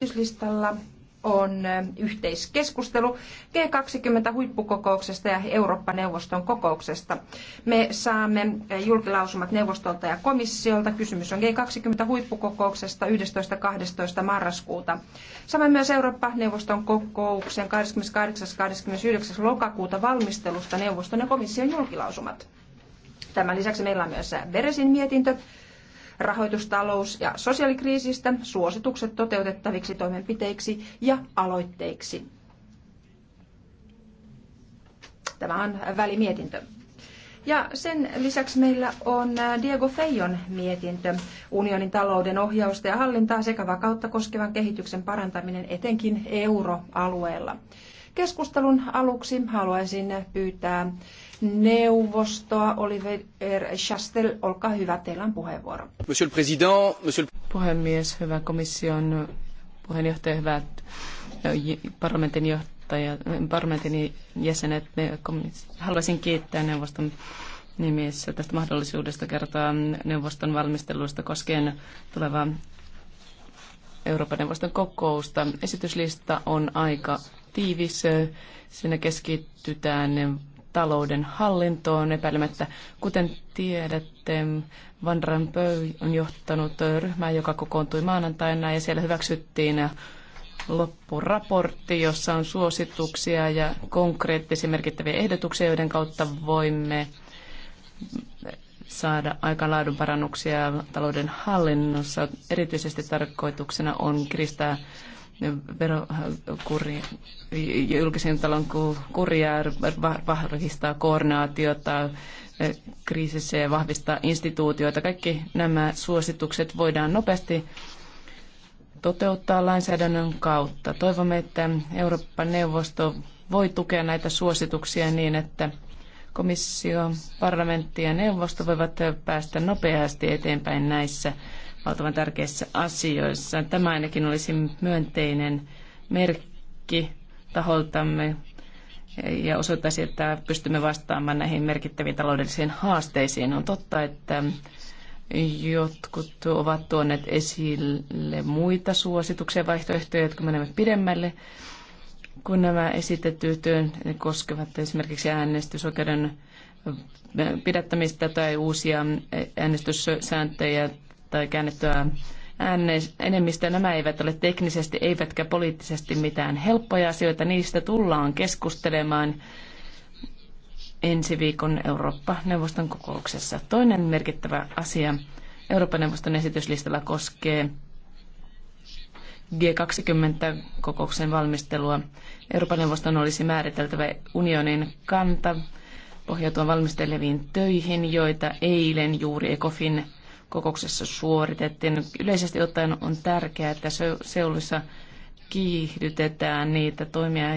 Esityslistalla on yhteiskeskustelu G20-huippukokouksesta ja Eurooppa-neuvoston kokouksesta. Me saamme julkilausumat neuvostolta ja komissiolta. Kysymys on G20-huippukokouksesta 11.12. marraskuuta. Saamme myös Eurooppa-neuvoston kokouksen 28.–29. lokakuuta valmistelusta neuvoston ja komission julkilausumat. Tämän lisäksi meillä on myös Beresin mietintö rahoitustalous- ja sosiaalikriisistä suositukset toteutettaviksi toimenpiteiksi ja aloitteiksi. Tämä on välimietintö. Ja sen lisäksi meillä on äh, Diego Feijon mietintö unionin talouden ohjausta ja hallintaa sekä vakautta koskevan kehityksen parantaminen etenkin euroalueella. Keskustelun aluksi haluaisin pyytää neuvostoa. Oliver Chastel, olkaa hyvä, teillä on puheenvuoro. Monsieur le Président, monsieur... Puhemies, hyvä komission puheenjohtaja, hyvät parlamentin johtaja, parlamentin jäsenet, haluaisin kiittää neuvoston nimissä tästä mahdollisuudesta kertoa neuvoston valmisteluista koskien tulevaa Euroopan neuvoston kokousta. Esityslista on aika tiivis. Siinä keskitytään talouden hallintoon epäilemättä. Kuten tiedätte, Van Rompuy on johtanut ryhmää, joka kokoontui maanantaina ja siellä hyväksyttiin loppuraportti, jossa on suosituksia ja konkreettisia merkittäviä ehdotuksia, joiden kautta voimme saada aika laadunparannuksia talouden hallinnossa. Erityisesti tarkoituksena on kiristää verokuri, julkisen talon kuria, vahvistaa koordinaatiota eh, kriisissä ja vahvistaa instituutioita. Kaikki nämä suositukset voidaan nopeasti toteuttaa lainsäädännön kautta. Toivomme, että Euroopan neuvosto voi tukea näitä suosituksia niin, että komissio, parlamentti ja neuvosto voivat päästä nopeasti eteenpäin näissä valtavan tärkeissä asioissa. Tämä ainakin olisi myönteinen merkki taholtamme ja osoittaisi, että pystymme vastaamaan näihin merkittäviin taloudellisiin haasteisiin. On totta, että jotkut ovat tuoneet esille muita suosituksia ja vaihtoehtoja, jotka menemme pidemmälle kun nämä esitetyt koskevat esimerkiksi äänestysoikeuden pidättämistä tai uusia äänestyssääntöjä tai käännettyä enemmistöä. Nämä eivät ole teknisesti eivätkä poliittisesti mitään helppoja asioita. Niistä tullaan keskustelemaan ensi viikon Eurooppa-neuvoston kokouksessa. Toinen merkittävä asia Euroopan neuvoston esityslistalla koskee G20-kokouksen valmistelua. Euroopan neuvoston olisi määriteltävä unionin kanta pohjautuvan valmisteleviin töihin, joita eilen juuri ECOFIN kokouksessa suoritettiin. Yleisesti ottaen on tärkeää, että Seulissa kiihdytetään niitä toimia,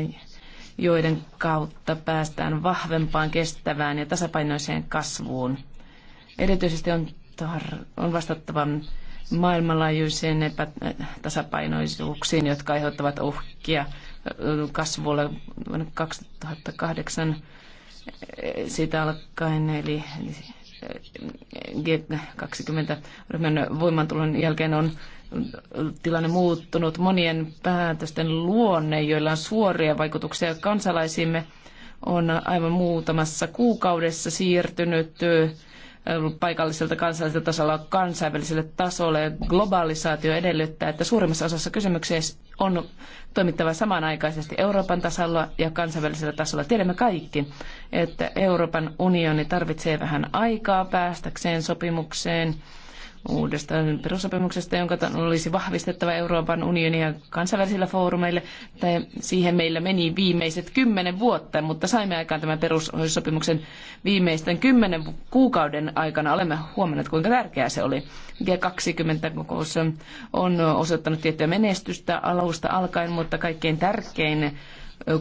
joiden kautta päästään vahvempaan, kestävään ja tasapainoiseen kasvuun. Erityisesti on, tar- on vastattava maailmanlaajuisiin epätasapainoisuuksiin, jotka aiheuttavat uhkia kasvulle vuonna 2008 eh, siitä alkaen, eli g 20 voimantulon jälkeen on tilanne muuttunut. Monien päätösten luonne, joilla on suoria vaikutuksia kansalaisimme, on aivan muutamassa kuukaudessa siirtynyt paikalliselta kansalliselta tasolla kansainväliselle tasolle. Globalisaatio edellyttää, että suurimmassa osassa kysymyksiä on toimittava samanaikaisesti Euroopan tasolla ja kansainvälisellä tasolla. Tiedämme kaikki, että Euroopan unioni tarvitsee vähän aikaa päästäkseen sopimukseen uudesta perussopimuksesta, jonka olisi vahvistettava Euroopan unionia kansainvälisillä foorumeilla. Siihen meillä meni viimeiset kymmenen vuotta, mutta saimme aikaan tämän perussopimuksen viimeisten kymmenen kuukauden aikana. Olemme huomanneet, kuinka tärkeää se oli. G20-kokous on osoittanut tiettyä menestystä alusta alkaen, mutta kaikkein tärkein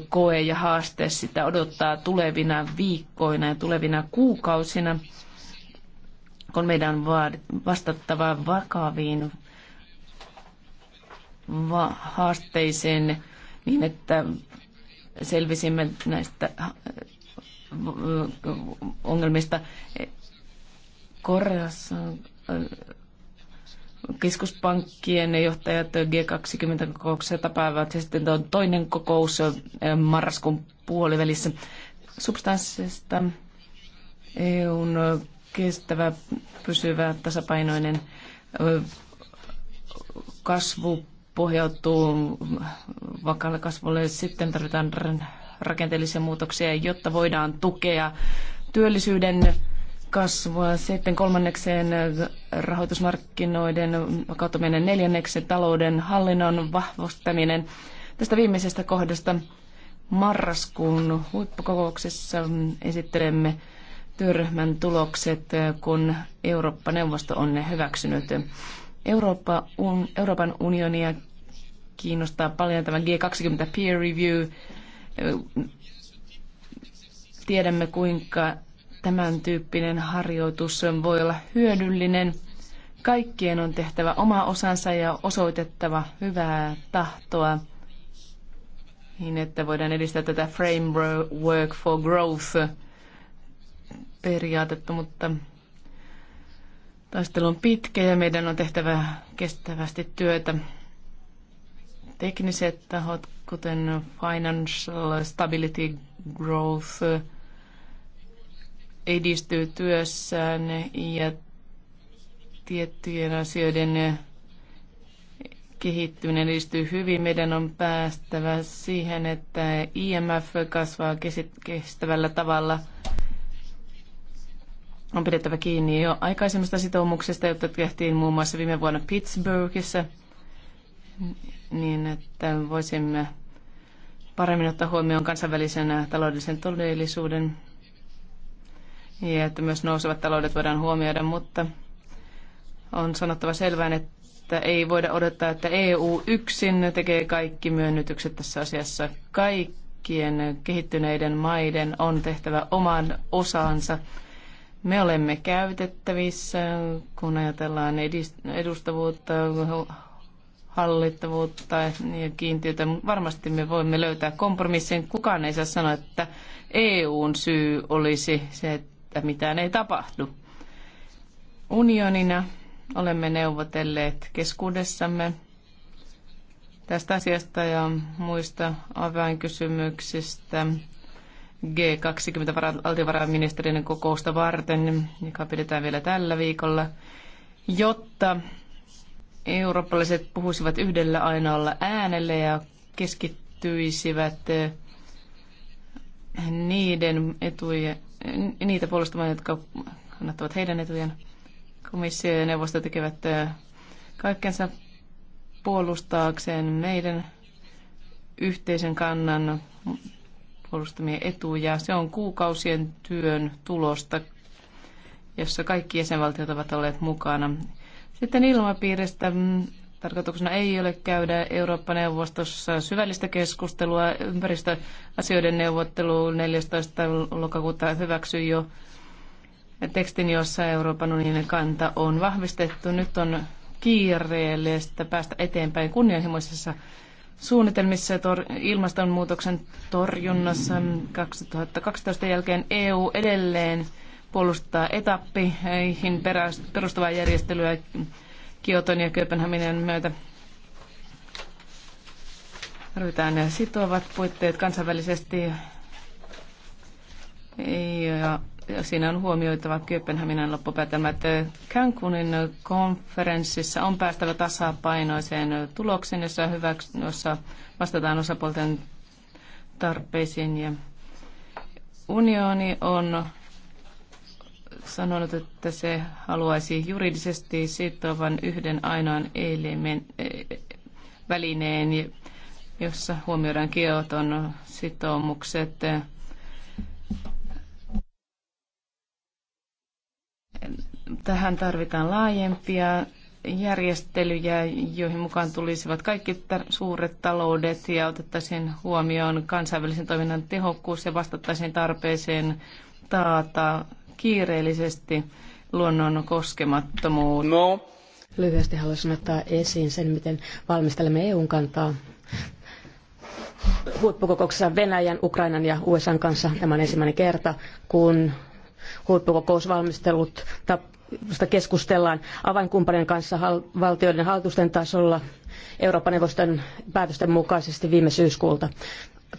koe ja haaste sitä odottaa tulevina viikkoina ja tulevina kuukausina kun meidän on vastattava vakaviin va- haasteisiin niin, että selvisimme näistä äh, ongelmista. Koreassa äh, keskuspankkien johtajat G20-kokouksessa tapaavat ja sitten on toinen kokous äh, marraskuun puolivälissä substanssista EUn kestävä, pysyvä, tasapainoinen kasvu pohjautuu vakaalle kasvulle. Sitten tarvitaan rakenteellisia muutoksia, jotta voidaan tukea työllisyyden kasvua. Sitten kolmannekseen rahoitusmarkkinoiden vakautuminen. Neljänneksi talouden hallinnon vahvistaminen. Tästä viimeisestä kohdasta marraskuun huippukokouksessa esittelemme työryhmän tulokset, kun Eurooppa-neuvosto on ne hyväksynyt. Eurooppa, un, Euroopan unionia kiinnostaa paljon tämä G20 peer review. Tiedämme, kuinka tämän tyyppinen harjoitus voi olla hyödyllinen. Kaikkien on tehtävä oma osansa ja osoitettava hyvää tahtoa niin, että voidaan edistää tätä Framework for Growth periaatetta, mutta taistelu on pitkä ja meidän on tehtävä kestävästi työtä. Tekniset tahot, kuten Financial Stability Growth, edistyy työssään ja tiettyjen asioiden kehittyminen edistyy hyvin. Meidän on päästävä siihen, että IMF kasvaa kestävällä tavalla – on pidettävä kiinni jo aikaisemmista sitoumuksista, jotka tehtiin muun muassa viime vuonna Pittsburghissa, niin että voisimme paremmin ottaa huomioon kansainvälisen taloudellisen todellisuuden ja että myös nousevat taloudet voidaan huomioida, mutta on sanottava selvään, että ei voida odottaa, että EU yksin tekee kaikki myönnytykset tässä asiassa. Kaikkien kehittyneiden maiden on tehtävä oman osansa me olemme käytettävissä, kun ajatellaan edustavuutta, hallittavuutta ja kiintiötä. Varmasti me voimme löytää kompromissin. Kukaan ei saa sanoa, että EUn syy olisi se, että mitään ei tapahdu. Unionina olemme neuvotelleet keskuudessamme tästä asiasta ja muista avainkysymyksistä G20-valtiovarainministerien kokousta varten, joka pidetään vielä tällä viikolla, jotta eurooppalaiset puhuisivat yhdellä ainoalla äänellä ja keskittyisivät eh, niiden etuja, niitä puolustamaan, jotka kannattavat heidän etujaan. Komissio ja neuvosto tekevät eh, kaikkensa puolustaakseen meidän yhteisen kannan puolustamia etuja. Se on kuukausien työn tulosta, jossa kaikki jäsenvaltiot ovat olleet mukana. Sitten ilmapiiristä mm, Tarkoituksena ei ole käydä Eurooppa-neuvostossa syvällistä keskustelua. Ympäristöasioiden neuvottelu 14. lokakuuta hyväksyi jo tekstin, jossa Euroopan unionin kanta on vahvistettu. Nyt on kiireellistä päästä eteenpäin kunnianhimoisessa suunnitelmissa ja tor- ilmastonmuutoksen torjunnassa 2012 jälkeen EU edelleen puolustaa etappeihin perustuvaa järjestelyä Kioton ja Kööpenhaminan myötä. Tarvitaan sitovat puitteet kansainvälisesti ja siinä on huomioitava Kööpenhaminan että Cancunin konferenssissa on päästävä tasapainoiseen tulokseen, jossa, jossa vastataan osapuolten tarpeisiin. Ja unioni on sanonut, että se haluaisi juridisesti sitovan yhden ainoan elimen, e- välineen, jossa huomioidaan Kioton sitoumukset Tähän tarvitaan laajempia järjestelyjä, joihin mukaan tulisivat kaikki suuret taloudet ja otettaisiin huomioon kansainvälisen toiminnan tehokkuus ja vastattaisiin tarpeeseen taata kiireellisesti luonnon koskemattomuus. No. Lyhyesti haluaisin ottaa esiin sen, miten valmistelemme EUn kantaa huippukokouksessa Venäjän, Ukrainan ja USA kanssa. Tämä on ensimmäinen kerta, kun huippukokousvalmistelut josta keskustellaan avainkumppanien kanssa valtioiden hallitusten tasolla Euroopan neuvoston päätösten mukaisesti viime syyskuulta.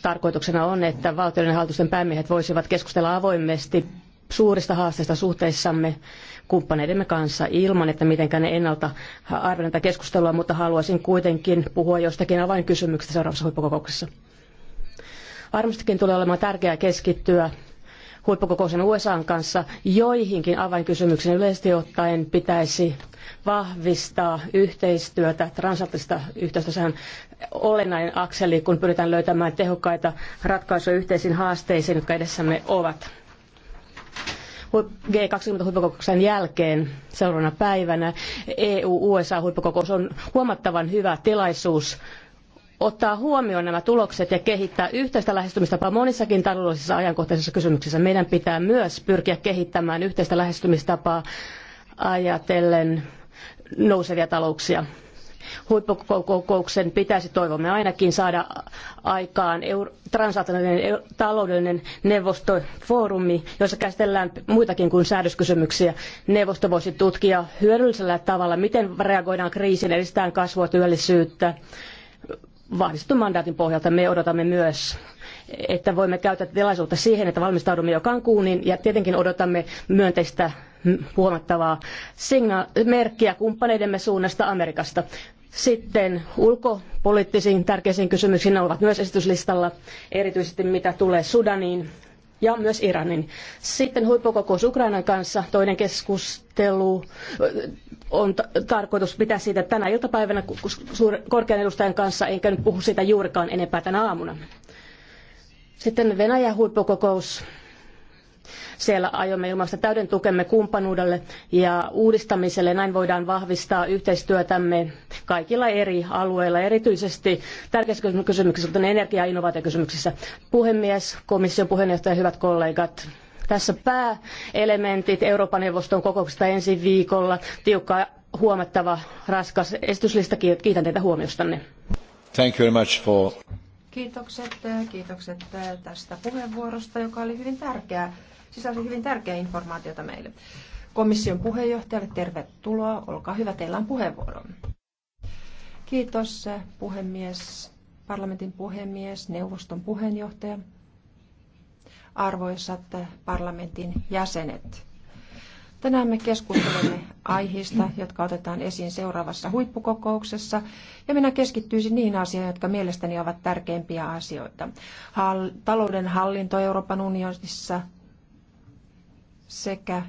Tarkoituksena on, että valtioiden hallitusten päämiehet voisivat keskustella avoimesti suurista haasteista suhteissamme kumppaneidemme kanssa ilman, että mitenkään ne ennalta arvioidaan tätä keskustelua, mutta haluaisin kuitenkin puhua jostakin avainkysymyksestä seuraavassa huippukokouksessa. Varmastikin tulee olemaan tärkeää keskittyä huippukokouksen USAn kanssa joihinkin avainkysymyksiin yleisesti ottaen pitäisi vahvistaa yhteistyötä, transatlanttista yhteistyötä. Sehän olennainen akseli, kun pyritään löytämään tehokkaita ratkaisuja yhteisiin haasteisiin, jotka edessämme ovat. G20-huippukokouksen jälkeen seuraavana päivänä EU-USA-huippukokous on huomattavan hyvä tilaisuus ottaa huomioon nämä tulokset ja kehittää yhteistä lähestymistapaa monissakin taloudellisissa ajankohtaisissa kysymyksissä. Meidän pitää myös pyrkiä kehittämään yhteistä lähestymistapaa ajatellen nousevia talouksia. Huippukokouksen pitäisi toivomme ainakin saada aikaan transatlanttinen e- taloudellinen neuvostofoorumi, jossa käsitellään muitakin kuin säädöskysymyksiä. Neuvosto voisi tutkia hyödyllisellä tavalla, miten reagoidaan kriisiin, edistetään kasvua, työllisyyttä, vahvistetun mandaatin pohjalta me odotamme myös että voimme käyttää tilaisuutta siihen, että valmistaudumme jo Cancunin ja tietenkin odotamme myönteistä huomattavaa signa- merkkiä kumppaneidemme suunnasta Amerikasta. Sitten ulkopoliittisiin tärkeisiin kysymyksiin ne ovat myös esityslistalla, erityisesti mitä tulee Sudaniin, ja myös Iranin. Sitten huippukokous Ukrainan kanssa, toinen keskustelu on tarkoitus pitää siitä tänä iltapäivänä korkean edustajan kanssa, enkä nyt puhu siitä juurikaan enempää tänä aamuna. Sitten Venäjän huippukokous siellä aiomme ilmaista täyden tukemme kumppanuudelle ja uudistamiselle. Näin voidaan vahvistaa yhteistyötämme kaikilla eri alueilla, erityisesti tärkeissä kysymyksissä, kuten energia- ja innovaatiokysymyksissä. Puhemies, komission puheenjohtaja, hyvät kollegat, tässä pääelementit Euroopan neuvoston kokouksesta ensi viikolla. Tiukka, huomattava, raskas esityslista. Kiitän teitä huomiostanne. Thank you very much for... Kiitokset, kiitokset tästä puheenvuorosta, joka oli hyvin tärkeä sisälsi hyvin tärkeää informaatiota meille. Komission puheenjohtajalle tervetuloa. Olkaa hyvä, teillä on puheenvuoro. Kiitos puhemies, parlamentin puhemies, neuvoston puheenjohtaja, arvoisat parlamentin jäsenet. Tänään me keskustelemme aiheista, jotka otetaan esiin seuraavassa huippukokouksessa, ja minä keskittyisin niihin asioihin, jotka mielestäni ovat tärkeimpiä asioita. Hall- talouden hallinto Euroopan unionissa, sekä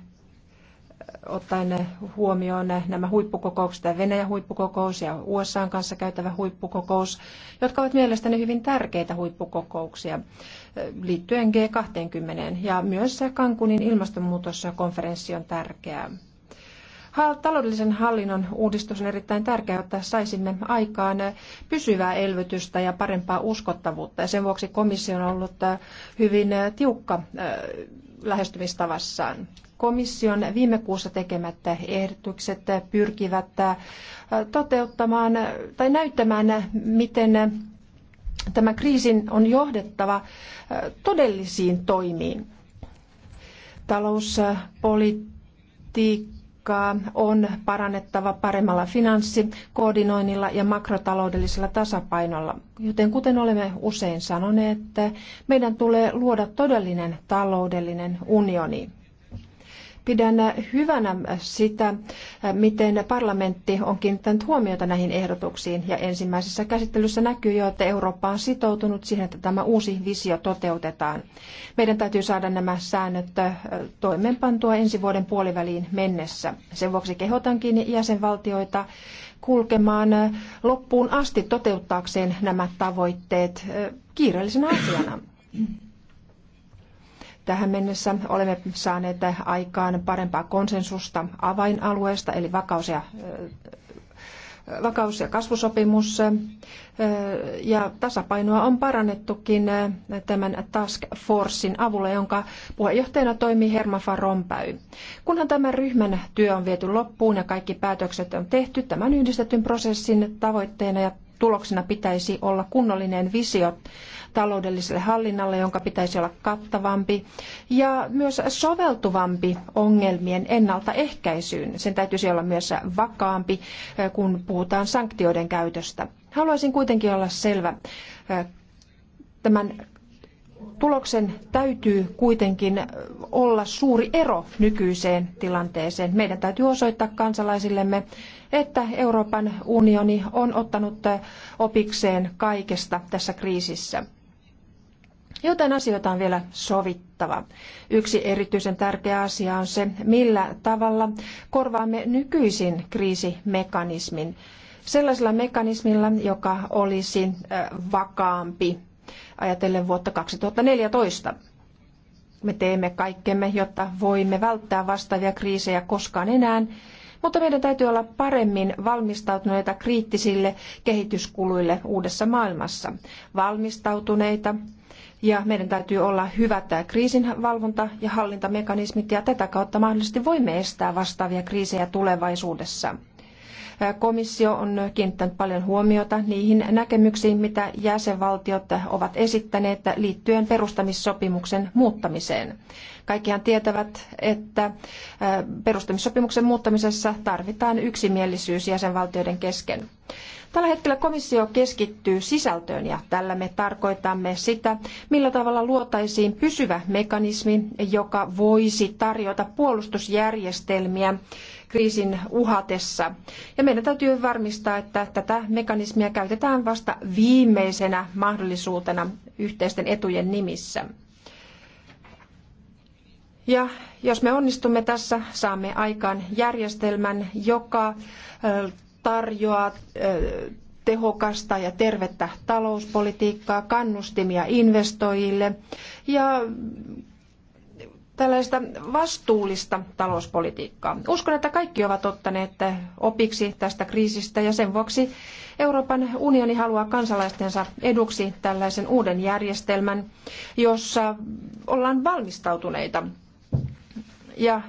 ottaen huomioon nämä huippukokoukset, tämä Venäjän huippukokous ja USA kanssa käytävä huippukokous, jotka ovat mielestäni hyvin tärkeitä huippukokouksia liittyen G20 ja myös Cancunin ilmastonmuutoskonferenssi on tärkeää. Taloudellisen hallinnon uudistus on erittäin tärkeää, että saisimme aikaan pysyvää elvytystä ja parempaa uskottavuutta. Ja sen vuoksi komissio on ollut hyvin tiukka lähestymistavassaan. Komission viime kuussa tekemät ehdotukset pyrkivät äh, toteuttamaan tai näyttämään, miten tämä kriisin on johdettava äh, todellisiin toimiin. Talouspolitiikka politiikkaa on parannettava paremmalla finanssikoordinoinnilla ja makrotaloudellisella tasapainolla. Joten kuten olemme usein sanoneet, meidän tulee luoda todellinen taloudellinen unioni. Pidän hyvänä sitä, miten parlamentti on kiinnittänyt huomiota näihin ehdotuksiin ja ensimmäisessä käsittelyssä näkyy jo, että Eurooppa on sitoutunut siihen, että tämä uusi visio toteutetaan. Meidän täytyy saada nämä säännöt toimeenpantua ensi vuoden puoliväliin mennessä. Sen vuoksi kehotankin jäsenvaltioita kulkemaan loppuun asti toteuttaakseen nämä tavoitteet kiireellisenä asiana. Tähän mennessä olemme saaneet aikaan parempaa konsensusta avainalueesta, eli vakaus- ja, vakaus- ja kasvusopimus. Ja tasapainoa on parannettukin tämän Task Forcein avulla, jonka puheenjohtajana toimii Herman van Rompuy. Kunhan tämän ryhmän työ on viety loppuun ja kaikki päätökset on tehty, tämän yhdistetyn prosessin tavoitteena ja tuloksena pitäisi olla kunnollinen visio taloudelliselle hallinnalle, jonka pitäisi olla kattavampi ja myös soveltuvampi ongelmien ennaltaehkäisyyn. Sen täytyisi olla myös vakaampi, eh, kun puhutaan sanktioiden käytöstä. Haluaisin kuitenkin olla selvä. Eh, tämän tuloksen täytyy kuitenkin olla suuri ero nykyiseen tilanteeseen. Meidän täytyy osoittaa kansalaisillemme, että Euroopan unioni on ottanut opikseen kaikesta tässä kriisissä. Joten asioita on vielä sovittava. Yksi erityisen tärkeä asia on se, millä tavalla korvaamme nykyisin kriisimekanismin sellaisella mekanismilla, joka olisi vakaampi ajatellen vuotta 2014. Me teemme kaikkemme, jotta voimme välttää vastaavia kriisejä koskaan enää mutta meidän täytyy olla paremmin valmistautuneita kriittisille kehityskuluille uudessa maailmassa. Valmistautuneita ja meidän täytyy olla hyvät kriisinvalvonta- ja hallintamekanismit ja tätä kautta mahdollisesti voimme estää vastaavia kriisejä tulevaisuudessa. Komissio on kiinnittänyt paljon huomiota niihin näkemyksiin, mitä jäsenvaltiot ovat esittäneet liittyen perustamissopimuksen muuttamiseen. Kaikkihan tietävät, että perustamissopimuksen muuttamisessa tarvitaan yksimielisyys jäsenvaltioiden kesken. Tällä hetkellä komissio keskittyy sisältöön ja tällä me tarkoitamme sitä, millä tavalla luotaisiin pysyvä mekanismi, joka voisi tarjota puolustusjärjestelmiä kriisin uhatessa. Ja meidän täytyy varmistaa, että tätä mekanismia käytetään vasta viimeisenä mahdollisuutena yhteisten etujen nimissä. Ja jos me onnistumme tässä, saamme aikaan järjestelmän, joka tarjoaa tehokasta ja tervettä talouspolitiikkaa, kannustimia investoijille ja tällaista vastuullista talouspolitiikkaa. Uskon, että kaikki ovat ottaneet opiksi tästä kriisistä ja sen vuoksi Euroopan unioni haluaa kansalaistensa eduksi tällaisen uuden järjestelmän, jossa ollaan valmistautuneita. Ja äh,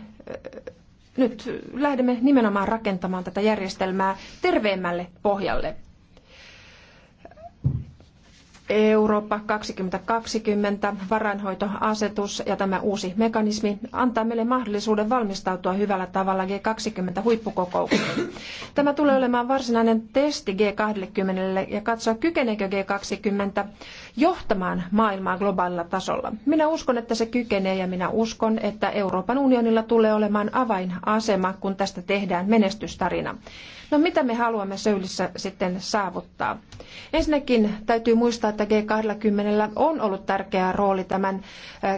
nyt lähdemme nimenomaan rakentamaan tätä järjestelmää terveemmälle pohjalle. Eurooppa 2020 varainhoitoasetus ja tämä uusi mekanismi antaa meille mahdollisuuden valmistautua hyvällä tavalla G20 huippukokoukseen. Tämä tulee olemaan varsinainen testi G20 ja katsoa kykeneekö G20 johtamaan maailmaa globaalilla tasolla. Minä uskon, että se kykenee ja minä uskon, että Euroopan unionilla tulee olemaan avainasema, kun tästä tehdään menestystarina. No mitä me haluamme Söylissä sitten saavuttaa? Ensinnäkin täytyy muistaa, että että G20 on ollut tärkeä rooli tämän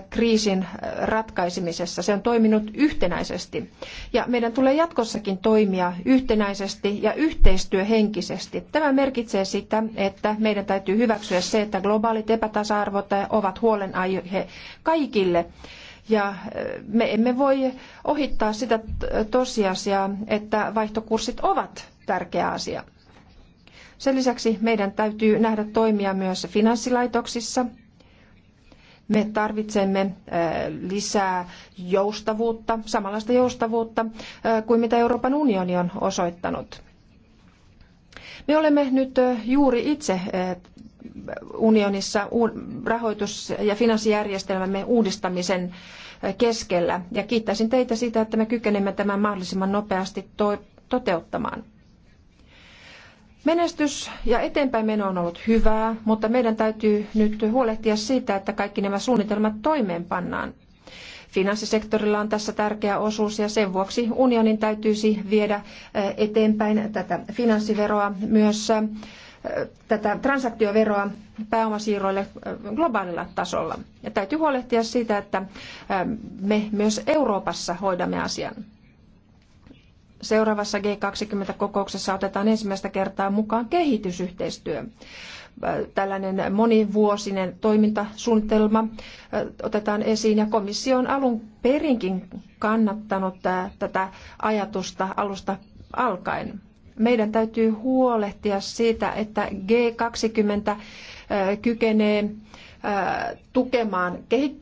kriisin ratkaisemisessa. Se on toiminut yhtenäisesti. Ja meidän tulee jatkossakin toimia yhtenäisesti ja yhteistyöhenkisesti. Tämä merkitsee sitä, että meidän täytyy hyväksyä se, että globaalit epätasa-arvot ovat huolenaihe kaikille ja me emme voi ohittaa sitä tosiasiaa, että vaihtokurssit ovat tärkeä asia. Sen lisäksi meidän täytyy nähdä toimia myös finanssilaitoksissa. Me tarvitsemme äh, lisää joustavuutta, samanlaista joustavuutta äh, kuin mitä Euroopan unioni on osoittanut. Me olemme nyt äh, juuri itse unionissa rahoitus- ja finanssijärjestelmämme uudistamisen keskellä. Ja kiittäisin teitä siitä, että me kykenemme tämän mahdollisimman nopeasti toteuttamaan. Menestys ja eteenpäinmeno meno on ollut hyvää, mutta meidän täytyy nyt huolehtia siitä, että kaikki nämä suunnitelmat toimeenpannaan. Finanssisektorilla on tässä tärkeä osuus ja sen vuoksi unionin täytyisi viedä eh, eteenpäin tätä finanssiveroa myös eh, tätä transaktioveroa pääomasiirroille eh, globaalilla tasolla. Ja täytyy huolehtia siitä, että me myös Euroopassa hoidamme asian. Seuraavassa G20-kokouksessa otetaan ensimmäistä kertaa mukaan kehitysyhteistyö. Tällainen monivuosinen toimintasuunnitelma otetaan esiin ja komissio on alun perinkin kannattanut tätä ajatusta alusta alkaen. Meidän täytyy huolehtia siitä, että G20 kykenee tukemaan kehi-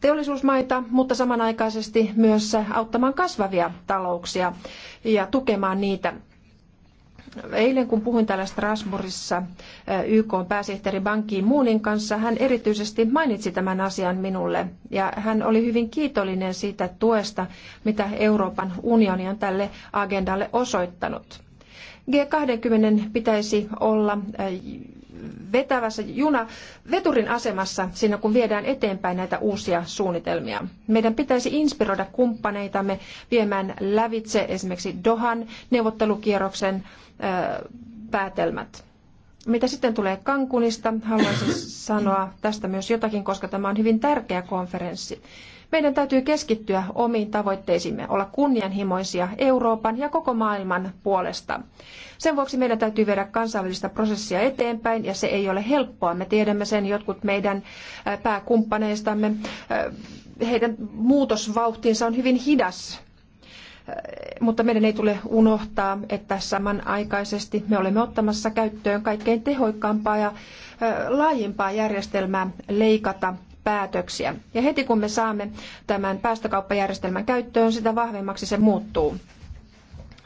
teollisuusmaita, mutta samanaikaisesti myös auttamaan kasvavia talouksia ja tukemaan niitä. Eilen kun puhuin täällä Strasbourgissa eh, YK pääsihteeri Ban Ki-moonin kanssa, hän erityisesti mainitsi tämän asian minulle ja hän oli hyvin kiitollinen siitä tuesta, mitä Euroopan unioni on tälle agendalle osoittanut. G20 pitäisi olla eh, vetävässä juna veturin asemassa siinä, kun viedään eteenpäin näitä uusia suunnitelmia. Meidän pitäisi inspiroida kumppaneitamme viemään lävitse esimerkiksi Dohan neuvottelukierroksen päätelmät. Mitä sitten tulee Kankunista, haluaisin sanoa tästä myös jotakin, koska tämä on hyvin tärkeä konferenssi. Meidän täytyy keskittyä omiin tavoitteisiimme, olla kunnianhimoisia Euroopan ja koko maailman puolesta. Sen vuoksi meidän täytyy viedä kansainvälistä prosessia eteenpäin ja se ei ole helppoa. Me tiedämme sen jotkut meidän pääkumppaneistamme. Heidän muutosvauhtinsa on hyvin hidas mutta meidän ei tule unohtaa, että samanaikaisesti me olemme ottamassa käyttöön kaikkein tehoikkaampaa ja laajimpaa järjestelmää leikata päätöksiä. Ja heti kun me saamme tämän päästökauppajärjestelmän käyttöön, sitä vahvemmaksi se muuttuu.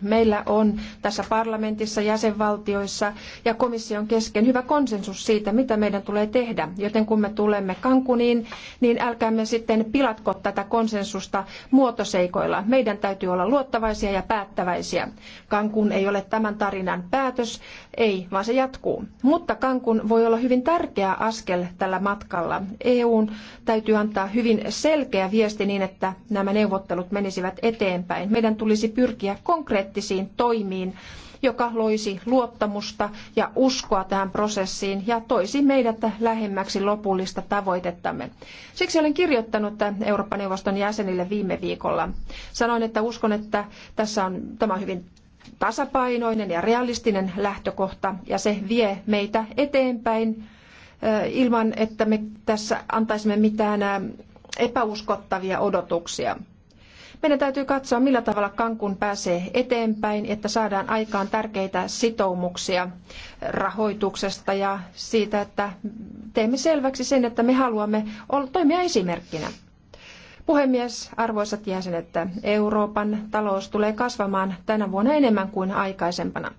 Meillä on tässä parlamentissa, jäsenvaltioissa ja komission kesken hyvä konsensus siitä, mitä meidän tulee tehdä. Joten kun me tulemme Kankuniin, niin älkäämme sitten pilatko tätä konsensusta muotoseikoilla. Meidän täytyy olla luottavaisia ja päättäväisiä. Kankun ei ole tämän tarinan päätös, ei, vaan se jatkuu. Mutta Kankun voi olla hyvin tärkeä askel tällä matkalla. EUn täytyy antaa hyvin selkeä viesti niin, että nämä neuvottelut menisivät eteenpäin. Meidän tulisi pyrkiä konkreettisiin toimiin, joka loisi luottamusta ja uskoa tähän prosessiin ja toisi meidät lähemmäksi lopullista tavoitettamme. Siksi olen kirjoittanut Euroopan neuvoston jäsenille viime viikolla. Sanoin, että uskon, että tässä on, tämä on hyvin tasapainoinen ja realistinen lähtökohta ja se vie meitä eteenpäin ilman, että me tässä antaisimme mitään epäuskottavia odotuksia. Meidän täytyy katsoa, millä tavalla Kankun pääsee eteenpäin, että saadaan aikaan tärkeitä sitoumuksia rahoituksesta ja siitä, että teemme selväksi sen, että me haluamme toimia esimerkkinä. Puhemies, arvoisat jäsenet, Euroopan talous tulee kasvamaan tänä vuonna enemmän kuin aikaisempana.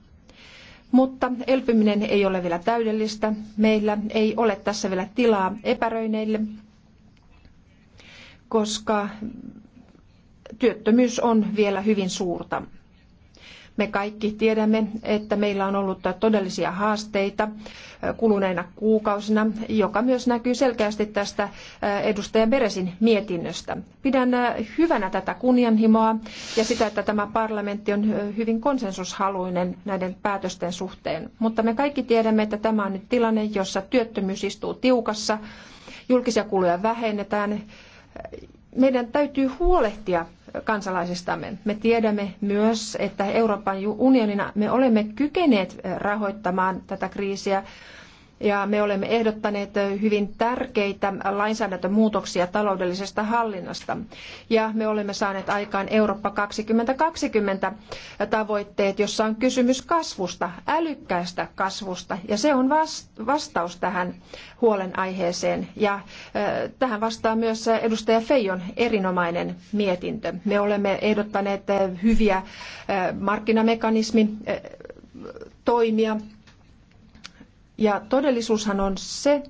Mutta elpyminen ei ole vielä täydellistä. Meillä ei ole tässä vielä tilaa epäröineille, koska työttömyys on vielä hyvin suurta. Me kaikki tiedämme, että meillä on ollut todellisia haasteita kuluneina kuukausina, joka myös näkyy selkeästi tästä edustaja Beresin mietinnöstä. Pidän hyvänä tätä kunnianhimoa ja sitä, että tämä parlamentti on hyvin konsensushaluinen näiden päätösten suhteen. Mutta me kaikki tiedämme, että tämä on nyt tilanne, jossa työttömyys istuu tiukassa, julkisia kuluja vähennetään. Meidän täytyy huolehtia kansalaisistamme. Me tiedämme myös, että Euroopan unionina me olemme kykeneet rahoittamaan tätä kriisiä ja me olemme ehdottaneet hyvin tärkeitä lainsäädäntömuutoksia taloudellisesta hallinnasta. Ja me olemme saaneet aikaan Eurooppa 2020 tavoitteet, jossa on kysymys kasvusta, älykkäästä kasvusta. Ja se on vastaus tähän huolenaiheeseen. Ja tähän vastaa myös edustaja Feijon erinomainen mietintö. Me olemme ehdottaneet hyviä markkinamekanismi toimia ja todellisuushan on se,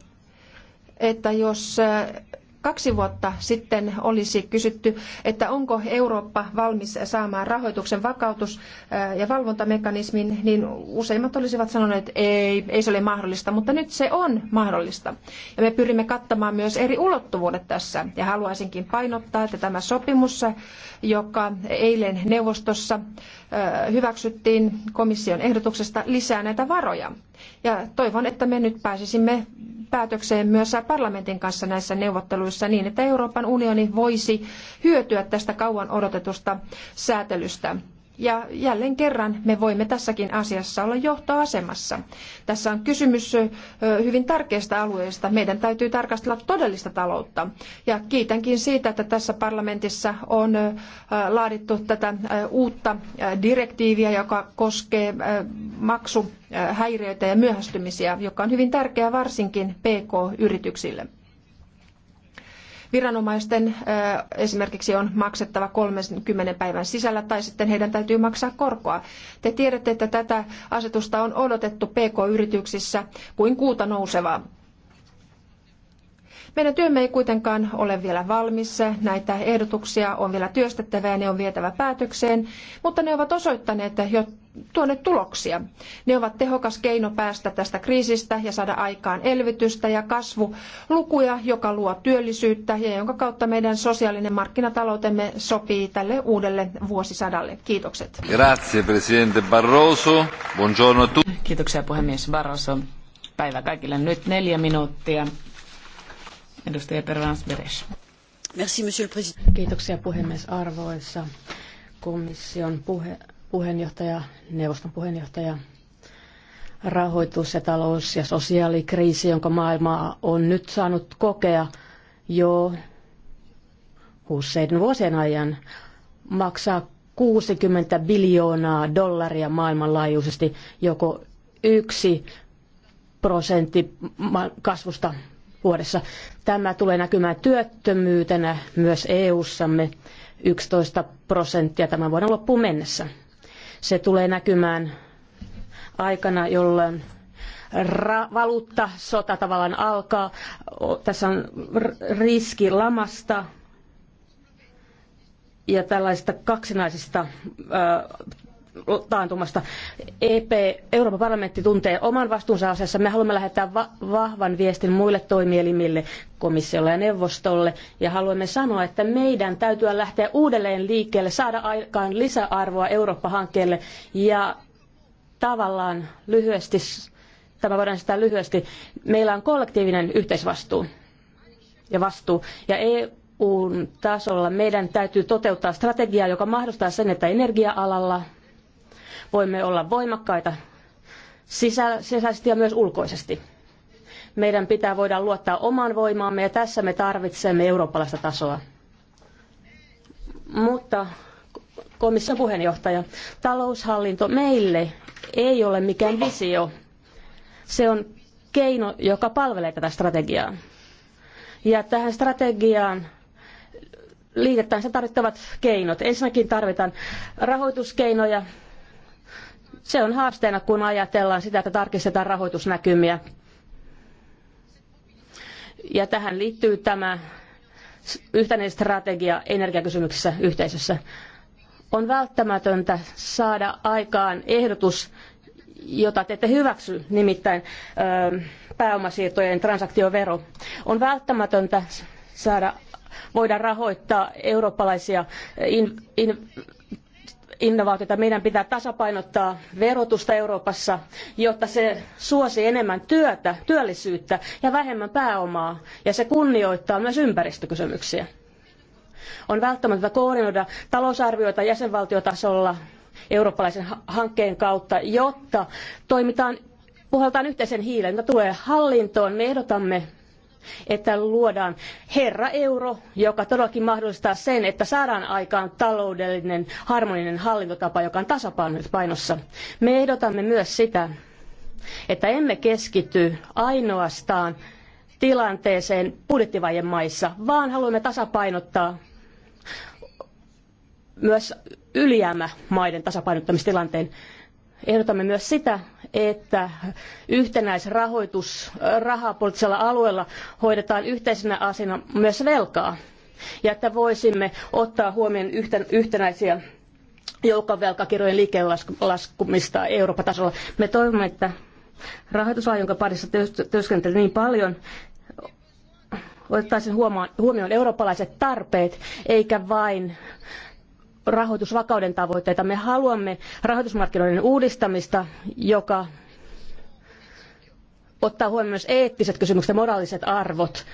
että jos äh, kaksi vuotta sitten olisi kysytty, että onko Eurooppa valmis saamaan rahoituksen vakautus- äh, ja valvontamekanismin, niin useimmat olisivat sanoneet, että ei, ei se ole mahdollista, mutta nyt se on mahdollista. Ja me pyrimme kattamaan myös eri ulottuvuudet tässä. Ja haluaisinkin painottaa, että tämä sopimus, joka eilen neuvostossa äh, hyväksyttiin komission ehdotuksesta, lisää näitä varoja. Ja toivon, että me nyt pääsisimme päätökseen myös parlamentin kanssa näissä neuvotteluissa niin, että Euroopan unioni voisi hyötyä tästä kauan odotetusta säätelystä. Ja jälleen kerran me voimme tässäkin asiassa olla johtoasemassa. Tässä on kysymys hyvin tärkeästä alueesta, Meidän täytyy tarkastella todellista taloutta. Ja kiitänkin siitä, että tässä parlamentissa on laadittu tätä uutta direktiiviä, joka koskee maksuhäiriöitä ja myöhästymisiä, joka on hyvin tärkeää varsinkin PK-yrityksille. Viranomaisten esimerkiksi on maksettava 30 päivän sisällä tai sitten heidän täytyy maksaa korkoa. Te tiedätte, että tätä asetusta on odotettu PK-yrityksissä kuin kuuta nousevaa. Meidän työmme ei kuitenkaan ole vielä valmis. Näitä ehdotuksia on vielä työstettävä ja ne on vietävä päätökseen, mutta ne ovat osoittaneet jo tuoneet tuloksia. Ne ovat tehokas keino päästä tästä kriisistä ja saada aikaan elvytystä ja kasvulukuja, joka luo työllisyyttä ja jonka kautta meidän sosiaalinen markkinataloutemme sopii tälle uudelle vuosisadalle. Kiitokset. Grazie, presidente Barroso. Buongiorno tu. Kiitoksia puhemies Barroso. Päivä kaikille nyt neljä minuuttia. Edustaja Pervans Beres. Merci, monsieur le président. Kiitoksia puhemies arvoissa komission puhe puheenjohtaja, neuvoston puheenjohtaja, rahoitus- ja talous- ja sosiaalikriisi, jonka maailmaa on nyt saanut kokea jo useiden vuosien ajan, maksaa 60 biljoonaa dollaria maailmanlaajuisesti, joko yksi prosentti kasvusta vuodessa. Tämä tulee näkymään työttömyytenä myös eu ssamme 11 prosenttia tämän vuoden loppuun mennessä. Se tulee näkymään aikana, jolloin ra- valuutta, sota tavallaan alkaa. Tässä on riski lamasta ja tällaisista kaksinaisista taantumasta. EP, Euroopan parlamentti tuntee oman vastuunsa asiassa. Me haluamme lähettää va- vahvan viestin muille toimielimille, komissiolle ja neuvostolle, ja haluamme sanoa, että meidän täytyy lähteä uudelleen liikkeelle, saada aikaan lisäarvoa Eurooppa-hankkeelle, ja tavallaan lyhyesti, tämä voidaan sitä lyhyesti, meillä on kollektiivinen yhteisvastuu ja vastuu, ja EU tasolla meidän täytyy toteuttaa strategiaa, joka mahdollistaa sen, että energia-alalla, Voimme olla voimakkaita sisä, sisäisesti ja myös ulkoisesti. Meidän pitää voida luottaa omaan voimaamme ja tässä me tarvitsemme eurooppalaista tasoa. Mutta komission puheenjohtaja, taloushallinto meille ei ole mikään visio. Se on keino, joka palvelee tätä strategiaa. Ja tähän strategiaan liitetään se tarvittavat keinot. Ensinnäkin tarvitaan rahoituskeinoja, se on haasteena, kun ajatellaan sitä, että tarkistetaan rahoitusnäkymiä. Ja tähän liittyy tämä yhteinen strategia energiakysymyksissä yhteisössä. On välttämätöntä saada aikaan ehdotus, jota te ette hyväksy, nimittäin ö, pääomasiirtojen transaktiovero. On välttämätöntä saada, voida rahoittaa eurooppalaisia in, in, innovaatioita Meidän pitää tasapainottaa verotusta Euroopassa, jotta se suosi enemmän työtä, työllisyyttä ja vähemmän pääomaa. Ja se kunnioittaa myös ympäristökysymyksiä. On välttämätöntä koordinoida talousarvioita jäsenvaltiotasolla eurooppalaisen hankkeen kautta, jotta toimitaan puhaltaan yhteisen hiilen, mitä tulee hallintoon. Me ehdotamme että luodaan herra euro, joka todellakin mahdollistaa sen, että saadaan aikaan taloudellinen harmoninen hallintotapa, joka on tasapainossa. Me ehdotamme myös sitä, että emme keskity ainoastaan tilanteeseen budjettivajen maissa, vaan haluamme tasapainottaa myös ylijäämämaiden tasapainottamistilanteen. Ehdotamme myös sitä, että yhtenäisrahoitus äh, rahapoliittisella alueella hoidetaan yhteisenä asiana myös velkaa ja että voisimme ottaa huomioon yhtenäisiä joukkovelkakirjojen liikkeellaskumista Euroopan tasolla. Me toivomme, että rahoituslain, jonka parissa työskentelee niin paljon, otettaisiin huomioon eurooppalaiset tarpeet, eikä vain rahoitusvakauden tavoitteita. Me haluamme rahoitusmarkkinoiden uudistamista, joka ottaa huomioon myös eettiset kysymykset ja moraaliset arvot,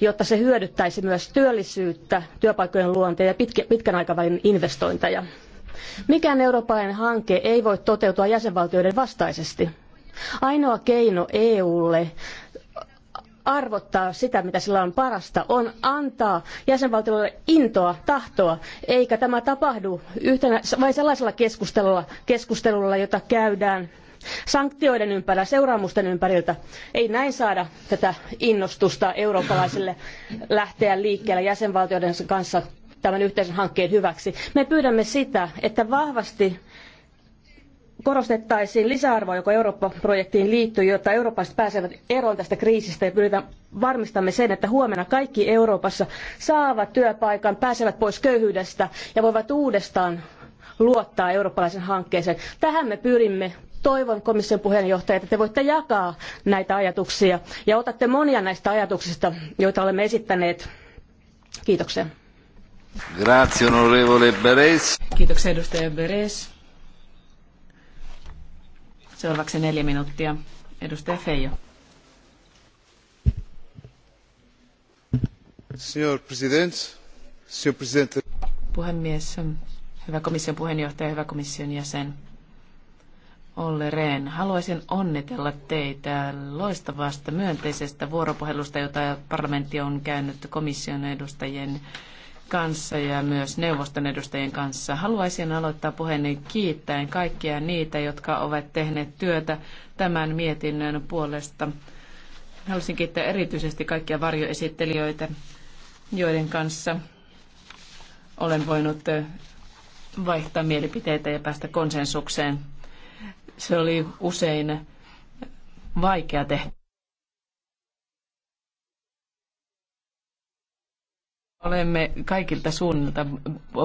jotta se hyödyttäisi myös työllisyyttä, työpaikkojen luontia ja pitkän aikavälin investointeja. Mikään eurooppalainen hanke ei voi toteutua jäsenvaltioiden vastaisesti. Ainoa keino EUlle arvottaa sitä, mitä sillä on parasta, on antaa jäsenvaltioille intoa, tahtoa, eikä tämä tapahdu yhtenä, vain sellaisella keskustelulla, keskustelulla, jota käydään sanktioiden ympärillä, seuraamusten ympäriltä. Ei näin saada tätä innostusta eurooppalaisille lähteä liikkeelle jäsenvaltioiden kanssa tämän yhteisen hankkeen hyväksi. Me pyydämme sitä, että vahvasti korostettaisiin lisäarvoa, joka Eurooppa-projektiin liittyy, jotta eurooppalaiset pääsevät eroon tästä kriisistä ja pyritään varmistamme sen, että huomenna kaikki Euroopassa saavat työpaikan, pääsevät pois köyhyydestä ja voivat uudestaan luottaa eurooppalaisen hankkeeseen. Tähän me pyrimme. Toivon komission puheenjohtaja, että te voitte jakaa näitä ajatuksia ja otatte monia näistä ajatuksista, joita olemme esittäneet. Kiitoksia. Grazie, onorevole Beres. Kiitoksia, edustaja Beres. Seuraavaksi neljä minuuttia. Edustaja Feijo. Señor president, señor Presidente. Puhemies, hyvä komission puheenjohtaja, hyvä komission jäsen. Olle Rehn, haluaisin onnitella teitä loistavasta myönteisestä vuoropuhelusta, jota parlamentti on käynyt komission edustajien kanssa ja myös neuvoston edustajien kanssa. Haluaisin aloittaa puheeni kiittäen kaikkia niitä, jotka ovat tehneet työtä tämän mietinnön puolesta. Haluaisin kiittää erityisesti kaikkia varjoesittelijöitä, joiden kanssa olen voinut vaihtaa mielipiteitä ja päästä konsensukseen. Se oli usein vaikea tehtävä Olemme kaikilta suunnilta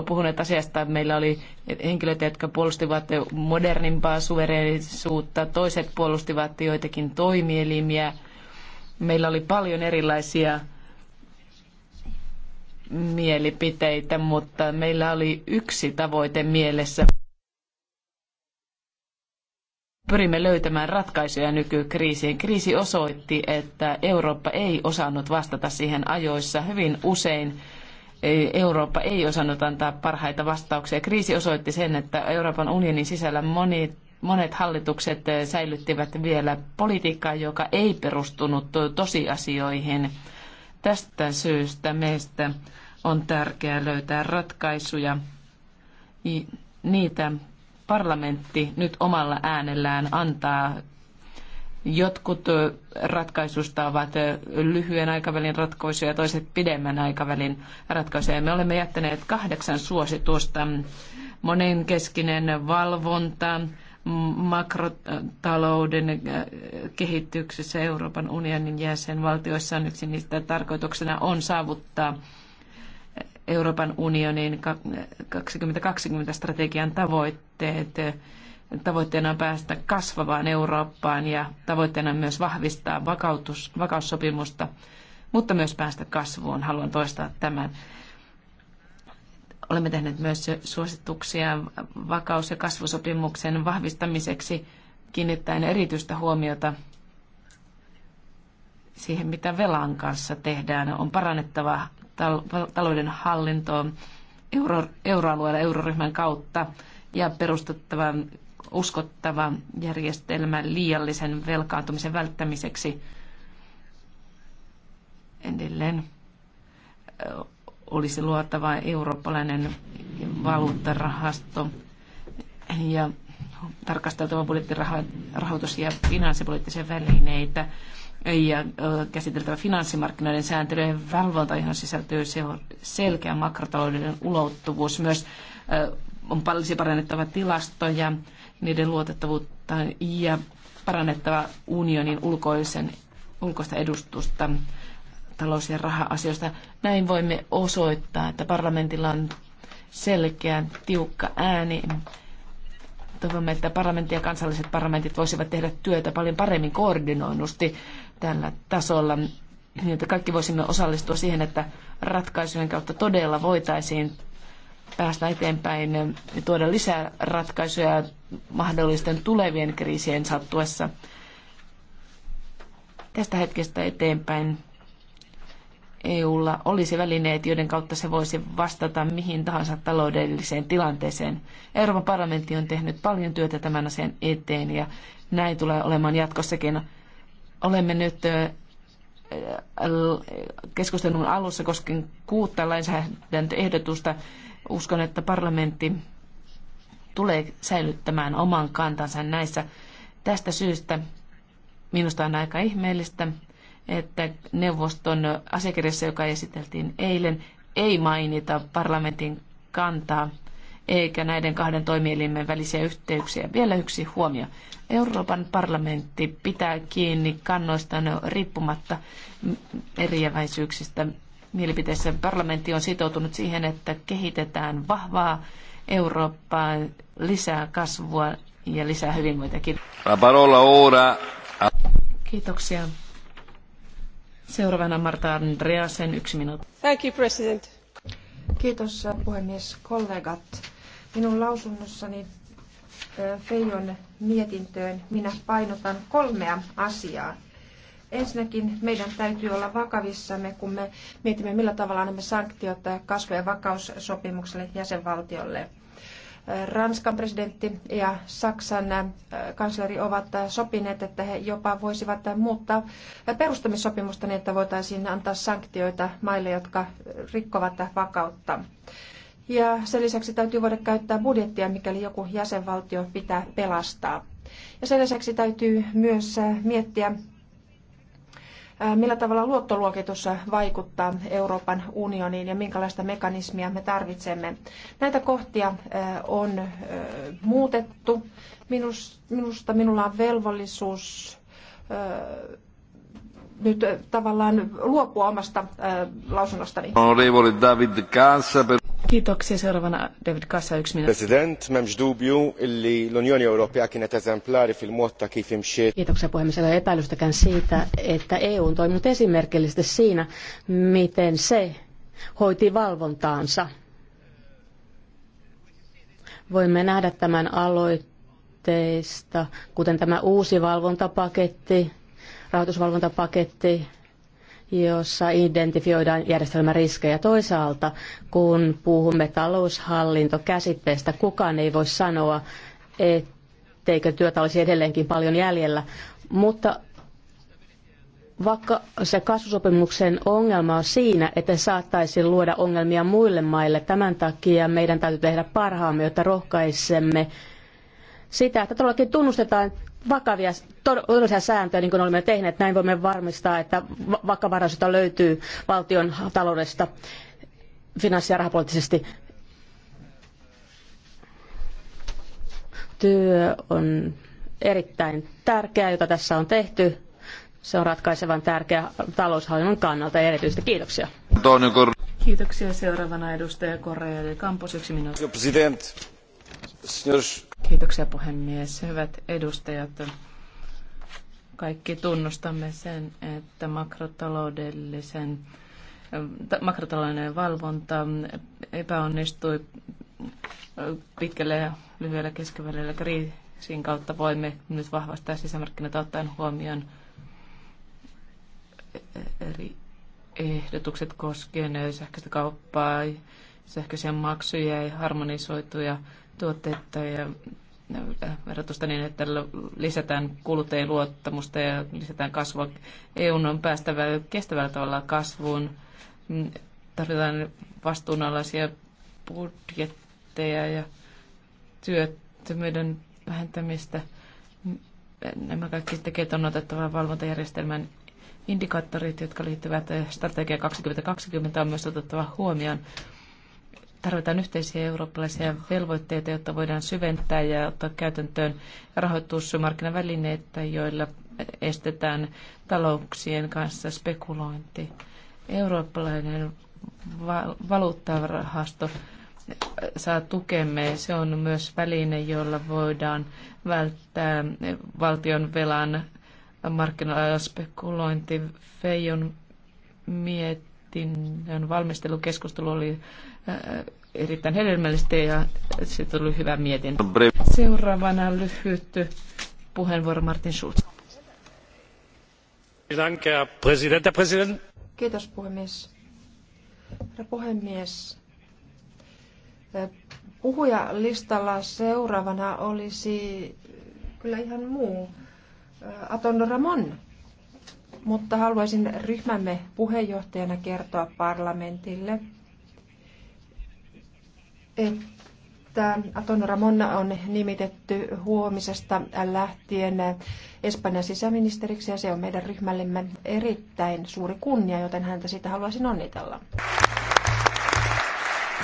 puhuneet asiasta. Meillä oli henkilöitä, jotka puolustivat modernimpaa suverenisuutta, toiset puolustivat joitakin toimielimiä. Meillä oli paljon erilaisia mielipiteitä, mutta meillä oli yksi tavoite mielessä pyrimme löytämään ratkaisuja nykykriisiin. Kriisi osoitti, että Eurooppa ei osannut vastata siihen ajoissa. Hyvin usein e, Eurooppa ei osannut antaa parhaita vastauksia. Kriisi osoitti sen, että Euroopan unionin sisällä monet monet hallitukset e, säilyttivät vielä politiikkaa, joka ei perustunut tosiasioihin. Tästä syystä meistä on tärkeää löytää ratkaisuja, niitä parlamentti nyt omalla äänellään antaa. Jotkut ratkaisusta ovat lyhyen aikavälin ratkaisuja, toiset pidemmän aikavälin ratkaisuja. Me olemme jättäneet kahdeksan suositusta. Monenkeskinen valvonta, makrotalouden kehityksessä Euroopan unionin jäsenvaltioissa on yksi siis niistä tarkoituksena on saavuttaa Euroopan unionin 2020-strategian tavoitteet. Tavoitteena on päästä kasvavaan Eurooppaan ja tavoitteena on myös vahvistaa vakautus, vakaussopimusta, mutta myös päästä kasvuun. Haluan toistaa tämän. Olemme tehneet myös suosituksia vakaus- ja kasvusopimuksen vahvistamiseksi kiinnittäen erityistä huomiota siihen, mitä velan kanssa tehdään. On parannettava talouden hallintoon euro, euroalueella euroryhmän kautta ja perustettavan uskottava järjestelmä liiallisen velkaantumisen välttämiseksi. Edelleen olisi luotava eurooppalainen valuuttarahasto ja tarkasteltava budjettirahoitus- ja finanssipoliittisia välineitä ja käsiteltävä finanssimarkkinoiden sääntelyjen valvonta, johon sisältyy selkeä makrotalouden ulottuvuus. Myös on paljon parannettava tilastoja, niiden luotettavuutta ja parannettava unionin ulkoisen, ulkoista edustusta talous- ja raha-asioista. Näin voimme osoittaa, että parlamentilla on selkeä, tiukka ääni. Toivomme, että parlamentti ja kansalliset parlamentit voisivat tehdä työtä paljon paremmin koordinoinnusti tällä tasolla, niin että kaikki voisimme osallistua siihen, että ratkaisujen kautta todella voitaisiin päästä eteenpäin ja tuoda lisää ratkaisuja mahdollisten tulevien kriisien sattuessa. Tästä hetkestä eteenpäin EUlla olisi välineet, joiden kautta se voisi vastata mihin tahansa taloudelliseen tilanteeseen. Euroopan parlamentti on tehnyt paljon työtä tämän asian eteen ja näin tulee olemaan jatkossakin. Olemme nyt keskustelun alussa koskien kuutta lainsäädäntöehdotusta. Uskon, että parlamentti tulee säilyttämään oman kantansa näissä. Tästä syystä minusta on aika ihmeellistä, että neuvoston asiakirjassa, joka esiteltiin eilen, ei mainita parlamentin kantaa eikä näiden kahden toimielimen välisiä yhteyksiä. Vielä yksi huomio. Euroopan parlamentti pitää kiinni kannoista riippumatta eriäväisyyksistä mielipiteessä. Parlamentti on sitoutunut siihen, että kehitetään vahvaa Eurooppaa, lisää kasvua ja lisää hyvinvointiakin. Kiitoksia. Seuraavana Marta Andreasen yksi minuutti. Thank you, President. Kiitos puhemies, kollegat. Minun lausunnossani Feijon mietintöön minä painotan kolmea asiaa. Ensinnäkin meidän täytyy olla vakavissamme, kun me mietimme, millä tavalla annamme sanktiot kasvu- ja vakaussopimukselle jäsenvaltiolle. Ranskan presidentti ja Saksan kansleri ovat sopineet, että he jopa voisivat muuttaa perustamissopimusta niin, että voitaisiin antaa sanktioita maille, jotka rikkovat vakautta. Ja sen lisäksi täytyy voida käyttää budjettia, mikäli joku jäsenvaltio pitää pelastaa. Ja sen lisäksi täytyy myös äh, miettiä, äh, millä tavalla luottoluokitus vaikuttaa Euroopan unioniin ja minkälaista mekanismia me tarvitsemme. Näitä kohtia äh, on muutettu. Minusta minulla on velvollisuus nyt tavallaan luopua omasta lausunnostani. Onorevole David per Kiitoksia. Seuraavana David Kassa, yksi minuutti. President, memx dubju illi l-Unjoni Ewropea kienet eżemplari fil-mod ta' kif Kiitoksia puhemies. Ei ole epäilystäkään siitä, että EU on toiminut esimerkillisesti siinä, miten se hoiti valvontaansa. Voimme nähdä tämän aloitteista, kuten tämä uusi valvontapaketti, rahoitusvalvontapaketti, jossa identifioidaan järjestelmän riskejä. Toisaalta, kun puhumme taloushallintokäsitteestä, kukaan ei voi sanoa, etteikö työtä olisi edelleenkin paljon jäljellä. Mutta vaikka se kasvusopimuksen ongelma on siinä, että saattaisi luoda ongelmia muille maille, tämän takia meidän täytyy tehdä parhaamme, jotta rohkaisemme sitä, että todellakin tunnustetaan vakavia todellisia sääntöjä, niin kuin olemme tehneet. Näin voimme varmistaa, että vakavaraisuutta löytyy valtion taloudesta finanssi- ja rahapoliittisesti. Työ on erittäin tärkeää, jota tässä on tehty. Se on ratkaisevan tärkeä taloushallinnon kannalta ja erityisesti kiitoksia. Kiitoksia. Seuraavana edustaja Korea de Campos, yksi minuutti. Kiitoksia puhemies. Hyvät edustajat, kaikki tunnustamme sen, että makrotaloudellisen makrotaloudellinen valvonta epäonnistui pitkälle, ja lyhyellä keskivälillä kriisin kautta voimme nyt vahvastaa sisämarkkinat ottaen huomioon eri ehdotukset koskien sähköistä kauppaa, sähköisiä maksuja ja harmonisoituja tuotteita ja verotusta niin, että lisätään kuluttajien luottamusta ja lisätään kasvua. EU on päästävä kestävällä tavalla kasvuun. Mm, tarvitaan vastuunalaisia budjetteja ja työttömyyden vähentämistä. Mm, nämä kaikki tekijät on otettava valvontajärjestelmän indikaattorit, jotka liittyvät eh, strategia 2020 on myös otettava huomioon tarvitaan yhteisiä eurooppalaisia velvoitteita, jotta voidaan syventää ja ottaa käytäntöön rahoitusmarkkinavälineitä, joilla estetään talouksien kanssa spekulointi. Eurooppalainen valuuttarahasto saa tukemme. Se on myös väline, jolla voidaan välttää valtion velan markkinoilla spekulointi. Feijon mietinnön valmistelukeskustelu oli Äh, erittäin hedelmällistä ja se tuli hyvä mietintä. Seuraavana lyhyt puheenvuoro Martin Schulz. Kiitos puhemies. Herra puhemies, äh, puhujalistalla seuraavana olisi kyllä ihan muu. Äh, Aton Ramon, mutta haluaisin ryhmämme puheenjohtajana kertoa parlamentille – että Antonio Ramona on nimitetty huomisesta lähtien Espanjan sisäministeriksi ja se on meidän ryhmällemme erittäin suuri kunnia, joten häntä siitä haluaisin onnitella.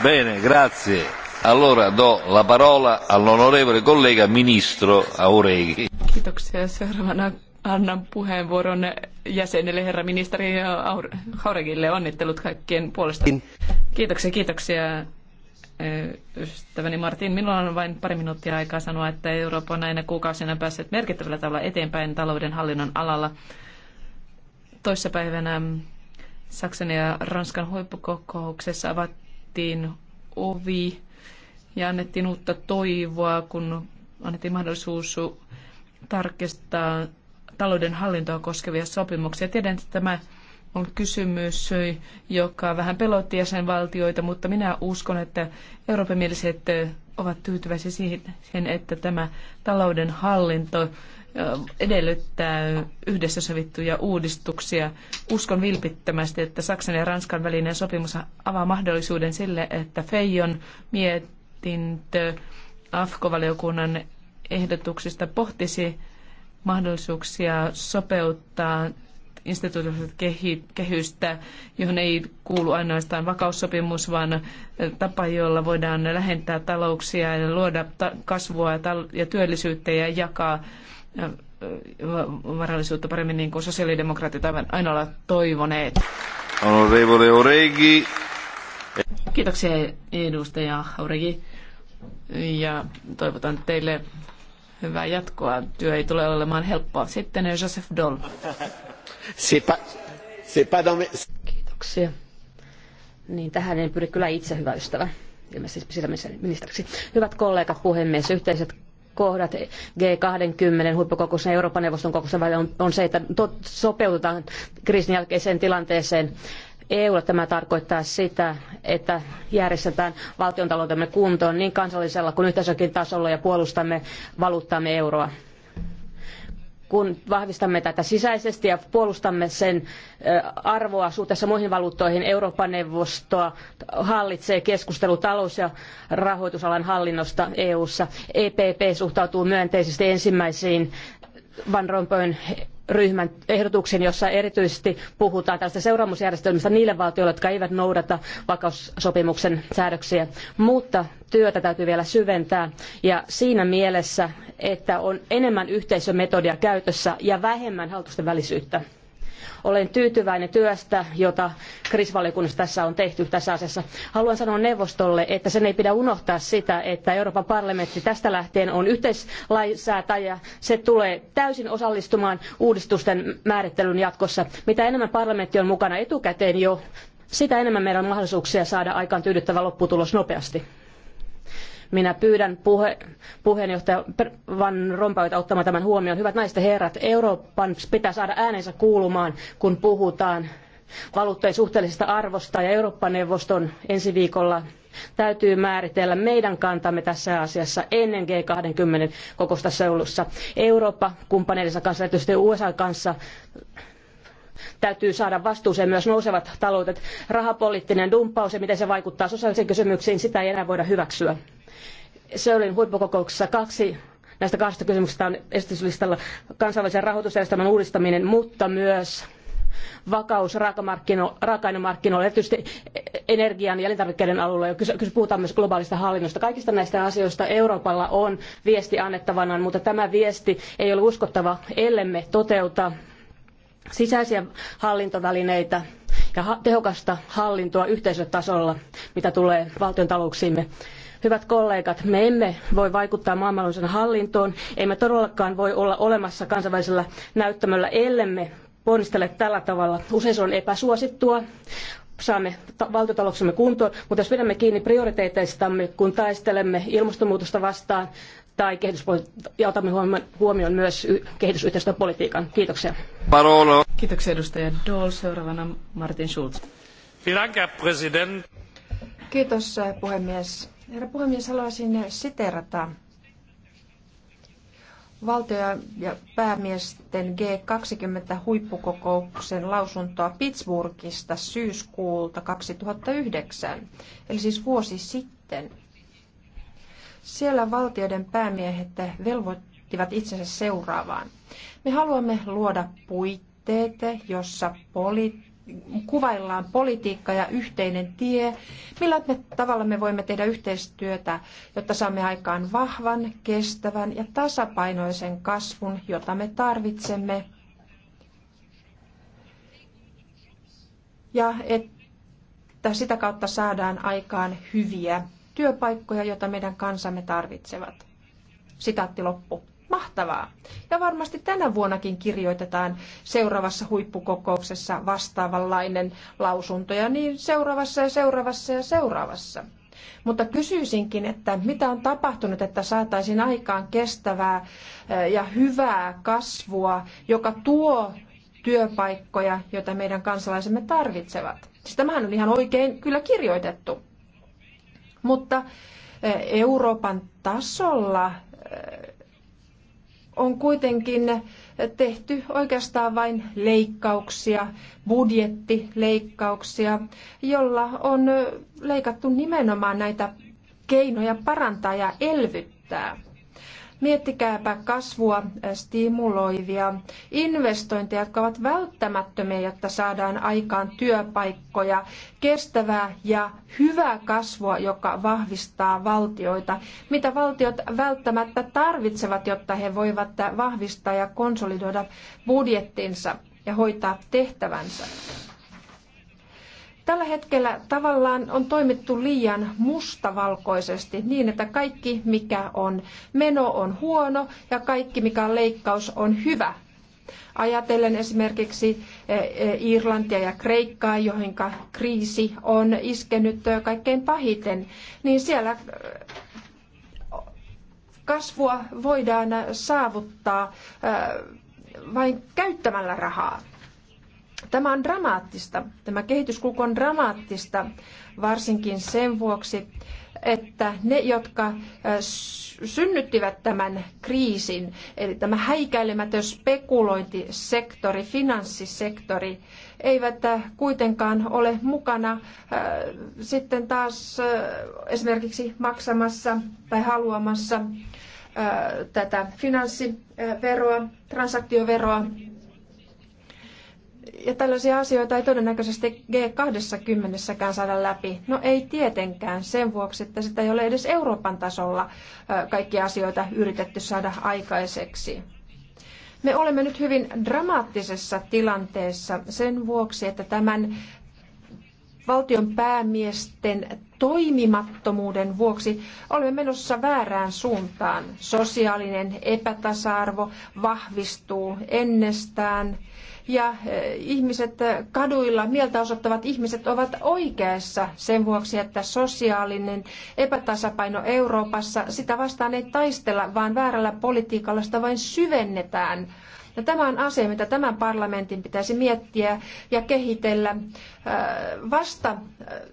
Bene, grazie. Allora do la parola all'onorevole collega ministro Aureghi. Kiitoksia. Seuraavana annan puheenvuoron jäsenelle herra ministeri Aureghille. Onnittelut kaikkien puolesta. Kiitoksia, kiitoksia ystäväni Martin, minulla on vain pari minuuttia aikaa sanoa, että Eurooppa on näinä kuukausina päässyt merkittävällä tavalla eteenpäin talouden hallinnon alalla. Toissapäivänä Saksan ja Ranskan huippukokouksessa avattiin ovi ja annettiin uutta toivoa, kun annettiin mahdollisuus tarkistaa talouden hallintoa koskevia sopimuksia. Tiedän, että tämä on kysymys, joka vähän pelotti jäsenvaltioita, mutta minä uskon, että Euroopan mieliset ovat tyytyväisiä siihen, että tämä talouden hallinto edellyttää yhdessä sovittuja uudistuksia. Uskon vilpittömästi, että Saksan ja Ranskan välinen sopimus avaa mahdollisuuden sille, että Feijon mietintö AFKO-valiokunnan ehdotuksista pohtisi mahdollisuuksia sopeuttaa instituutiollista kehystä, johon ei kuulu ainoastaan vakaussopimus, vaan tapa, jolla voidaan lähentää talouksia ja luoda kasvua ja työllisyyttä ja jakaa varallisuutta paremmin niin kuin sosiaalidemokraatit ovat aina olla toivoneet. Oregi. Kiitoksia edustaja Oregi ja toivotan teille hyvää jatkoa. Työ ei tule olemaan helppoa. Sitten Joseph Doll. Kiitoksia. Niin tähän en pyri kyllä itse, hyvä ystävä, ilmeisesti siis ministeriksi. Hyvät kollegat, puhemies, yhteiset kohdat G20 huippukokouksen ja Euroopan neuvoston kokouksen välillä on, on se, että tot, kriisin jälkeiseen tilanteeseen. EUlle tämä tarkoittaa sitä, että järjestetään valtiontaloutemme kuntoon niin kansallisella kuin yhteisökin tasolla ja puolustamme valuuttamme euroa kun vahvistamme tätä sisäisesti ja puolustamme sen arvoa suhteessa muihin valuuttoihin, Euroopan neuvostoa hallitsee keskustelu talous- ja rahoitusalan hallinnosta EU:ssa. EPP suhtautuu myönteisesti ensimmäisiin Van Rompuyn ryhmän ehdotuksen, jossa erityisesti puhutaan tällaista seuraamusjärjestelmistä niille valtioille, jotka eivät noudata vakaussopimuksen säädöksiä. Mutta työtä täytyy vielä syventää ja siinä mielessä, että on enemmän yhteisömetodia käytössä ja vähemmän hallitusten välisyyttä. Olen tyytyväinen työstä, jota kriisivaliokunnassa tässä on tehty tässä asiassa. Haluan sanoa neuvostolle, että sen ei pidä unohtaa sitä, että Euroopan parlamentti tästä lähtien on yhteislainsäätäjä. Se tulee täysin osallistumaan uudistusten määrittelyn jatkossa. Mitä enemmän parlamentti on mukana etukäteen jo, sitä enemmän meillä on mahdollisuuksia saada aikaan tyydyttävä lopputulos nopeasti. Minä pyydän puhe, puheenjohtaja Van Rompuyta ottamaan tämän huomioon. Hyvät naiset ja herrat, Euroopan pitää saada äänensä kuulumaan, kun puhutaan valuuttojen suhteellisesta arvosta ja Eurooppa-neuvoston ensi viikolla täytyy määritellä meidän kantamme tässä asiassa ennen G20 kokousta Seulussa. Eurooppa kumppaneidensa kanssa, erityisesti USA kanssa, täytyy saada vastuuseen myös nousevat taloudet. Rahapoliittinen dumppaus ja miten se vaikuttaa sosiaalisiin kysymyksiin, sitä ei enää voida hyväksyä. Seulin huippukokouksessa kaksi näistä kahdesta kysymyksestä on esityslistalla kansainvälisen rahoitusjärjestelmän uudistaminen, mutta myös vakaus raaka-ainemarkkinoilla, erityisesti energian ja elintarvikkeiden alueella. Kyllä puhutaan myös globaalista hallinnosta. Kaikista näistä asioista Euroopalla on viesti annettavanaan, mutta tämä viesti ei ole uskottava, ellemme toteuta sisäisiä hallintovälineitä ja tehokasta hallintoa yhteisötasolla, mitä tulee valtion talouksiimme. Hyvät kollegat, me emme voi vaikuttaa maailmanlaajuisen hallintoon, emme todellakaan voi olla olemassa kansainvälisellä näyttämöllä, ellemme ponnistele tällä tavalla. Usein se on epäsuosittua, saamme valtiotalouksemme kuntoon, mutta jos pidämme kiinni prioriteeteistamme, kun taistelemme ilmastonmuutosta vastaan tai ja otamme huomioon myös kehitysyhteistyöpolitiikan. Kiitoksia. Parolo. Kiitoksia edustaja Dole. Seuraavana Martin Schulz. Kiitos puhemies. Herra puhemies, haluaisin siterata valtio- ja päämiesten G20-huippukokouksen lausuntoa Pittsburghista syyskuulta 2009, eli siis vuosi sitten. Siellä valtioiden päämiehet velvoittivat itsensä seuraavaan. Me haluamme luoda puitteet, jossa poliittiset kuvaillaan politiikka ja yhteinen tie, millä me, tavalla me voimme tehdä yhteistyötä, jotta saamme aikaan vahvan, kestävän ja tasapainoisen kasvun, jota me tarvitsemme. Ja että sitä kautta saadaan aikaan hyviä työpaikkoja, joita meidän kansamme tarvitsevat. Sitaatti loppu mahtavaa. Ja varmasti tänä vuonnakin kirjoitetaan seuraavassa huippukokouksessa vastaavanlainen lausunto ja niin seuraavassa ja seuraavassa ja seuraavassa. Mutta kysyisinkin, että mitä on tapahtunut, että saataisiin aikaan kestävää ja hyvää kasvua, joka tuo työpaikkoja, joita meidän kansalaisemme tarvitsevat. Siis tämähän on ihan oikein kyllä kirjoitettu. Mutta Euroopan tasolla on kuitenkin tehty oikeastaan vain leikkauksia, budjettileikkauksia, jolla on leikattu nimenomaan näitä keinoja parantaa ja elvyttää. Miettikääpä kasvua stimuloivia investointeja, jotka ovat välttämättömiä, jotta saadaan aikaan työpaikkoja, kestävää ja hyvää kasvua, joka vahvistaa valtioita, mitä valtiot välttämättä tarvitsevat, jotta he voivat vahvistaa ja konsolidoida budjettinsa ja hoitaa tehtävänsä. Tällä hetkellä tavallaan on toimittu liian mustavalkoisesti niin, että kaikki mikä on meno on huono ja kaikki mikä on leikkaus on hyvä. Ajatellen esimerkiksi eh, eh, Irlantia ja Kreikkaa, joihin kriisi on iskenyt eh, kaikkein pahiten, niin siellä kasvua voidaan saavuttaa vain käyttämällä rahaa. Tämä on dramaattista. Tämä kehityskulku on dramaattista, varsinkin sen vuoksi, että ne, jotka synnyttivät tämän kriisin, eli tämä häikäilemätön spekulointisektori, finanssisektori, eivät kuitenkaan ole mukana sitten taas esimerkiksi maksamassa tai haluamassa tätä finanssiveroa, transaktioveroa ja tällaisia asioita ei todennäköisesti G20-kään saada läpi. No ei tietenkään sen vuoksi, että sitä ei ole edes Euroopan tasolla kaikkia asioita yritetty saada aikaiseksi. Me olemme nyt hyvin dramaattisessa tilanteessa sen vuoksi, että tämän valtion päämiesten toimimattomuuden vuoksi olemme menossa väärään suuntaan. Sosiaalinen epätasa-arvo vahvistuu ennestään ja eh, ihmiset eh, kaduilla, mieltä osoittavat ihmiset ovat oikeassa sen vuoksi, että sosiaalinen epätasapaino Euroopassa, sitä vastaan ei taistella, vaan väärällä politiikalla sitä vain syvennetään ja no, tämä on asia, mitä tämän parlamentin pitäisi miettiä ja kehitellä äh, vasta äh,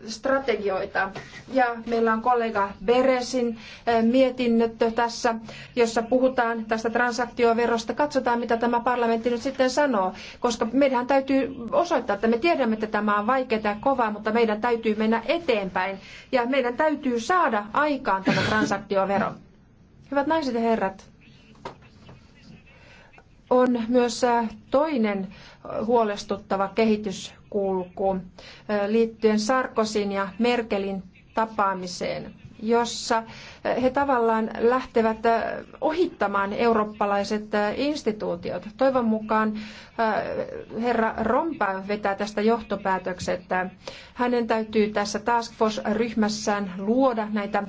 strategioita. Ja meillä on kollega Beresin äh, mietinnöt tässä, jossa puhutaan tästä transaktioverosta. Katsotaan, mitä tämä parlamentti nyt sitten sanoo, koska meidän täytyy osoittaa, että me tiedämme, että tämä on vaikeaa ja kovaa, mutta meidän täytyy mennä eteenpäin. Ja meidän täytyy saada aikaan tämä transaktiovero. Hyvät naiset ja herrat, on myös toinen huolestuttava kehityskulku liittyen Sarkosin ja Merkelin tapaamiseen jossa he tavallaan lähtevät äh, ohittamaan eurooppalaiset äh, instituutiot. Toivon mukaan äh, herra Rompa vetää tästä johtopäätökset. Hänen täytyy tässä Task Force-ryhmässään luoda näitä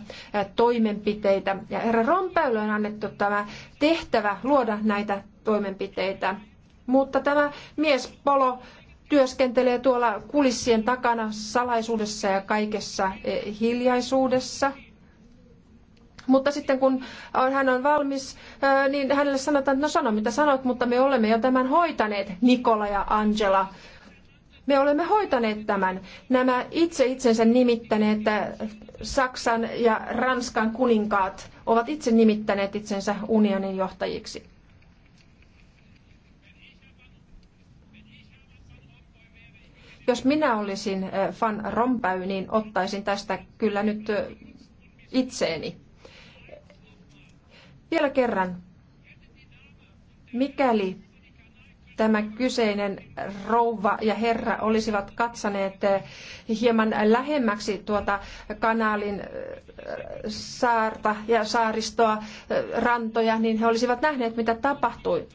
toimenpiteitä. Ja herra Rompäylle on annettu tämä tehtävä luoda näitä toimenpiteitä. Mutta tämä mies Polo työskentelee tuolla kulissien takana salaisuudessa ja kaikessa e, hiljaisuudessa. Mutta sitten kun hän on valmis, niin hänelle sanotaan, että no sano mitä sanot, mutta me olemme jo tämän hoitaneet, Nikola ja Angela. Me olemme hoitaneet tämän. Nämä itse itsensä nimittäneet Saksan ja Ranskan kuninkaat ovat itse nimittäneet itsensä unionin johtajiksi. Jos minä olisin eh, Van Rompuy, niin ottaisin tästä kyllä nyt eh, itseeni. Vielä kerran, mikäli tämä kyseinen rouva ja herra olisivat katsaneet eh, hieman lähemmäksi tuota kanaalin saarta ja saaristoa, rantoja, niin he olisivat nähneet, mitä tapahtui.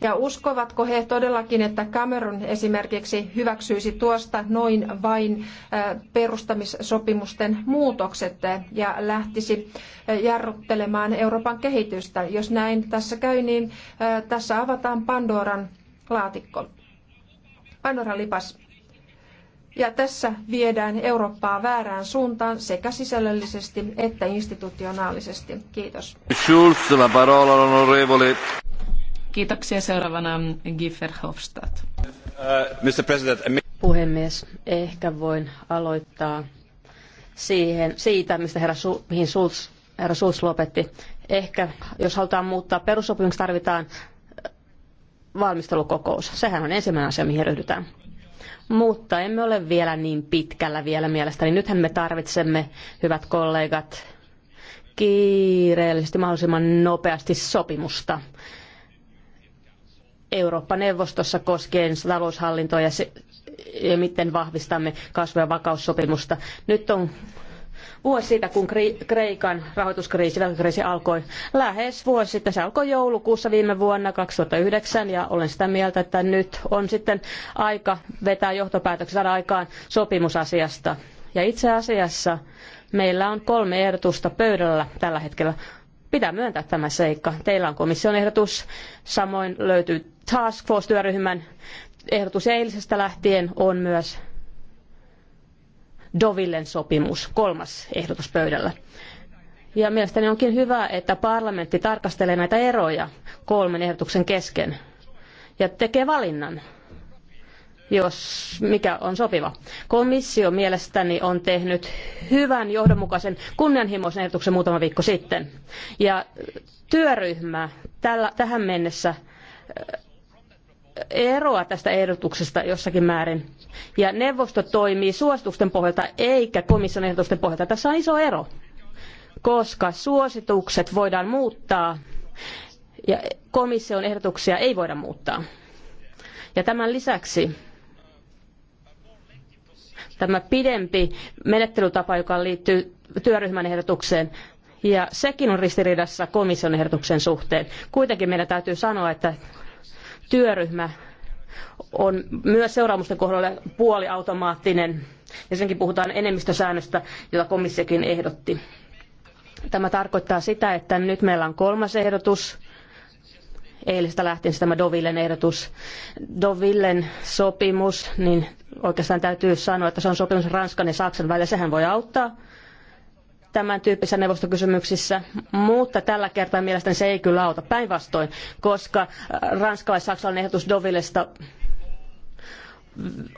Ja uskovatko he todellakin, että Cameron esimerkiksi hyväksyisi tuosta noin vain äh, perustamissopimusten muutokset ja lähtisi äh, jarruttelemaan Euroopan kehitystä? Jos näin tässä käy, niin äh, tässä avataan Pandoran laatikko. Pandoran lipas. Ja tässä viedään Eurooppaa väärään suuntaan sekä sisällöllisesti että institutionaalisesti. Kiitos. Schulz, la parola Kiitoksia. Seuraavana Giffer Hofstadt. Uh, Puhemies, ehkä voin aloittaa siihen, siitä, mistä herra, Su, mihin herra Schulz lopetti. Ehkä jos halutaan muuttaa perussopimuksessa, tarvitaan äh, valmistelukokous. Sehän on ensimmäinen asia, mihin ryhdytään. Mutta emme ole vielä niin pitkällä vielä mielestäni. Nythän me tarvitsemme, hyvät kollegat, kiireellisesti mahdollisimman nopeasti sopimusta Eurooppa-neuvostossa koskien taloushallintoa ja, se, ja miten vahvistamme kasvu- ja vakaussopimusta. Nyt on vuosi siitä, kun Kreikan rahoituskriisi, velkakriisi alkoi lähes vuosi sitten. Se alkoi joulukuussa viime vuonna 2009 ja olen sitä mieltä, että nyt on sitten aika vetää johtopäätöksiä saada aikaan sopimusasiasta. Ja itse asiassa meillä on kolme ehdotusta pöydällä tällä hetkellä. Pitää myöntää tämä seikka. Teillä on komission ehdotus, samoin löytyy Task Force-työryhmän ehdotus eilisestä lähtien on myös Dovillen sopimus, kolmas ehdotus pöydällä. Ja mielestäni onkin hyvä, että parlamentti tarkastelee näitä eroja kolmen ehdotuksen kesken ja tekee valinnan, jos mikä on sopiva. Komissio mielestäni on tehnyt hyvän johdonmukaisen kunnianhimoisen ehdotuksen muutama viikko sitten. Ja työryhmä tällä, tähän mennessä eroa tästä ehdotuksesta jossakin määrin. Ja neuvosto toimii suositusten pohjalta eikä komission ehdotusten pohjalta. Tässä on iso ero, koska suositukset voidaan muuttaa ja komission ehdotuksia ei voida muuttaa. Ja tämän lisäksi tämä pidempi menettelytapa, joka liittyy työryhmän ehdotukseen, ja sekin on ristiriidassa komission ehdotuksen suhteen. Kuitenkin meidän täytyy sanoa, että työryhmä on myös seuraamusten kohdalla puoliautomaattinen. Ja senkin puhutaan enemmistösäännöstä, jota komissiokin ehdotti. Tämä tarkoittaa sitä, että nyt meillä on kolmas ehdotus. Eilistä lähtien tämä Dovillen ehdotus. Dovillen sopimus, niin oikeastaan täytyy sanoa, että se on sopimus Ranskan ja Saksan välillä. Sehän voi auttaa tämän tyyppisissä neuvostokysymyksissä, mutta tällä kertaa mielestäni se ei kyllä auta päinvastoin, koska äh, ranskalais-saksalainen ehdotus Dovillesta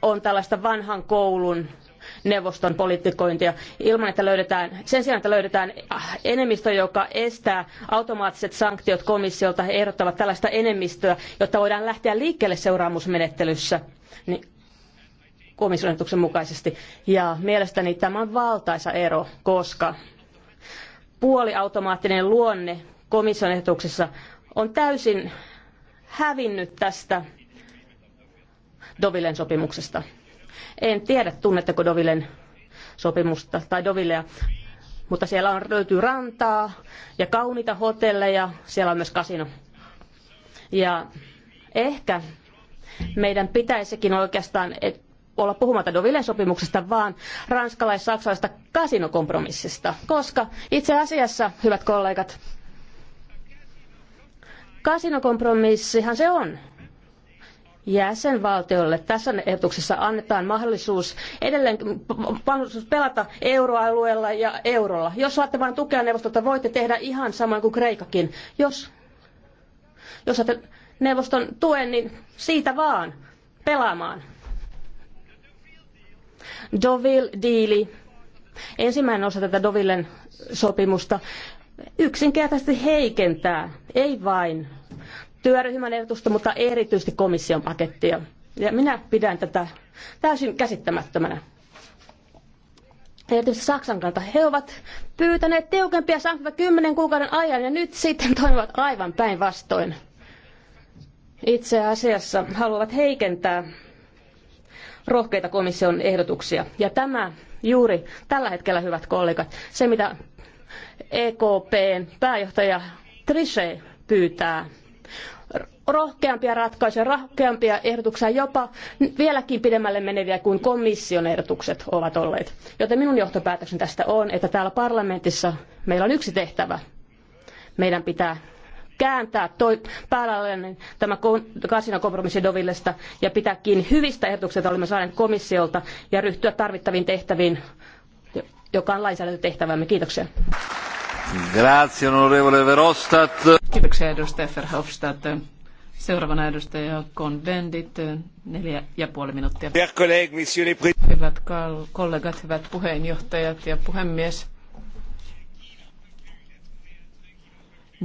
on tällaista vanhan koulun neuvoston politikointia ilman, että löydetään, sen sijaan, että löydetään äh, enemmistö, joka estää automaattiset sanktiot komissiolta, he ehdottavat tällaista enemmistöä, jotta voidaan lähteä liikkeelle seuraamusmenettelyssä. Niin komission ehdotuksen mukaisesti. Ja mielestäni tämä on valtaisa ero, koska puoliautomaattinen luonne komission ehdotuksessa on täysin hävinnyt tästä Dovilen sopimuksesta. En tiedä, tunnetteko Dovilen sopimusta tai Dovilea, mutta siellä on, löytyy rantaa ja kauniita hotelleja, siellä on myös kasino. Ja ehkä meidän pitäisikin oikeastaan olla puhumatta Dovilen sopimuksesta, vaan ranskalais-saksalaisesta kasinokompromissista. Koska itse asiassa, hyvät kollegat, kasinokompromissihan se on jäsenvaltioille tässä ehdotuksessa annetaan mahdollisuus edelleen mahdollisuus pelata euroalueella ja eurolla. Jos saatte vain tukea neuvostolta, voitte tehdä ihan samoin kuin Kreikakin. Jos, jos saatte neuvoston tuen, niin siitä vaan pelaamaan. Dovil-diili, ensimmäinen osa tätä Dovillen sopimusta, yksinkertaisesti heikentää, ei vain työryhmän ehdotusta, mutta erityisesti komission pakettia. Ja minä pidän tätä täysin käsittämättömänä. Erityisesti Saksan kanta. He ovat pyytäneet tiukempia sanktioita kymmenen kuukauden ajan ja nyt sitten toimivat aivan päinvastoin. Itse asiassa haluavat heikentää rohkeita komission ehdotuksia. Ja tämä juuri tällä hetkellä, hyvät kollegat, se mitä EKPn pääjohtaja Trichet pyytää rohkeampia ratkaisuja, rohkeampia ehdotuksia, jopa vieläkin pidemmälle meneviä kuin komission ehdotukset ovat olleet. Joten minun johtopäätökseni tästä on, että täällä parlamentissa meillä on yksi tehtävä. Meidän pitää kääntää toi, päälailleen niin tämä kasinokompromissi Dovillesta ja pitää kiinni hyvistä ehdotuksista, joita olemme saaneet komissiolta ja ryhtyä tarvittaviin tehtäviin, joka on lainsäädäntötehtävämme. Kiitoksia. Grazie, onorevole Verhofstadt. Kiitoksia, edustaja Verhofstadt. Seuraavana edustaja Konvendit, neljä ja puoli minuuttia. Hyvät kollegat, hyvät puheenjohtajat ja puhemies.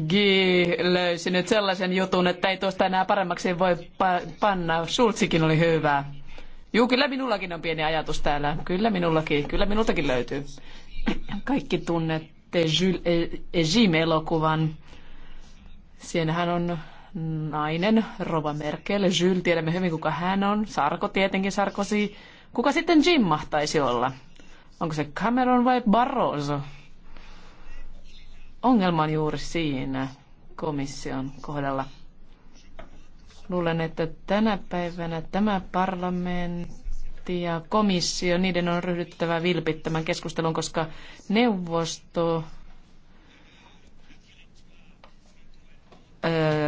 Gii löysi nyt sellaisen jutun, että ei tuosta enää paremmaksi voi pa- panna. Schulzikin oli hyvä. Juu, kyllä minullakin on pieni ajatus täällä. Kyllä minullakin, kyllä minultakin löytyy. Kaikki tunnette Jules e-, Egime-elokuvan. Siinähän on nainen, Rova Merkel, Jules, tiedämme hyvin kuka hän on, Sarko tietenkin, Sarkosi. Kuka sitten Jim mahtaisi olla? Onko se Cameron vai Barroso? ongelma on juuri siinä komission kohdalla. Luulen, että tänä päivänä tämä parlamentti ja komissio, niiden on ryhdyttävä vilpittämään keskustelun, koska neuvosto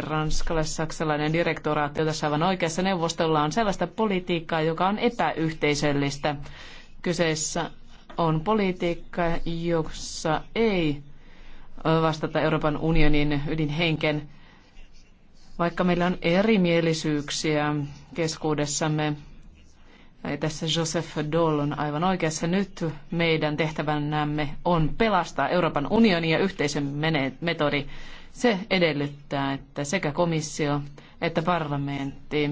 ranskalais-saksalainen direktoraatio tässä aivan oikeassa neuvostolla on sellaista politiikkaa, joka on epäyhteisöllistä. Kyseessä on politiikka, jossa ei vastata Euroopan unionin ydinhenken. Vaikka meillä on erimielisyyksiä keskuudessamme, tässä Joseph Doll on aivan oikeassa. Nyt meidän tehtävänämme on pelastaa Euroopan unionin ja yhteisön metodi. Se edellyttää, että sekä komissio että parlamentti,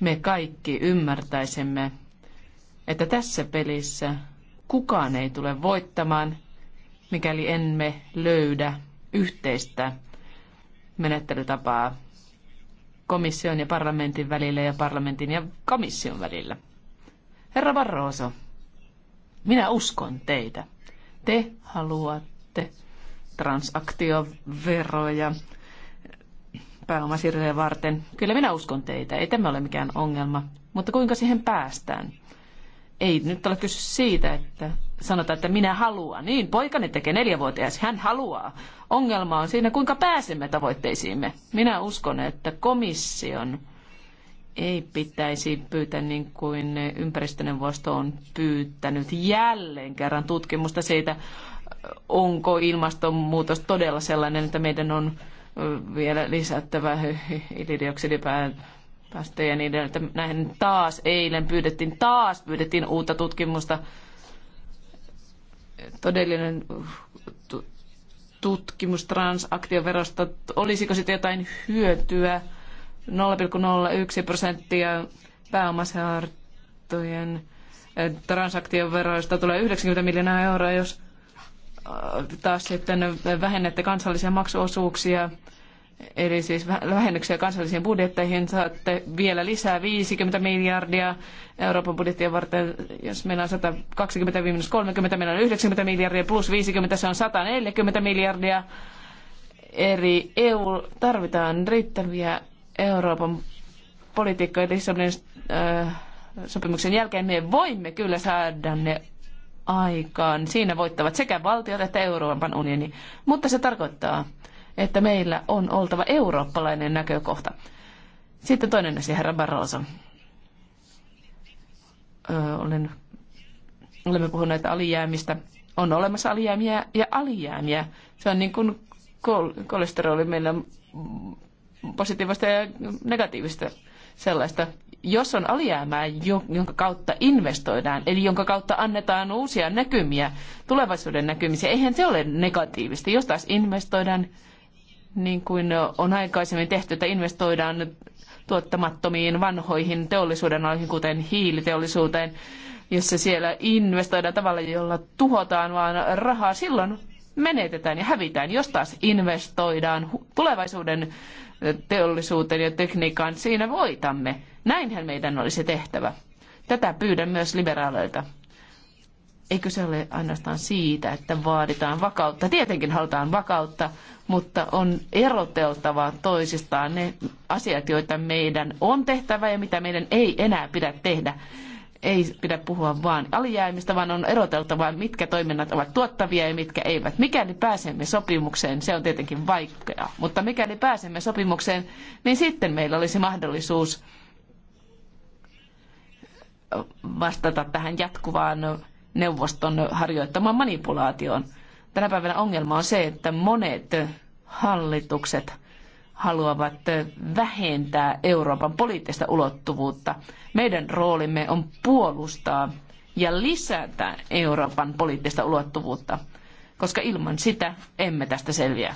me kaikki ymmärtäisimme, että tässä pelissä kukaan ei tule voittamaan – mikäli emme löydä yhteistä menettelytapaa komission ja parlamentin välillä ja parlamentin ja komission välillä. Herra Barroso, minä uskon teitä. Te haluatte transaktioveroja pääomasiirroja varten. Kyllä minä uskon teitä, ei tämä ole mikään ongelma. Mutta kuinka siihen päästään? Ei nyt ole kysy siitä, että sanotaan, että minä haluan. Niin, poikani tekee neljävuotias, hän haluaa. Ongelma on siinä, kuinka pääsemme tavoitteisiimme. Minä uskon, että komission ei pitäisi pyytää niin kuin ympäristöneuvosto on pyytänyt jälleen kerran tutkimusta siitä, onko ilmastonmuutos todella sellainen, että meidän on vielä lisättävä hiilidioksidipäästöjä ja niiden, että näin taas eilen pyydettiin, taas pyydettiin uutta tutkimusta. Todellinen uh, tutkimus transaktioverosta, olisiko sitten jotain hyötyä 0,01 prosenttia pääomasaartojen eh, transaktioveroista tulee 90 miljoonaa euroa, jos eh, taas sitten vähennette kansallisia maksuosuuksia eli siis vähennyksiä kansallisiin budjetteihin, saatte vielä lisää 50 miljardia Euroopan budjettia varten, jos meillä on 120 miinus 30, meillä on 90 miljardia, plus 50, se on 140 miljardia. Eri EU, tarvitaan riittäviä Euroopan politiikkoja Lissabonin äh, sopimuksen jälkeen. Me voimme kyllä saada ne aikaan. Siinä voittavat sekä valtiot että Euroopan unioni, mutta se tarkoittaa että meillä on oltava eurooppalainen näkökohta. Sitten toinen asia, herra Barroso. Öö, olen, olemme puhuneet alijäämistä. On olemassa alijäämiä ja alijäämiä. Se on niin kuin kol- kolesteroli meillä positiivista ja negatiivista sellaista. Jos on alijäämää, jonka kautta investoidaan, eli jonka kautta annetaan uusia näkymiä, tulevaisuuden näkymisiä, eihän se ole negatiivista. Jos taas investoidaan, niin kuin on aikaisemmin tehty, että investoidaan tuottamattomiin vanhoihin teollisuuden aloihin, kuten hiiliteollisuuteen, jossa siellä investoidaan tavalla, jolla tuhotaan vaan rahaa, silloin menetetään ja hävitään. Jos taas investoidaan tulevaisuuden teollisuuteen ja tekniikkaan, siinä voitamme. Näinhän meidän olisi tehtävä. Tätä pyydän myös liberaaleilta ei kyse ole ainoastaan siitä, että vaaditaan vakautta. Tietenkin halutaan vakautta, mutta on eroteltava toisistaan ne asiat, joita meidän on tehtävä ja mitä meidän ei enää pidä tehdä. Ei pidä puhua vaan alijäämistä, vaan on eroteltava, mitkä toiminnat ovat tuottavia ja mitkä eivät. Mikäli pääsemme sopimukseen, se on tietenkin vaikeaa, mutta mikäli pääsemme sopimukseen, niin sitten meillä olisi mahdollisuus vastata tähän jatkuvaan neuvoston harjoittamaan manipulaatioon. Tänä päivänä ongelma on se, että monet hallitukset haluavat vähentää Euroopan poliittista ulottuvuutta. Meidän roolimme on puolustaa ja lisätä Euroopan poliittista ulottuvuutta, koska ilman sitä emme tästä selviä.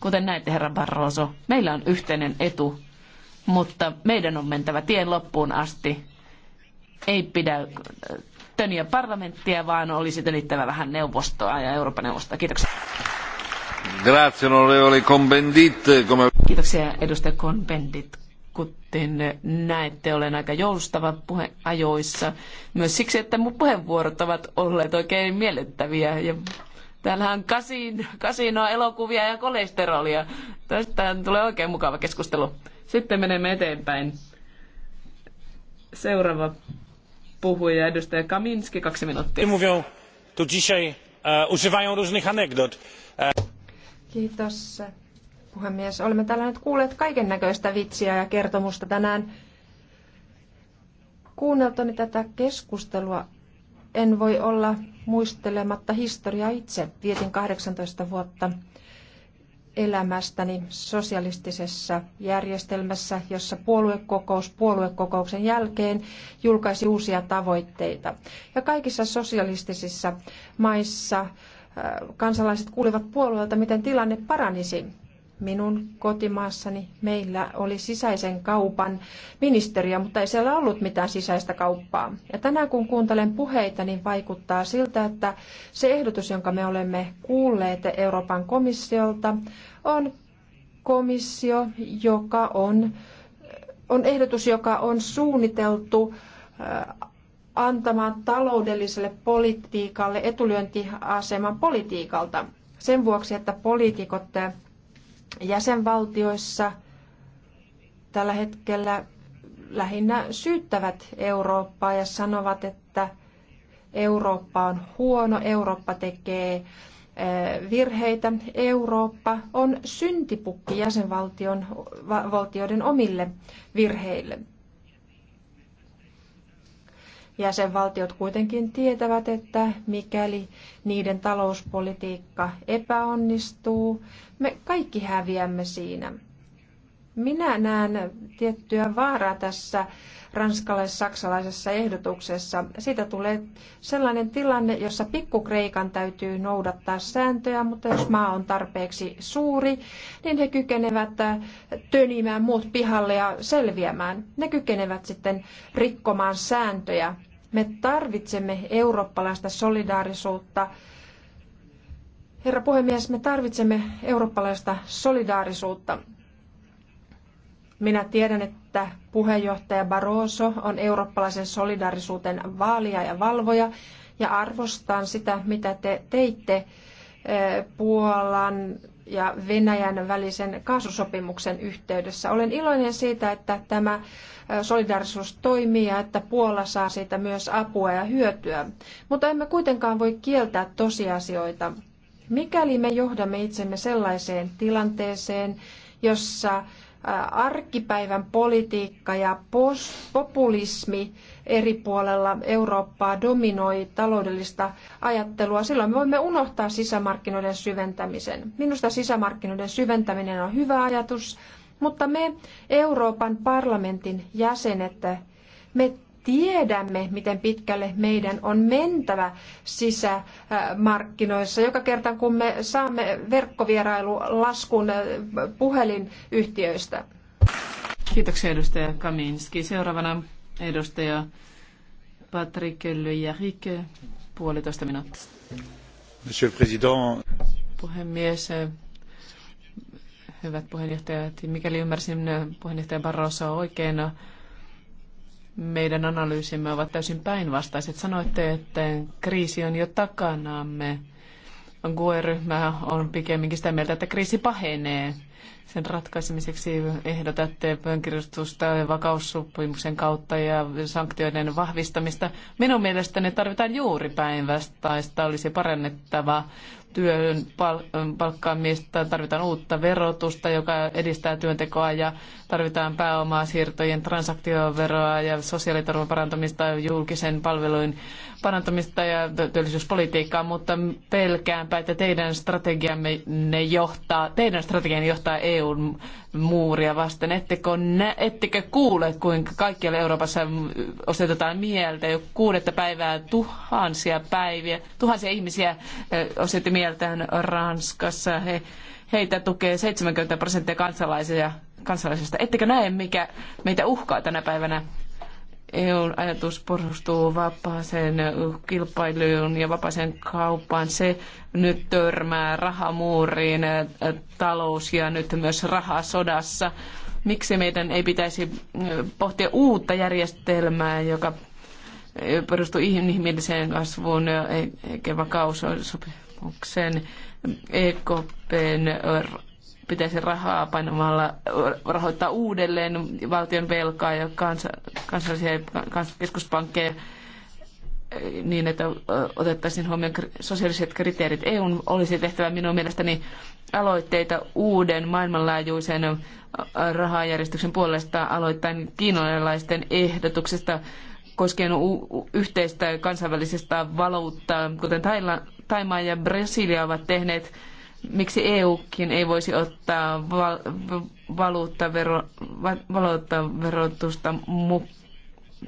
Kuten näette, herra Barroso, meillä on yhteinen etu, mutta meidän on mentävä tien loppuun asti. Ei pidä töniä parlamenttia, vaan olisi tönittävä vähän neuvostoa ja Euroopan neuvostoa. Kiitoksia. Grazie, onorevole Convendit. Come... Kiitoksia, edustaja Convendit. Kuten näette, olen aika joustava puheajoissa. Myös siksi, että mun puheenvuorot ovat olleet oikein miellyttäviä ja Täällähän on kasin, kasinoa, elokuvia ja kolesterolia. Tästä tulee oikein mukava keskustelu. Sitten menemme eteenpäin. Seuraava puhuja, edustaja Kaminski, kaksi minuuttia. Mówią tu dzisiaj, e, używają różnych anegdot. E, Kiitos puhemies. Olemme täällä nyt kuulleet kaiken näköistä vitsiä ja kertomusta tänään. Kuunneltoni tätä keskustelua en voi olla muistelematta historiaa itse. Vietin 18 vuotta elämästäni sosialistisessa järjestelmässä, jossa puoluekokous puoluekokouksen jälkeen julkaisi uusia tavoitteita. Ja kaikissa sosialistisissa maissa äh, kansalaiset kuulivat puolueelta, miten tilanne paranisi minun kotimaassani meillä oli sisäisen kaupan ministeriö, mutta ei siellä ollut mitään sisäistä kauppaa. Ja tänään kun kuuntelen puheita, niin vaikuttaa siltä, että se ehdotus, jonka me olemme kuulleet Euroopan komissiolta, on komissio, joka on, on ehdotus, joka on suunniteltu äh, antamaan taloudelliselle politiikalle etulyöntiaseman politiikalta. Sen vuoksi, että poliitikot äh, jäsenvaltioissa tällä hetkellä lähinnä syyttävät Eurooppaa ja sanovat, että Eurooppa on huono, Eurooppa tekee eh, virheitä. Eurooppa on syntipukki jäsenvaltioiden omille virheille. Jäsenvaltiot kuitenkin tietävät, että mikäli niiden talouspolitiikka epäonnistuu, me kaikki häviämme siinä. Minä näen tiettyä vaaraa tässä ranskalais-saksalaisessa ehdotuksessa. Siitä tulee sellainen tilanne, jossa pikkukreikan täytyy noudattaa sääntöjä, mutta jos maa on tarpeeksi suuri, niin he kykenevät äh, tönimään muut pihalle ja selviämään. Ne kykenevät sitten rikkomaan sääntöjä. Me tarvitsemme eurooppalaista solidaarisuutta Herra puhemies, me tarvitsemme eurooppalaista solidaarisuutta. Minä tiedän, että puheenjohtaja Barroso on eurooppalaisen solidaarisuuden vaalija ja valvoja, ja arvostan sitä, mitä te teitte eh, Puolan ja Venäjän välisen kaasusopimuksen yhteydessä. Olen iloinen siitä, että tämä eh, solidarisuus toimii ja että Puola saa siitä myös apua ja hyötyä. Mutta emme kuitenkaan voi kieltää tosiasioita. Mikäli me johdamme itsemme sellaiseen tilanteeseen, jossa arkipäivän politiikka ja populismi eri puolella Eurooppaa dominoi taloudellista ajattelua, silloin me voimme unohtaa sisämarkkinoiden syventämisen. Minusta sisämarkkinoiden syventäminen on hyvä ajatus, mutta me Euroopan parlamentin jäsenet, me tiedämme, miten pitkälle meidän on mentävä sisämarkkinoissa. Joka kerta, kun me saamme verkkovierailulaskun äh, puhelinyhtiöistä. Kiitoksia edustaja Kaminski. Seuraavana edustaja Patrick Löjärik, puolitoista minuuttia. Monsieur le Président. Puhemies, hyvät puheenjohtajat, mikäli ymmärsin puheenjohtaja Barroso oikein, meidän analyysimme ovat täysin päinvastaiset. Sanoitte, että kriisi on jo takanaamme. GUE-ryhmä on pikemminkin sitä mieltä, että kriisi pahenee. Sen ratkaisemiseksi ehdotatte pönkirjoitusta vakaussopimuksen kautta ja sanktioiden vahvistamista. Minun mielestäni tarvitaan juuri päinvastaista, olisi parannettava työn ähm, palkkaamista, tarvitaan uutta verotusta, joka edistää työntekoa ja tarvitaan siirtojen transaktioveroa ja sosiaaliturvan parantamista, julkisen palveluin parantamista ja työllisyyspolitiikkaa, mutta pelkäänpä, että teidän strategianne ne johtaa, teidän strategianne johtaa EUn muuria vasten. Ettekö, nä, ettekö kuule, kuinka kaikkialla Euroopassa mm, osoitetaan mieltä jo kuudetta päivää tuhansia päiviä, tuhansia ihmisiä osoitti mieltä mieltään Ranskassa. He, heitä tukee 70 prosenttia kansalaisia, kansalaisista. Ettekö näe, mikä meitä uhkaa tänä päivänä? EUn ajatus perustuu vapaaseen kilpailuun ja vapaaseen kauppaan. Se nyt törmää rahamuuriin, talous ja nyt myös rahasodassa. Miksi meidän ei pitäisi mm, pohtia uutta järjestelmää, joka e, perustuu inhimilliseen kasvuun e, eikä vakaussopimukseen? sen EKPn äh, pitäisi rahaa painamalla äh, rahoittaa uudelleen valtion velkaa ja kansa, kansallisia kans, keskuspankkeja äh, niin, että otettaisiin huomioon sosiaaliset kriteerit. EU olisi tehtävä minun mielestäni aloitteita uuden maailmanlaajuisen rahajärjestyksen puolesta aloittain kiinalaisten ehdotuksesta koskien yhteistä kansainvälisestä valuuttaa, kuten Taila, Taimaa ja Brasilia ovat tehneet, miksi EUkin ei voisi ottaa val, valuuttavero, valuuttaverotusta mu,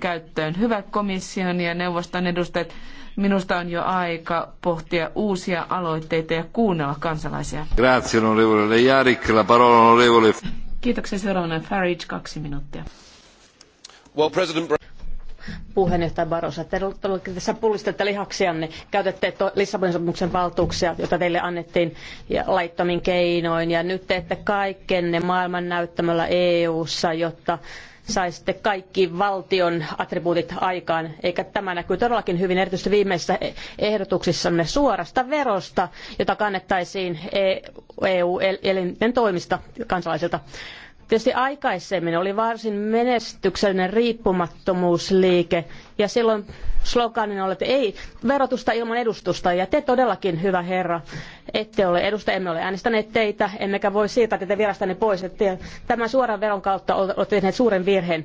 käyttöön. Hyvät komission ja neuvoston edustajat, minusta on jo aika pohtia uusia aloitteita ja kuunnella kansalaisia. Grazie, onorevole Leijarik. La parola, onorevole. Kiitoksia seuraavana Farage, kaksi minuuttia. Well, President puheenjohtaja Barossa. Te olette tässä pullistette lihaksianne, käytätte Lissabonin sopimuksen valtuuksia, joita teille annettiin ja laittomin keinoin. Ja nyt teette kaikkenne maailman näyttämällä EU-ssa, jotta saisitte kaikki valtion attribuutit aikaan, eikä tämä näkyy todellakin hyvin erityisesti viimeisissä e- ehdotuksissanne suorasta verosta, jota kannettaisiin EU-elinten e toimista kansalaisilta. Tietysti aikaisemmin oli varsin menestyksellinen riippumattomuusliike ja silloin sloganin oli, että ei verotusta ilman edustusta ja te todellakin hyvä herra ette ole edustaja, emme ole äänestäneet teitä, emmekä voi siirtää teitä virastanne pois. Että tämän suoran veron kautta olette tehneet suuren virheen.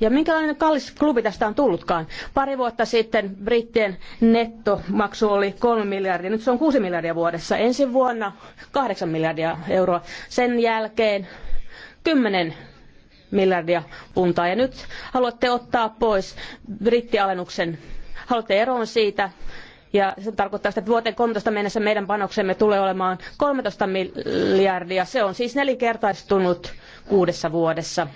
Ja minkälainen kallis klubi tästä on tullutkaan? Pari vuotta sitten brittien nettomaksu oli 3 miljardia, nyt se on 6 miljardia vuodessa. Ensi vuonna 8 miljardia euroa. Sen jälkeen 10 miljardia puntaa. Ja nyt haluatte ottaa pois brittialennuksen. Haluatte eroon siitä. Ja se tarkoittaa, että vuoteen 13 mennessä meidän panoksemme tulee olemaan 13 miljardia. Se on siis nelinkertaistunut kuudessa vuodessa.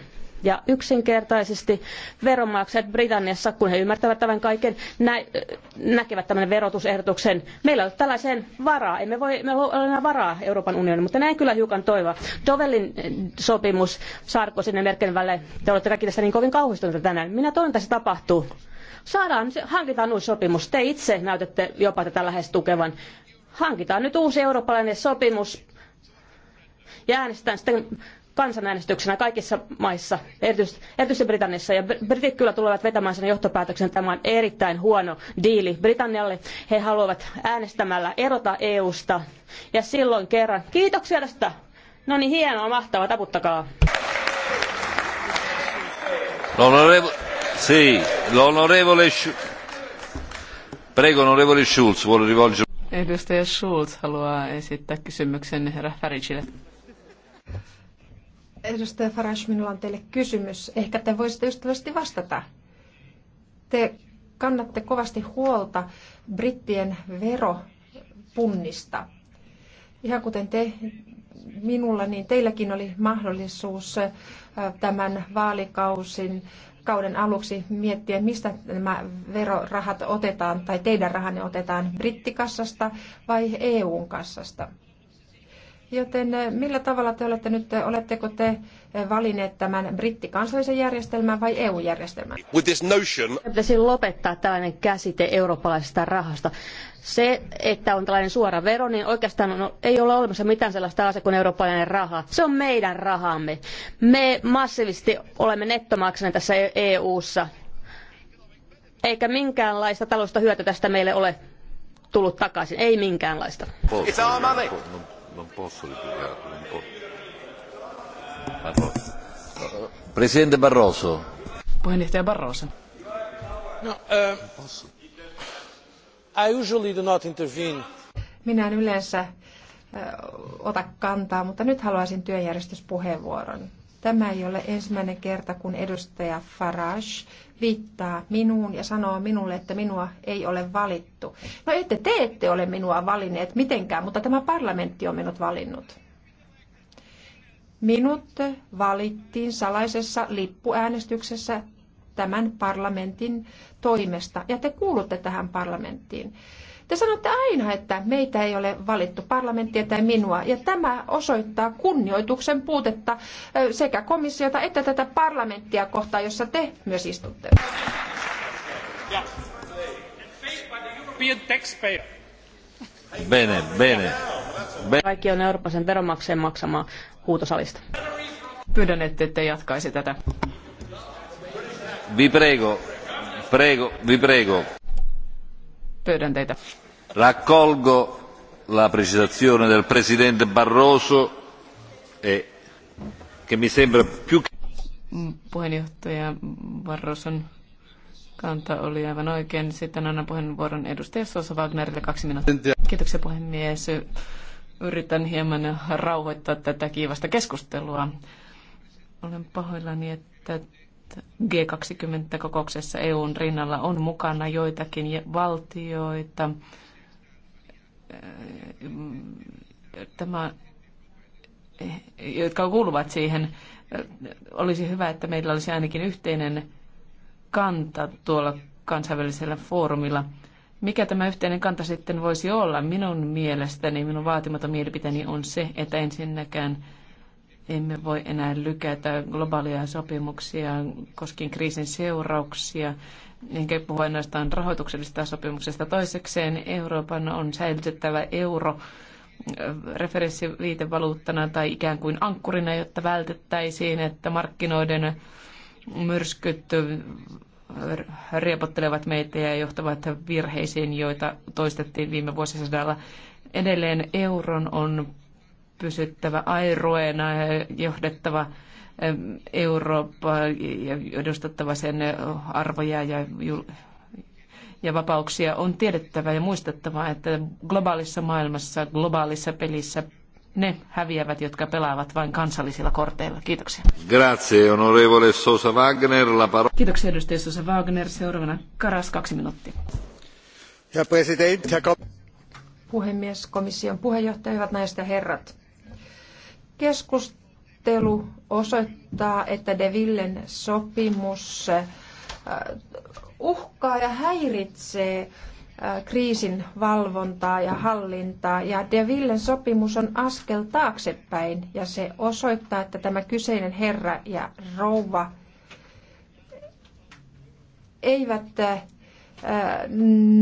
Ja yksinkertaisesti veronmaksajat Britanniassa, kun he ymmärtävät tämän kaiken, nä- näkevät tämän verotusehdotuksen. Meillä ei ole tällaiseen varaa, emme voi, me voi enää varaa Euroopan unionin, mutta näin kyllä hiukan toivoa. Dovelin eh, sopimus Sarkosin ja Merkelin välillä, te olette kaikki tästä niin kovin kauhistuneita tänään. Minä toivon, että se tapahtuu. Saadaan, hankitaan uusi sopimus. Te itse näytätte jopa tätä lähes tukevan. Hankitaan nyt uusi eurooppalainen sopimus ja äänestetään sitten kansanäänestyksenä kaikissa maissa, erityisesti, erityisesti Britanniassa. Ja britit kyllä tulevat vetämään sen johtopäätöksen, että tämä on erittäin huono diili Britannialle. He haluavat äänestämällä erota EUsta. Ja silloin kerran, kiitoksia tästä. No niin, hienoa, mahtavaa, taputtakaa. L'onorevole, sì, prego onorevole Schulz vuole rivolgere. Edustaja Schulz haluaa esittää kysymyksen herra Farigille. Edustaja Farage, minulla on teille kysymys. Ehkä te voisitte ystävällisesti vastata. Te kannatte kovasti huolta brittien veropunnista. Ihan kuten te minulla, niin teilläkin oli mahdollisuus tämän vaalikausin kauden aluksi miettiä, mistä nämä verorahat otetaan tai teidän rahanne otetaan brittikassasta vai eu kassasta. Joten eh, millä tavalla te olette nyt, eh, oletteko te eh, valinneet tämän brittikansallisen järjestelmän vai EU-järjestelmän? Notion... Pitäisi lopettaa tällainen käsite eurooppalaisesta rahasta. Se, että on tällainen suora vero, niin oikeastaan on, no, ei ole olemassa mitään sellaista asiaa kuin eurooppalainen raha. Se on meidän rahamme. Me massiivisesti olemme nettomaksaneet tässä EU-ssa. E Eikä minkäänlaista taloudellista hyötyä tästä meille ole tullut takaisin. Ei minkäänlaista. It's our money non posso Presidente Barroso. Puheenjohtaja Barroso. No, uh, I usually do not intervene. Minä en yleensä uh, ota kantaa, mutta nyt haluaisin työjärjestyspuheenvuoron. Tämä ei ole ensimmäinen kerta, kun edustaja Farage viittaa minuun ja sanoo minulle, että minua ei ole valittu. No ette te ette ole minua valinneet mitenkään, mutta tämä parlamentti on minut valinnut. Minut valittiin salaisessa lippuäänestyksessä tämän parlamentin toimesta ja te kuulutte tähän parlamenttiin. Te sanotte aina, että meitä ei ole valittu parlamenttia tai minua, ja tämä osoittaa kunnioituksen puutetta sekä komissiota että tätä parlamenttia kohtaan, jossa te myös istutte. Bene, bene. bene. Kaikki on Euroopan veronmaksajien maksamaa huutosalista. Pyydän, ette te jatkaisi tätä. Vi prego, prego, vi prego. Pyydän teitä. Raccolgo la precisazione del presidente Barroso e che mi sembra più mm, puheenjohtaja Barroson kanta oli aivan oikein. Sitten annan puheenvuoron edustaja Sosa Wagnerille kaksi minuuttia. Kiitoksia puhemies. Yritän hieman rauhoittaa tätä kiivasta keskustelua. Olen pahoillani, että G20-kokouksessa EUn rinnalla on mukana joitakin valtioita. Tämä, jotka kuuluvat siihen, olisi hyvä, että meillä olisi ainakin yhteinen kanta tuolla kansainvälisellä foorumilla. Mikä tämä yhteinen kanta sitten voisi olla? Minun mielestäni, minun vaatimaton mielipiteeni on se, että ensinnäkään emme voi enää lykätä globaaleja sopimuksia koskien kriisin seurauksia, enkä puhu ainoastaan rahoituksellisesta sopimuksesta. Toisekseen Euroopan on säilytettävä euro referenssiviitevaluuttana tai ikään kuin ankkurina, jotta vältettäisiin, että markkinoiden myrskyt riepottelevat meitä ja johtavat virheisiin, joita toistettiin viime vuosisadalla. Edelleen euron on pysyttävä airoena ja johdettava Eurooppaa ja edustettava sen arvoja ja, ja vapauksia on tiedettävä ja muistettava, että globaalissa maailmassa, globaalissa pelissä ne häviävät, jotka pelaavat vain kansallisilla korteilla. Kiitoksia. Grazie, onorevole Sosa Wagner. La paro- Kiitoksia, edustaja Sosa Wagner. Seuraavana Karas, kaksi minuuttia. Ja president, ja Puhemies, komission puheenjohtaja, hyvät naiset ja herrat keskustelu osoittaa, että De Villen sopimus äh, uhkaa ja häiritsee äh, kriisin valvontaa ja hallintaa. Ja De Villen sopimus on askel taaksepäin ja se osoittaa, että tämä kyseinen herra ja rouva eivät äh,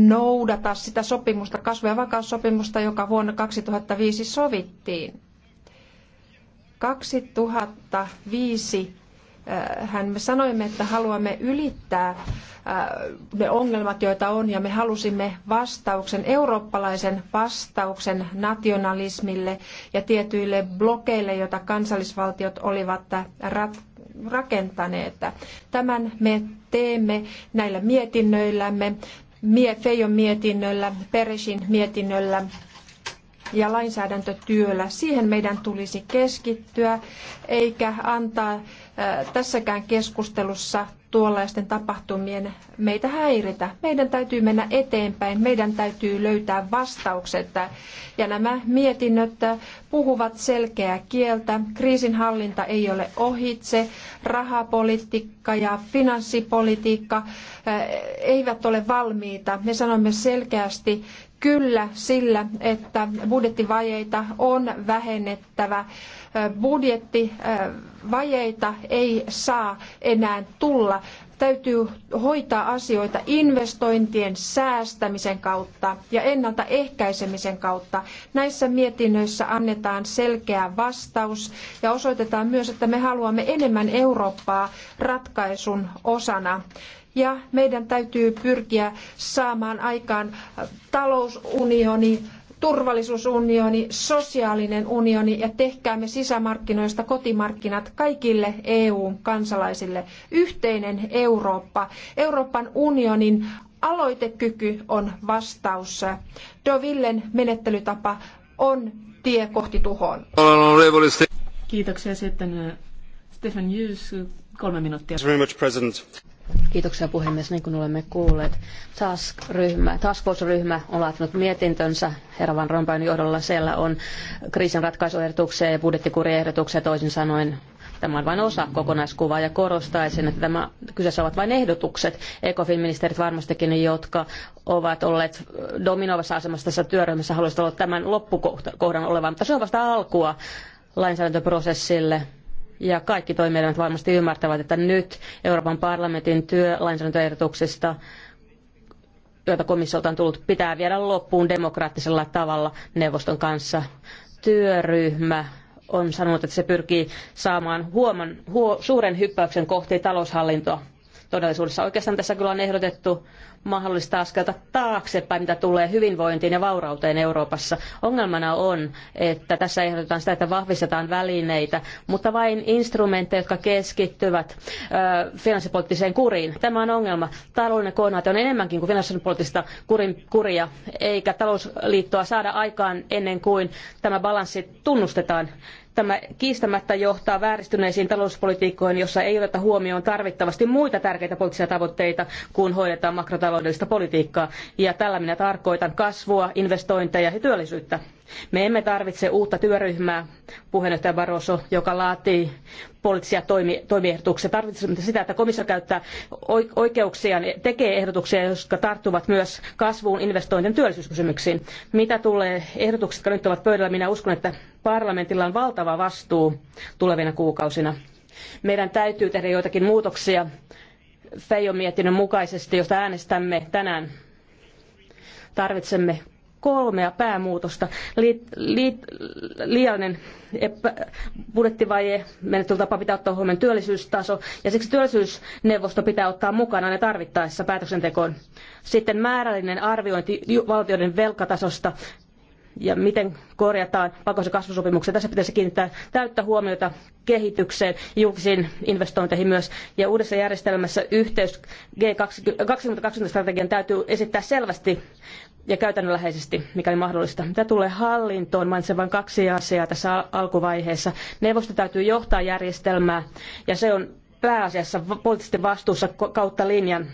noudata sitä sopimusta, kasvu- ja vakaussopimusta, joka vuonna 2005 sovittiin. 2005 äh, hän me sanoimme, että haluamme ylittää äh, ne ongelmat, joita on, ja me halusimme vastauksen, eurooppalaisen vastauksen nationalismille ja tietyille blokeille, joita kansallisvaltiot olivat äh, rakentaneet. Tämän me teemme näillä mietinnöillämme, Feijon mietinnöllä, Peresin mietinnöllä ja lainsäädäntötyöllä. Siihen meidän tulisi keskittyä, eikä antaa äh, tässäkään keskustelussa tuollaisten tapahtumien meitä häiritä. Meidän täytyy mennä eteenpäin, meidän täytyy löytää vastaukset. Ja nämä mietinnöt puhuvat selkeää kieltä. Kriisinhallinta ei ole ohitse. Rahapolitiikka ja finanssipolitiikka äh, eivät ole valmiita. Me sanomme selkeästi, kyllä sillä, että budjettivajeita on vähennettävä. Budjettivajeita ei saa enää tulla. Täytyy hoitaa asioita investointien säästämisen kautta ja ennaltaehkäisemisen kautta. Näissä mietinnöissä annetaan selkeä vastaus ja osoitetaan myös, että me haluamme enemmän Eurooppaa ratkaisun osana ja meidän täytyy pyrkiä saamaan aikaan talousunioni, turvallisuusunioni, sosiaalinen unioni ja tehkäämme sisämarkkinoista kotimarkkinat kaikille EU-kansalaisille. Yhteinen Eurooppa, Euroopan unionin aloitekyky on vastaus. Dovillen menettelytapa on tie kohti tuhoon. Kiitoksia sitten äh, Stephen Hughes, kolme minuuttia. Very much, President. Kiitoksia puhemies, niin kuin olemme kuulleet. Task-ryhmä, Task Force-ryhmä on laatinut mietintönsä herra Van Rompuyn johdolla. Siellä on kriisin ja budjettikuriehdotuksia, toisin sanoen Tämä on vain osa kokonaiskuvaa ja korostaisin, että tämä, kyseessä ovat vain ehdotukset. ECOFIN-ministerit varmastikin, jotka ovat olleet dominoivassa asemassa tässä työryhmässä, haluaisivat olla tämän loppukohdan olevan, mutta se on vasta alkua lainsäädäntöprosessille ja kaikki toimielimet varmasti ymmärtävät, että nyt Euroopan parlamentin työ lainsäädäntöehdotuksista joita komissiolta on tullut, pitää viedä loppuun demokraattisella tavalla neuvoston kanssa. Työryhmä on sanonut, että se pyrkii saamaan huoman, huo, suuren hyppäyksen kohti taloushallintoa todellisuudessa. Oikeastaan tässä kyllä on ehdotettu mahdollista askelta taaksepäin, mitä tulee hyvinvointiin ja vaurauteen Euroopassa. Ongelmana on, että tässä ehdotetaan sitä, että vahvistetaan välineitä, mutta vain instrumentteja, jotka keskittyvät ö, finanssipoliittiseen kuriin. Tämä on ongelma. Taloudellinen koordinaatio on enemmänkin kuin finanssipoliittista kurin, kuria, eikä talousliittoa saada aikaan ennen kuin tämä balanssi tunnustetaan Tämä kiistämättä johtaa vääristyneisiin talouspolitiikkoihin, jossa ei oteta huomioon tarvittavasti muita tärkeitä poliittisia tavoitteita, kun hoidetaan makrotaloudellista politiikkaa. Ja tällä minä tarkoitan kasvua, investointeja ja työllisyyttä. Me emme tarvitse uutta työryhmää, puheenjohtaja Barroso, joka laatii poliittisia toimi, toimiehdotuksia. Tarvitsemme sitä, että komissio käyttää oikeuksiaan, tekee ehdotuksia, jotka tarttuvat myös kasvuun, investointien ja työllisyyskysymyksiin. Mitä tulee ehdotukset, jotka nyt ovat pöydällä, minä uskon, että Parlamentilla on valtava vastuu tulevina kuukausina. Meidän täytyy tehdä joitakin muutoksia Feijon mietinnön mukaisesti, josta äänestämme tänään. Tarvitsemme kolmea päämuutosta. Liit, liit, liiallinen epä, budjettivaje, menettelytapa pitää ottaa huomioon työllisyystaso, ja siksi työllisyysneuvosto pitää ottaa mukana ne tarvittaessa päätöksentekoon. Sitten määrällinen arviointi valtioiden velkatasosta ja miten korjataan ja kasvusopimuksia. Tässä pitäisi kiinnittää täyttä huomiota kehitykseen, julkisiin investointeihin myös. Ja uudessa järjestelmässä yhteys G2020-strategian täytyy esittää selvästi ja käytännönläheisesti, mikäli mahdollista. Mitä tulee hallintoon, mainitsen vain kaksi asiaa tässä alkuvaiheessa. Neuvosto täytyy johtaa järjestelmää ja se on pääasiassa poliittisesti vastuussa kautta linjan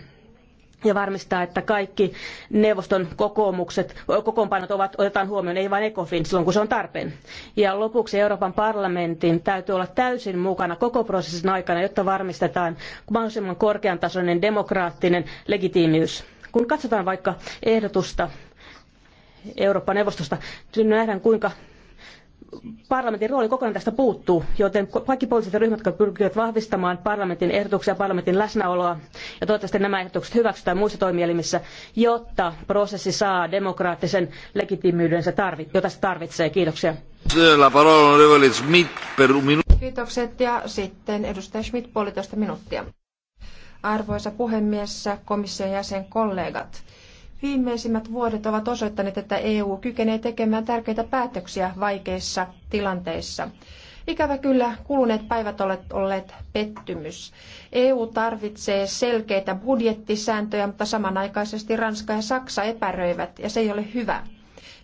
ja varmistaa, että kaikki neuvoston kokoomukset, kokoonpanot ovat, otetaan huomioon, ei vain ECOFIN silloin, kun se on tarpeen. Ja lopuksi Euroopan parlamentin täytyy olla täysin mukana koko prosessin aikana, jotta varmistetaan mahdollisimman korkean tasoinen demokraattinen legitiimiys. Kun katsotaan vaikka ehdotusta Eurooppa-neuvostosta, nähdään kuinka parlamentin rooli kokonaan tästä puuttuu, joten kaikki poliittiset ryhmät, jotka pyrkivät vahvistamaan parlamentin ehdotuksia, parlamentin läsnäoloa, ja toivottavasti nämä ehdotukset hyväksytään muissa toimielimissä, jotta prosessi saa demokraattisen legitiimiydensä, jota se tarvitsee. Kiitoksia. Kiitokset ja sitten edustaja Schmidt puolitoista minuuttia. Arvoisa puhemies, komission jäsen kollegat. Viimeisimmät vuodet ovat osoittaneet, että EU kykenee tekemään tärkeitä päätöksiä vaikeissa tilanteissa. Ikävä kyllä kuluneet päivät ovat olleet pettymys. EU tarvitsee selkeitä budjettisääntöjä, mutta samanaikaisesti Ranska ja Saksa epäröivät, ja se ei ole hyvä.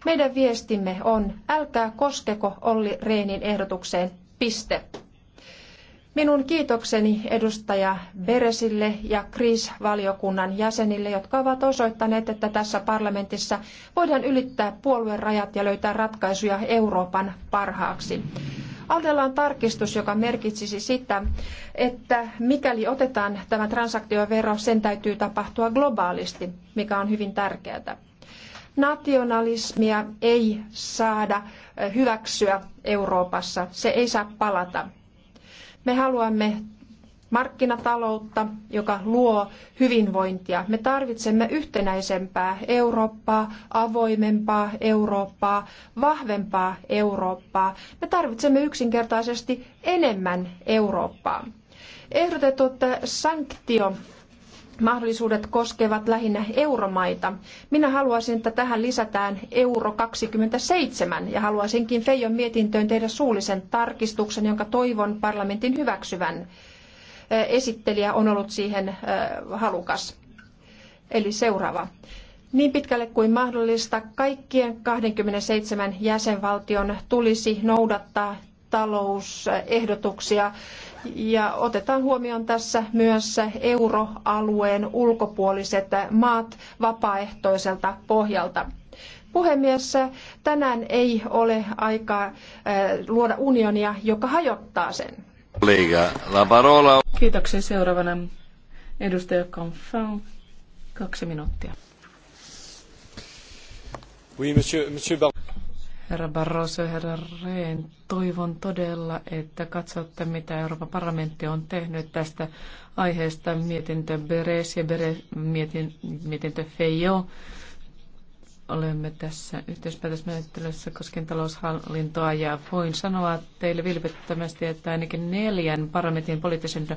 Meidän viestimme on, älkää koskeko Olli Reenin ehdotukseen, piste. Minun kiitokseni edustaja Beresille ja Kris-valiokunnan jäsenille, jotka ovat osoittaneet, että tässä parlamentissa voidaan ylittää puoluerajat ja löytää ratkaisuja Euroopan parhaaksi. Aldella on tarkistus, joka merkitsisi sitä, että mikäli otetaan tämä transaktiovero, sen täytyy tapahtua globaalisti, mikä on hyvin tärkeää. Nationalismia ei saada hyväksyä Euroopassa, se ei saa palata. Me haluamme markkinataloutta, joka luo hyvinvointia. Me tarvitsemme yhtenäisempää Eurooppaa, avoimempaa Eurooppaa, vahvempaa Eurooppaa. Me tarvitsemme yksinkertaisesti enemmän Eurooppaa. Ehdotetut sanktio mahdollisuudet koskevat lähinnä euromaita. Minä haluaisin, että tähän lisätään euro 27 ja haluaisinkin Feijon mietintöön tehdä suullisen tarkistuksen, jonka toivon parlamentin hyväksyvän. Esittelijä on ollut siihen halukas. Eli seuraava. Niin pitkälle kuin mahdollista kaikkien 27 jäsenvaltion tulisi noudattaa talousehdotuksia ja otetaan huomioon tässä myös euroalueen ulkopuoliset maat vapaaehtoiselta pohjalta. Puhemies, tänään ei ole aikaa äh, luoda unionia, joka hajottaa sen. Kiitoksia. Seuraavana edustaja kaksi minuuttia herra Barroso ja herra Rehn, toivon todella, että katsotte, mitä Euroopan parlamentti on tehnyt tästä aiheesta. Mietintö Beres ja Beres, mietin, mietintö Feio. Olemme tässä yhteispäätösmenettelyssä koskien taloushallintoa ja voin sanoa teille vilpittömästi, että ainakin neljän parlamentin poliittisen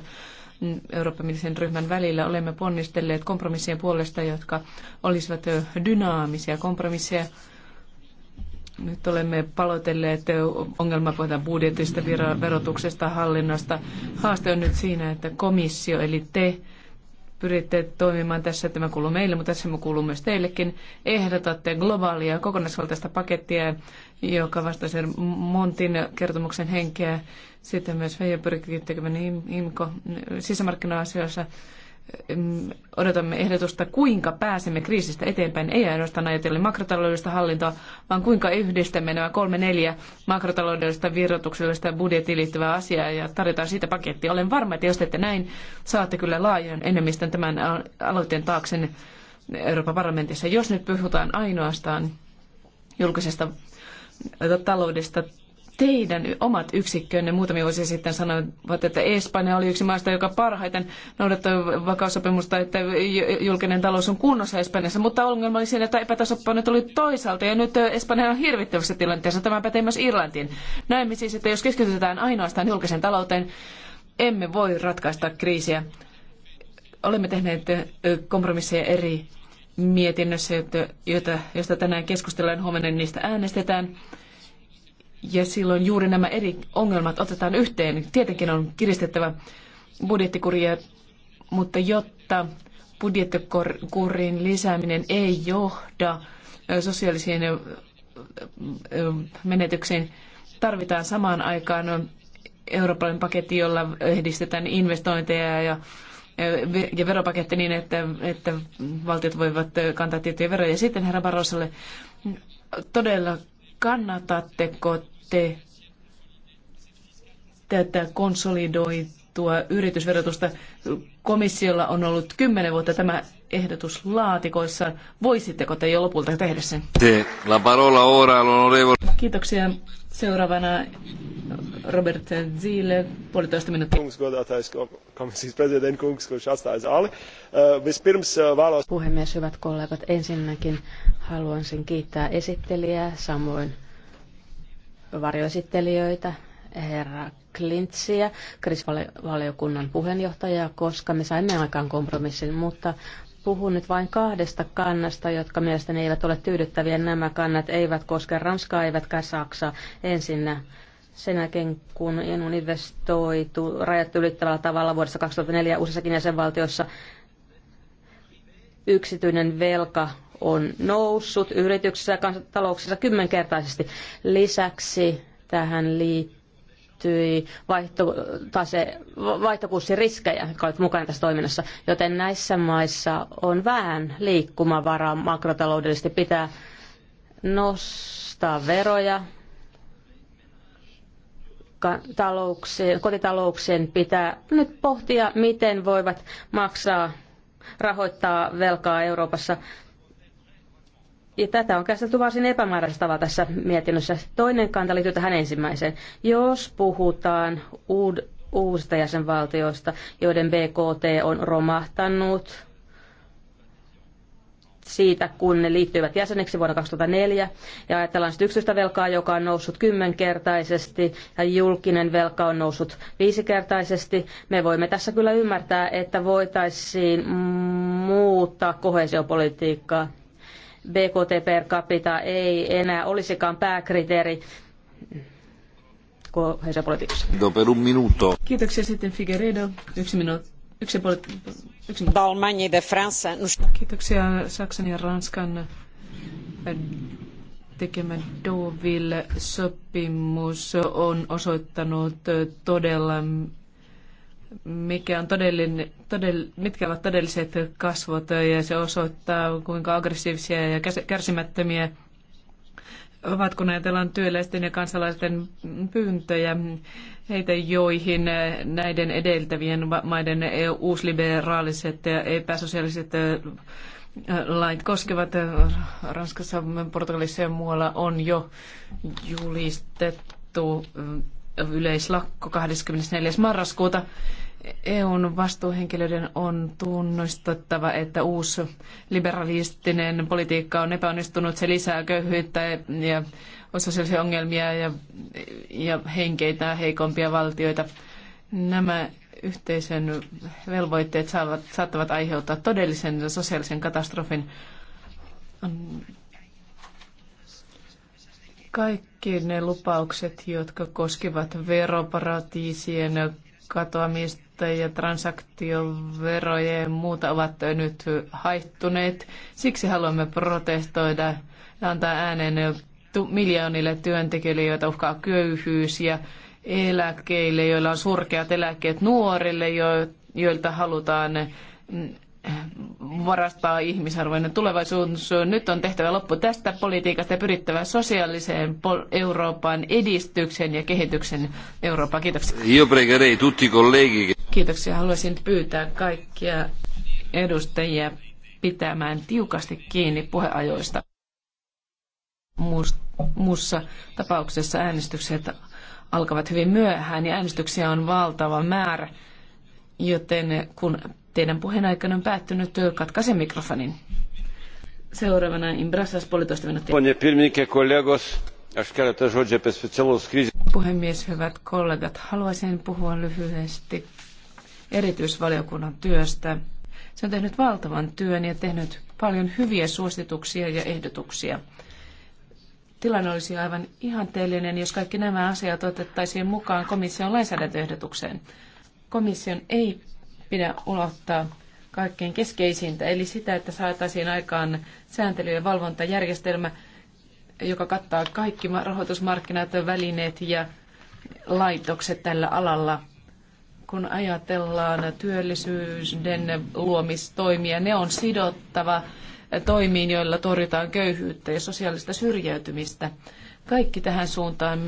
eurooppamisen ryhmän välillä olemme ponnistelleet kompromissien puolesta, jotka olisivat dynaamisia kompromisseja nyt olemme palotelleet ongelmakohdan budjetista, verotuksesta, hallinnosta. Haaste on nyt siinä, että komissio, eli te, pyritte toimimaan tässä, tämä kuuluu meille, mutta tässä kuuluu myös teillekin. Ehdotatte globaalia kokonaisvaltaista pakettia, joka vastaisi Montin kertomuksen henkeä. Sitten myös Veijo pyrkii tekemään IMKO sisämarkkina-asioissa odotamme ehdotusta, kuinka pääsemme kriisistä eteenpäin, ei ainoastaan ajatellen makrotaloudellista hallintoa, vaan kuinka yhdistämme nämä kolme neljä makrotaloudellista, virrotuksellista ja budjettiin liittyvää asiaa ja tarjotaan siitä paketti. Olen varma, että jos teette näin, saatte kyllä laajan enemmistön tämän aloitteen taakse Euroopan parlamentissa. Jos nyt puhutaan ainoastaan julkisesta taloudesta, teidän omat yksikkönne muutamia vuosia sitten sanoivat, että Espanja oli yksi maista, joka parhaiten noudattaa vakaussopimusta, että julkinen talous on kunnossa Espanjassa, mutta ongelma oli siinä, että epätasapaino tuli toisaalta ja nyt Espanja on hirvittävässä tilanteessa. Tämä pätee myös Irlantiin. Näemme siis, että jos keskitytään ainoastaan julkisen talouteen, emme voi ratkaista kriisiä. Olemme tehneet kompromisseja eri mietinnössä, joita, tänään keskustellaan, huomenna niistä äänestetään ja silloin juuri nämä eri ongelmat otetaan yhteen. Tietenkin on kiristettävä budjettikuria, mutta jotta budjettikurin lisääminen ei johda sosiaalisiin menetyksiin, tarvitaan samaan aikaan Euroopan paketti, jolla edistetään investointeja ja ja veropaketti niin, että, että valtiot voivat kantaa tiettyjä veroja. Ja sitten herra Barrosolle, todella kannatatteko te tätä konsolidoitua yritysverotusta. Komissiolla on ollut kymmenen vuotta tämä ehdotus laatikoissa. Voisitteko te jo lopulta tehdä sen? La parola ora, Kiitoksia. Seuraavana Robert Zile, puolitoista minuuttia. Eh, eh, Puhemies, hyvät kollegat, ensinnäkin haluaisin kiittää esittelijää, samoin varjoesittelijöitä, herra Klintsiä, Kris-valiokunnan puheenjohtajaa, koska me saimme aikaan kompromissin, mutta puhun nyt vain kahdesta kannasta, jotka mielestäni eivät ole tyydyttäviä. Nämä kannat eivät koske Ranskaa eivätkä Saksaa. Ensinnä sen jälkeen, kun en investoitu rajat ylittävällä tavalla vuodessa 2004 useissakin jäsenvaltioissa, yksityinen velka on noussut yrityksissä ja kansantalouksissa kymmenkertaisesti. Lisäksi tähän liittyi vaihtokurssiriskejä, jotka olivat mukana tässä toiminnassa, joten näissä maissa on vähän liikkumavaraa makrotaloudellisesti. Pitää nostaa veroja, talouksien, kotitalouksien pitää nyt pohtia, miten voivat maksaa rahoittaa velkaa Euroopassa ja tätä on käsitelty varsin epämääräisellä tavalla tässä mietinnössä. Toinen kanta liittyy tähän ensimmäiseen. Jos puhutaan uud- uusista jäsenvaltioista, joiden BKT on romahtanut siitä, kun ne liittyivät jäseneksi vuonna 2004, ja ajatellaan sitten yksityistä velkaa, joka on noussut kymmenkertaisesti, ja julkinen velka on noussut viisikertaisesti, me voimme tässä kyllä ymmärtää, että voitaisiin muuttaa kohesiopolitiikkaa BKT per capita ei enää olisikaan pääkriteeri kohesiopolitiikassa. politiikassa. Kiitoksia sitten Figueredo. Yksi minuutti. Yksi poli- yksi minuutti. Kiitoksia Saksan ja Ranskan äh, tekemä Deauville-sopimus on osoittanut äh, todella mikä on todellinen, todell, mitkä ovat todelliset kasvot ja se osoittaa, kuinka aggressiivisia ja kärsimättömiä ovat, kun ajatellaan työläisten ja kansalaisten pyyntöjä, heitä joihin näiden edeltävien maiden uusliberaaliset ja epäsosiaaliset lait koskevat. Ranskassa, Portugalissa ja muualla on jo julistettu yleislakko 24. marraskuuta. EUn vastuuhenkilöiden on tunnustettava, että uusi liberalistinen politiikka on epäonnistunut. Se lisää köyhyyttä ja sosiaalisia ongelmia ja, ja henkeitä heikompia valtioita. Nämä yhteisön velvoitteet saavat, saattavat aiheuttaa todellisen sosiaalisen katastrofin. Kaikki ne lupaukset, jotka koskevat veroparatiisien katoamista, ja transaktioveroja ja muuta ovat nyt haittuneet. Siksi haluamme protestoida ja antaa äänen miljoonille työntekijöille, joita uhkaa köyhyys ja eläkkeille, joilla on surkeat eläkkeet nuorille, joilta halutaan mm, varastaa ihmisarvoinen tulevaisuus. Nyt on tehtävä loppu tästä politiikasta ja pyrittävä sosiaaliseen Euroopan edistyksen ja kehityksen Eurooppaan. Kiitoksia. Io pregherei tutti colleghi. Kiitoksia. Haluaisin pyytää kaikkia edustajia pitämään tiukasti kiinni puheajoista. Muussa tapauksessa äänestykset alkavat hyvin myöhään ja äänestyksiä on valtava määrä, joten kun Teidän puheenaikanne on päättynyt. Katkaisen mikrofonin. Seuraavana Imbrasas puolitoista minuuttia. Pone kollegos, aš keletą žodžių kriisi. Puhemies, hyvät kollegat, haluaisin puhua lyhyesti erityisvaliokunnan työstä. Se on tehnyt valtavan työn ja tehnyt paljon hyviä suosituksia ja ehdotuksia. Tilanne olisi aivan ihanteellinen, jos kaikki nämä asiat otettaisiin mukaan komission lainsäädäntöehdotukseen. Komission ei pidä ulottaa kaikkein keskeisintä, eli sitä, että saataisiin aikaan sääntely- ja valvontajärjestelmä, joka kattaa kaikki rahoitusmarkkinat, välineet ja laitokset tällä alalla. Kun ajatellaan työllisyyden luomistoimia, ne on sidottava toimiin, joilla torjutaan köyhyyttä ja sosiaalista syrjäytymistä. Kaikki tähän suuntaan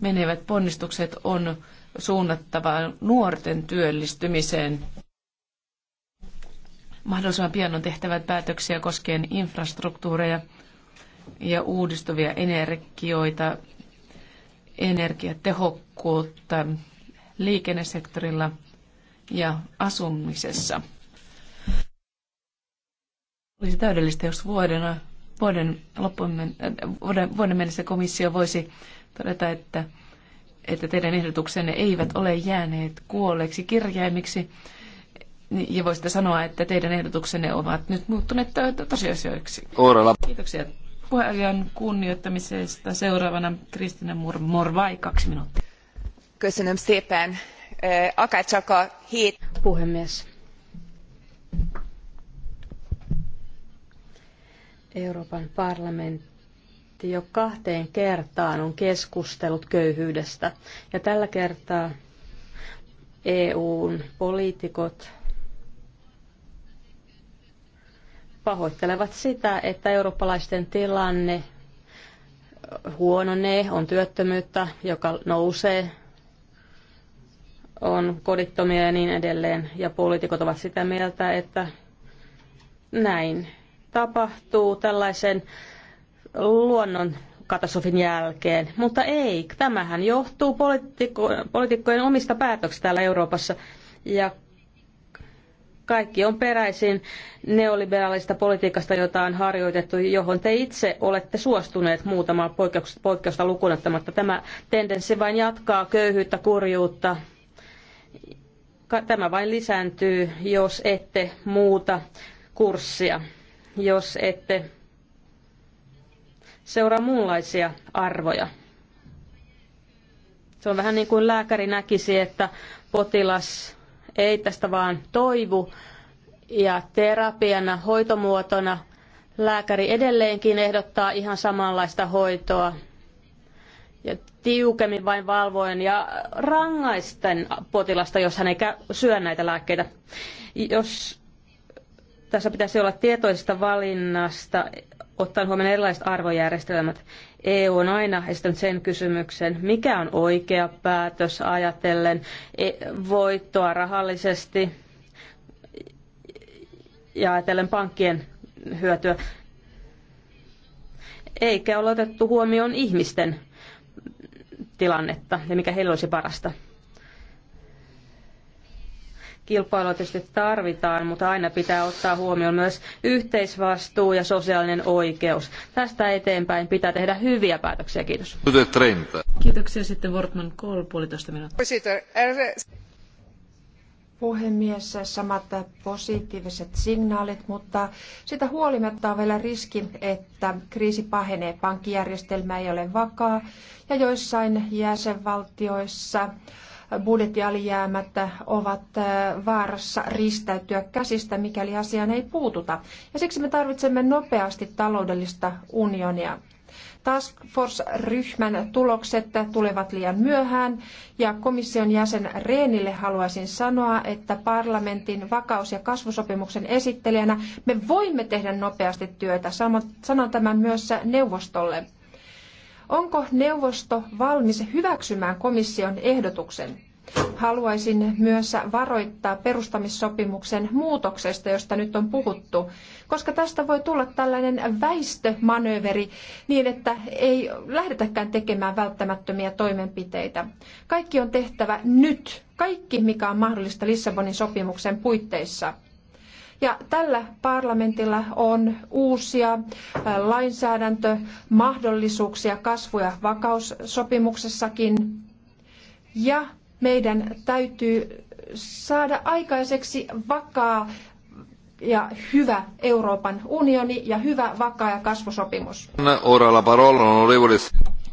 menevät ponnistukset on suunnattava nuorten työllistymiseen. Mahdollisimman pian on tehtävät päätöksiä koskien infrastruktuureja ja uudistuvia energioita, energiatehokkuutta liikennesektorilla ja asumisessa. Olisi täydellistä, jos vuoden, vuoden, loppuun, äh, vuoden, vuoden mennessä komissio voisi todeta, että että teidän ehdotuksenne eivät ole jääneet kuolleeksi kirjaimiksi. Ja voisitte sanoa, että teidän ehdotuksenne ovat nyt muuttuneet tosiasioiksi. Orla. Kiitoksia puheenjohtajan kunnioittamisesta. Seuraavana Kristina Mor Morvai, kaksi minuuttia. Köszönöm szépen. Eh, Akárcsak hét... Puhemies. Euroopan parlamentti parlamentti jo kahteen kertaan on keskustellut köyhyydestä. Ja tällä kertaa EUn poliitikot pahoittelevat sitä, että eurooppalaisten tilanne huononee, on työttömyyttä, joka nousee, on kodittomia ja niin edelleen. Ja poliitikot ovat sitä mieltä, että näin tapahtuu tällaisen luonnon katastrofin jälkeen. Mutta ei, tämähän johtuu poliitikkojen omista päätöksistä täällä Euroopassa. Ja kaikki on peräisin neoliberaalista politiikasta, jota on harjoitettu, johon te itse olette suostuneet muutamaa poikkeusta, poikkeusta lukunottamatta. Tämä tendenssi vain jatkaa köyhyyttä, kurjuutta. Tämä vain lisääntyy, jos ette muuta kurssia, jos ette seuraa muunlaisia arvoja. Se on vähän niin kuin lääkäri näkisi, että potilas ei tästä vaan toivu. Ja terapiana, hoitomuotona lääkäri edelleenkin ehdottaa ihan samanlaista hoitoa. Ja tiukemmin vain valvoen ja rangaisten potilasta, jos hän ei syö näitä lääkkeitä. Jos tässä pitäisi olla tietoisesta valinnasta, ottaen huomioon erilaiset arvojärjestelmät. EU on aina esittänyt sen kysymyksen, mikä on oikea päätös ajatellen e, voittoa rahallisesti ja ajatellen pankkien hyötyä. Eikä ole otettu huomioon ihmisten tilannetta ja mikä heillä olisi parasta. Kilpailua tietysti tarvitaan, mutta aina pitää ottaa huomioon myös yhteisvastuu ja sosiaalinen oikeus. Tästä eteenpäin pitää tehdä hyviä päätöksiä. Kiitos. Kiitoksia sitten Wortman Kohl, puolitoista minuuttia. Puhemies, samat positiiviset signaalit, mutta sitä huolimatta on vielä riski, että kriisi pahenee, pankkijärjestelmä ei ole vakaa ja joissain jäsenvaltioissa budjettialijäämät ovat äh, vaarassa ristäytyä käsistä, mikäli asiaan ei puututa. Ja siksi me tarvitsemme nopeasti taloudellista unionia. Task Force-ryhmän tulokset tulevat liian myöhään ja komission jäsen Reenille haluaisin sanoa, että parlamentin vakaus- ja kasvusopimuksen esittelijänä me voimme tehdä nopeasti työtä. Sanon tämän myös neuvostolle. Onko neuvosto valmis hyväksymään komission ehdotuksen? Haluaisin myös varoittaa perustamissopimuksen muutoksesta, josta nyt on puhuttu, koska tästä voi tulla tällainen väistömanööveri niin, että ei lähdetäkään tekemään välttämättömiä toimenpiteitä. Kaikki on tehtävä nyt, kaikki mikä on mahdollista Lissabonin sopimuksen puitteissa. Ja tällä parlamentilla on uusia lainsäädäntömahdollisuuksia kasvu- ja vakaussopimuksessakin. Ja meidän täytyy saada aikaiseksi vakaa ja hyvä Euroopan unioni ja hyvä vakaa ja kasvusopimus.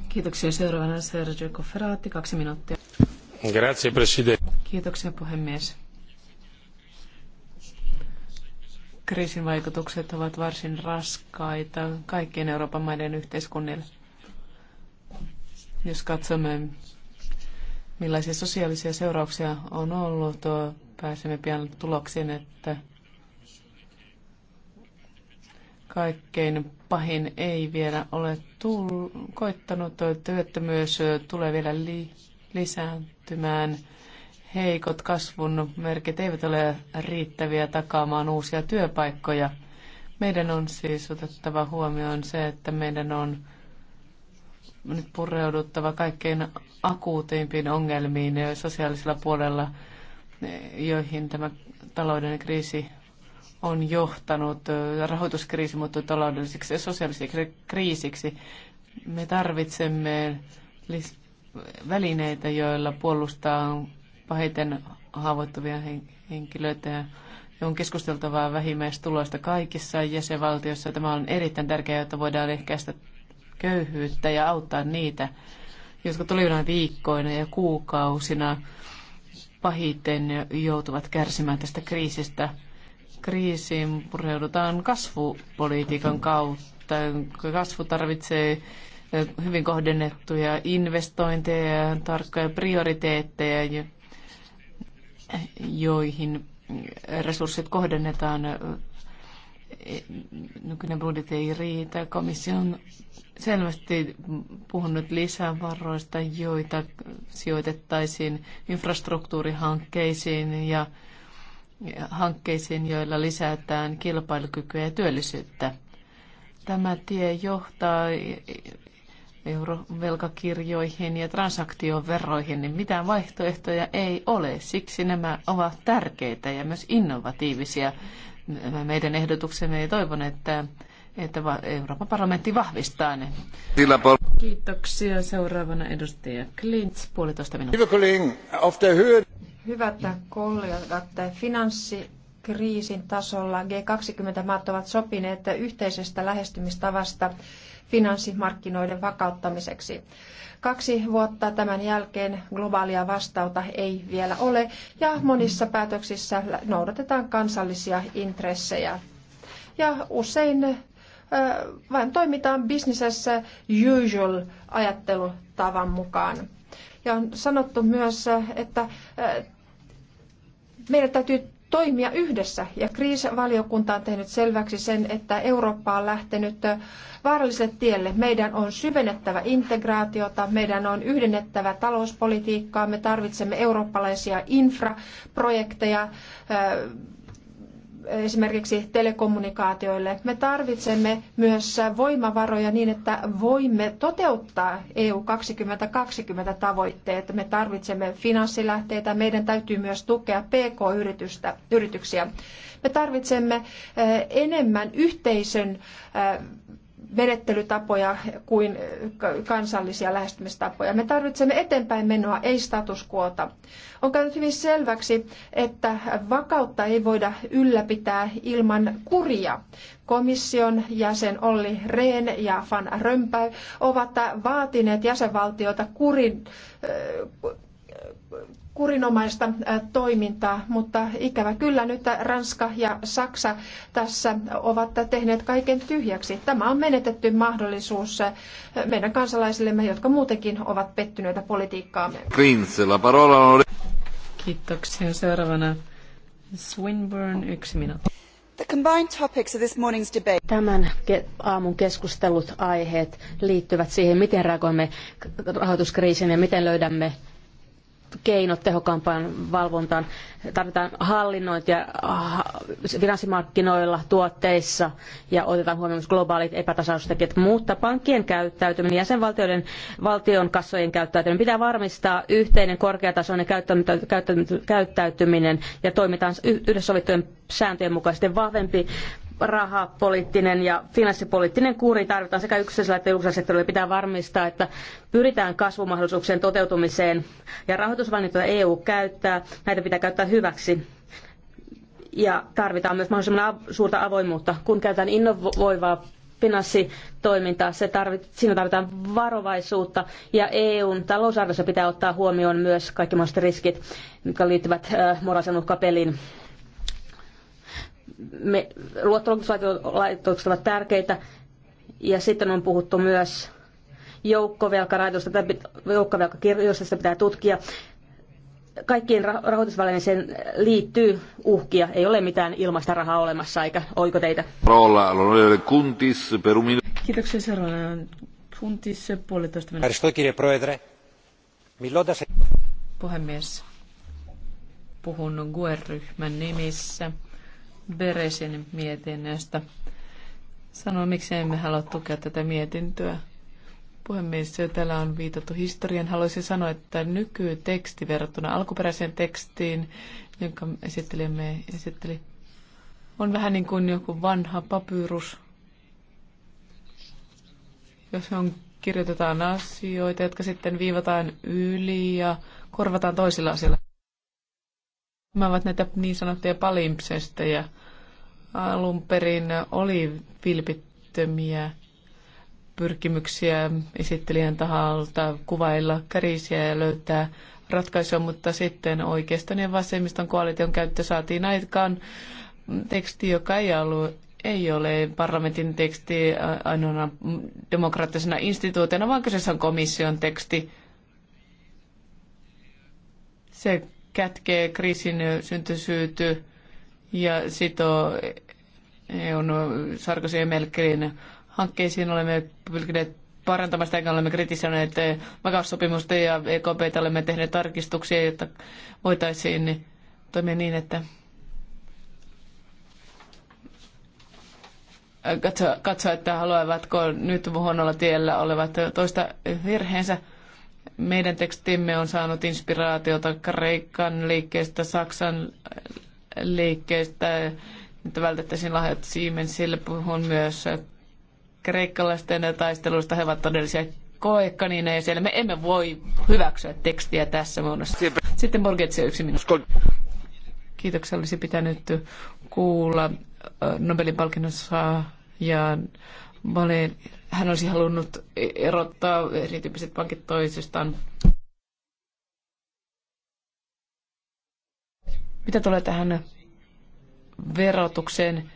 Kiitoksia. Seuraavana Sergio Cofferati, kaksi minuuttia. Grazie, presidente. Kiitoksia puhemies. kriisin vaikutukset ovat varsin raskaita kaikkien Euroopan maiden yhteiskunnille. Jos katsomme, millaisia sosiaalisia seurauksia on ollut, pääsemme pian tuloksiin, että kaikkein pahin ei vielä ole tull- koittanut. Työttömyys tulee vielä li- lisääntymään heikot kasvun merkit eivät ole riittäviä takaamaan uusia työpaikkoja. Meidän on siis otettava huomioon se, että meidän on nyt pureuduttava kaikkein akuuteimpiin ongelmiin sosiaalisella puolella, joihin tämä talouden kriisi on johtanut. Rahoituskriisi muuttui taloudelliseksi ja sosiaaliseksi kriisiksi. Me tarvitsemme välineitä, joilla puolustaa pahiten haavoittuvia henkilöitä on keskusteltavaa vähimmäistuloista kaikissa jäsenvaltioissa. Tämä on erittäin tärkeää, että voidaan ehkäistä köyhyyttä ja auttaa niitä, jotka tulevina viikkoina ja kuukausina pahiten joutuvat kärsimään tästä kriisistä. Kriisiin pureudutaan kasvupolitiikan kautta. Kasvu tarvitsee hyvin kohdennettuja investointeja ja tarkkoja prioriteetteja, joihin resurssit kohdennetaan. Nykyinen budjetti ei riitä. Komissio on selvästi puhunut lisävaroista, joita sijoitettaisiin infrastruktuurihankkeisiin ja hankkeisiin, joilla lisätään kilpailukykyä ja työllisyyttä. Tämä tie johtaa eurovelkakirjoihin ja transaktioveroihin, niin mitään vaihtoehtoja ei ole. Siksi nämä ovat tärkeitä ja myös innovatiivisia. meidän ehdotuksemme ei toivon, että, että Euroopan parlamentti vahvistaa ne. Kiitoksia. Seuraavana edustaja Klintz, puolitoista minuuttia. Hyvät kollegat, finanssi kriisin tasolla G20-maat ovat sopineet yhteisestä lähestymistavasta finanssimarkkinoiden vakauttamiseksi. Kaksi vuotta tämän jälkeen globaalia vastauta ei vielä ole ja monissa päätöksissä noudatetaan kansallisia intressejä. Ja usein vain toimitaan business as usual ajattelutavan mukaan. Ja on sanottu myös, että meidän täytyy toimia yhdessä. Ja kriisivaliokunta on tehnyt selväksi sen, että Eurooppa on lähtenyt vaaralliselle tielle. Meidän on syvennettävä integraatiota, meidän on yhdennettävä talouspolitiikkaa, me tarvitsemme eurooppalaisia infraprojekteja, esimerkiksi telekommunikaatioille. Me tarvitsemme myös voimavaroja niin, että voimme toteuttaa EU 2020 tavoitteet. Me tarvitsemme finanssilähteitä, meidän täytyy myös tukea PK-yrityksiä. Me tarvitsemme eh, enemmän yhteisön eh, menettelytapoja kuin kansallisia lähestymistapoja. Me tarvitsemme eteenpäin menoa, ei status quota. On käynyt hyvin selväksi, että vakautta ei voida ylläpitää ilman kuria. Komission jäsen Olli Rehn ja Van Römpäy ovat vaatineet jäsenvaltioita kurin, kurinomaista äh, toimintaa, mutta ikävä kyllä nyt Ranska ja Saksa tässä ovat tehneet kaiken tyhjäksi. Tämä on menetetty mahdollisuus äh, meidän kansalaisillemme, jotka muutenkin ovat pettyneitä politiikkaamme. Kiitoksia. Seuraavana Swinburne, yksi minuutti. Tämän aamun keskustelut aiheet liittyvät siihen, miten reagoimme rahoituskriisiin ja miten löydämme keinot tehokampaan valvontaan. Tarvitaan hallinnointia finanssimarkkinoilla, tuotteissa ja otetaan huomioon myös globaalit epätasaisuustekijät. Mutta pankkien käyttäytyminen, jäsenvaltioiden valtion kassojen käyttäytyminen pitää varmistaa yhteinen korkeatasoinen käyttäytyminen ja toimitaan yhdessä sovittujen sääntöjen mukaisesti vahvempi rahapoliittinen ja finanssipoliittinen kuuri tarvitaan sekä yksityisellä että julkisella sektorilla. Pitää varmistaa, että pyritään kasvumahdollisuuksien toteutumiseen ja rahoitusvalintoja EU käyttää. Näitä pitää käyttää hyväksi. Ja tarvitaan myös mahdollisimman suurta avoimuutta. Kun käytetään innovoivaa finanssitoimintaa, se tarvit, siinä tarvitaan varovaisuutta ja EUn talousarviossa pitää ottaa huomioon myös kaikki mahdolliset riskit, jotka liittyvät äh, moraalisen uhkapeliin me, luottoluokituslaitokset ovat tärkeitä. Ja sitten on puhuttu myös joukkovelkarajoista, joukkovelkakirjoista, sitä pitää tutkia. Kaikkien rahoitusvälineeseen liittyy uhkia. Ei ole mitään ilmaista rahaa olemassa, eikä oiko teitä? Kiitoksia seuraavaan. Kuntis puolitoista minuuttia. Puhemies, puhun GUER-ryhmän nimissä Beresin mietinnöstä. Sanoi, miksi emme halua tukea tätä mietintöä. Puhemies, täällä on viitattu historian. Haluaisin sanoa, että nykyteksti verrattuna alkuperäiseen tekstiin, jonka esittelimme, esitteli, on vähän niin kuin joku vanha papyrus. Jos on, kirjoitetaan asioita, jotka sitten viivataan yli ja korvataan toisilla asioilla. Mä ovat näitä niin sanottuja palimpsestejä. Alun perin oli vilpittömiä pyrkimyksiä esittelijän taholta kuvailla kärisiä ja löytää ratkaisua, mutta sitten oikeiston ja vasemmiston koalition käyttö saatiin aikaan teksti, joka ei ollut ei ole parlamentin teksti ainoana demokraattisena instituutiona, vaan kyseessä on komission teksti. Se kätkee kriisin syntysyyt ja sitoo EUn Sarkozy ja Merkelin hankkeisiin. Olemme pyrkineet parantamasta, eikä olemme kritisoineet vakaussopimusta ja EKP, olemme tehneet tarkistuksia, jotta voitaisiin toimia niin, että katsoa, katso, että haluavatko nyt huonolla tiellä olevat toista virheensä. Meidän tekstimme on saanut inspiraatiota Kreikan liikkeestä, Saksan liikkeestä, että vältettäisiin lahjat Siemensille. Puhun myös kreikkalaisten taistelusta He ovat todellisia koekanineja siellä. Me emme voi hyväksyä tekstiä tässä muodossa. Sitten Borgetsia yksi minuutti. Kiitoksia olisi pitänyt kuulla Nobelin palkinnon saajaan Valen hän olisi halunnut e- erottaa erityyppiset pankit toisistaan. Mitä tulee tähän verotukseen,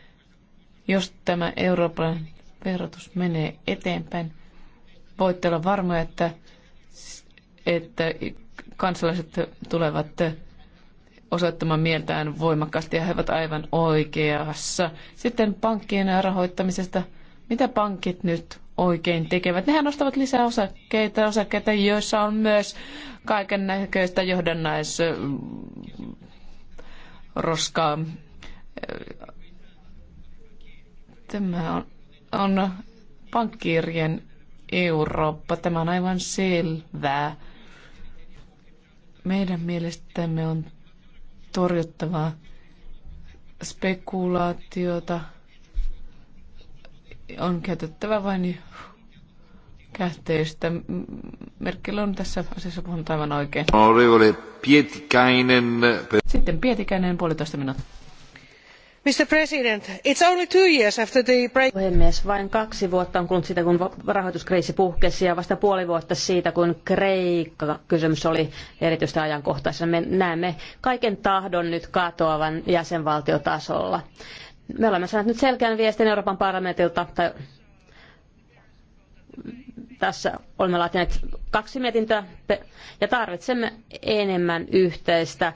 jos tämä Euroopan verotus menee eteenpäin, voitte olla varmoja, että, että kansalaiset tulevat osoittamaan mieltään voimakkaasti ja he ovat aivan oikeassa. Sitten pankkien rahoittamisesta. Mitä pankit nyt oikein tekevät. Nehän ostavat lisää osakkeita, osakkeita, joissa on myös kaiken näköistä johdannaisroskaa. Tämä on, on pankkiirien Eurooppa. Tämä on aivan selvää. Meidän mielestämme on torjuttavaa spekulaatiota, on käytettävä vain kähteistä. Merkel on tässä asiassa puhunut aivan oikein. Sitten Pietikäinen puolitoista minuuttia. Mr. President, it's only two years after the break... Puhemies, vain kaksi vuotta on kulunut siitä, kun rahoituskriisi puhkesi ja vasta puoli vuotta siitä, kun Kreikka kysymys oli erityisesti ajankohtaisena. Me näemme kaiken tahdon nyt katoavan jäsenvaltiotasolla. Me olemme saaneet nyt selkeän viestin Euroopan parlamentilta, tai tässä olemme laatineet kaksi mietintöä ja tarvitsemme enemmän yhteistä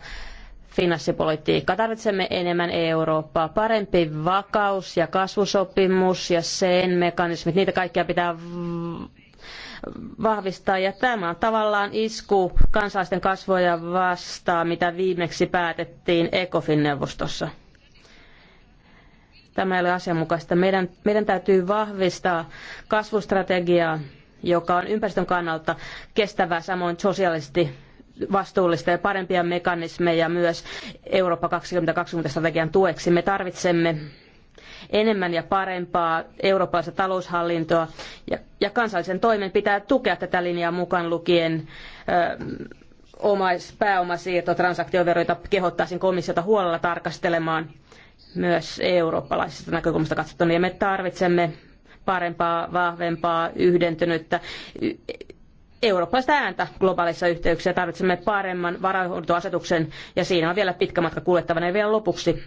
finanssipolitiikkaa. Tarvitsemme enemmän Eurooppaa, parempi vakaus ja kasvusopimus ja sen mekanismit, niitä kaikkia pitää vahvistaa. Ja tämä on tavallaan isku kansalaisten kasvoja vastaan, mitä viimeksi päätettiin ECOFIN-neuvostossa. Tämä ei ole asianmukaista. Meidän, meidän täytyy vahvistaa kasvustrategiaa, joka on ympäristön kannalta kestävää, samoin sosiaalisesti vastuullista ja parempia mekanismeja myös Eurooppa 2020-strategian tueksi. Me tarvitsemme enemmän ja parempaa eurooppalaista taloushallintoa ja, ja kansallisen toimen pitää tukea tätä linjaa mukaan lukien ö, omais, pääomasiirto, transaktioveroita kehottaisin komissiota huolella tarkastelemaan myös eurooppalaisesta näkökulmasta katsottuna. Ja me tarvitsemme parempaa, vahvempaa, yhdentynyttä eurooppalaista ääntä globaalissa yhteyksissä. Tarvitsemme paremman varainhoitoasetuksen ja siinä on vielä pitkä matka kuljettavana. Ja vielä lopuksi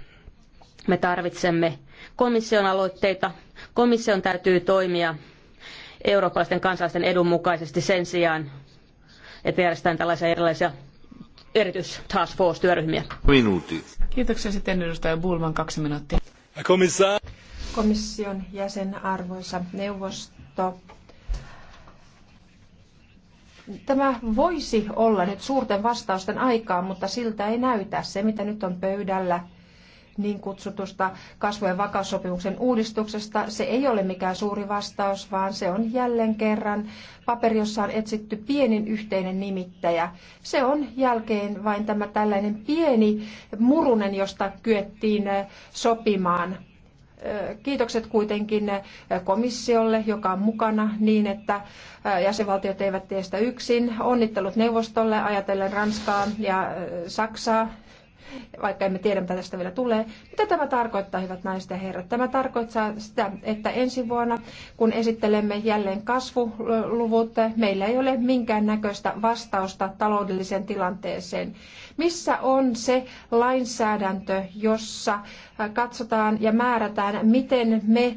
me tarvitsemme komission aloitteita. Komission täytyy toimia eurooppalaisten kansalaisten edun mukaisesti sen sijaan, että järjestetään tällaisia erilaisia erityis task force työryhmiä. Minuutti. Kiitoksia sitten edustaja Bulman kaksi minuuttia. Komissar. Komission jäsen arvoisa neuvosto. Tämä voisi olla nyt suurten vastausten aikaa, mutta siltä ei näytä. Se, mitä nyt on pöydällä, niin kutsutusta kasvu- ja vakaussopimuksen uudistuksesta. Se ei ole mikään suuri vastaus, vaan se on jälleen kerran paperi, jossa on etsitty pienin yhteinen nimittäjä. Se on jälkeen vain tämä tällainen pieni murunen, josta kyettiin sopimaan kiitokset kuitenkin komissiolle, joka on mukana niin, että jäsenvaltiot eivät tee sitä yksin. Onnittelut neuvostolle ajatellen Ranskaa ja Saksaa vaikka emme tiedä, mitä tästä vielä tulee. Mitä tämä tarkoittaa, hyvät naiset ja herrat? Tämä tarkoittaa sitä, että ensi vuonna, kun esittelemme jälleen kasvuluvut, meillä ei ole minkään näköistä vastausta taloudelliseen tilanteeseen. Missä on se lainsäädäntö, jossa äh, katsotaan ja määrätään, miten me äh,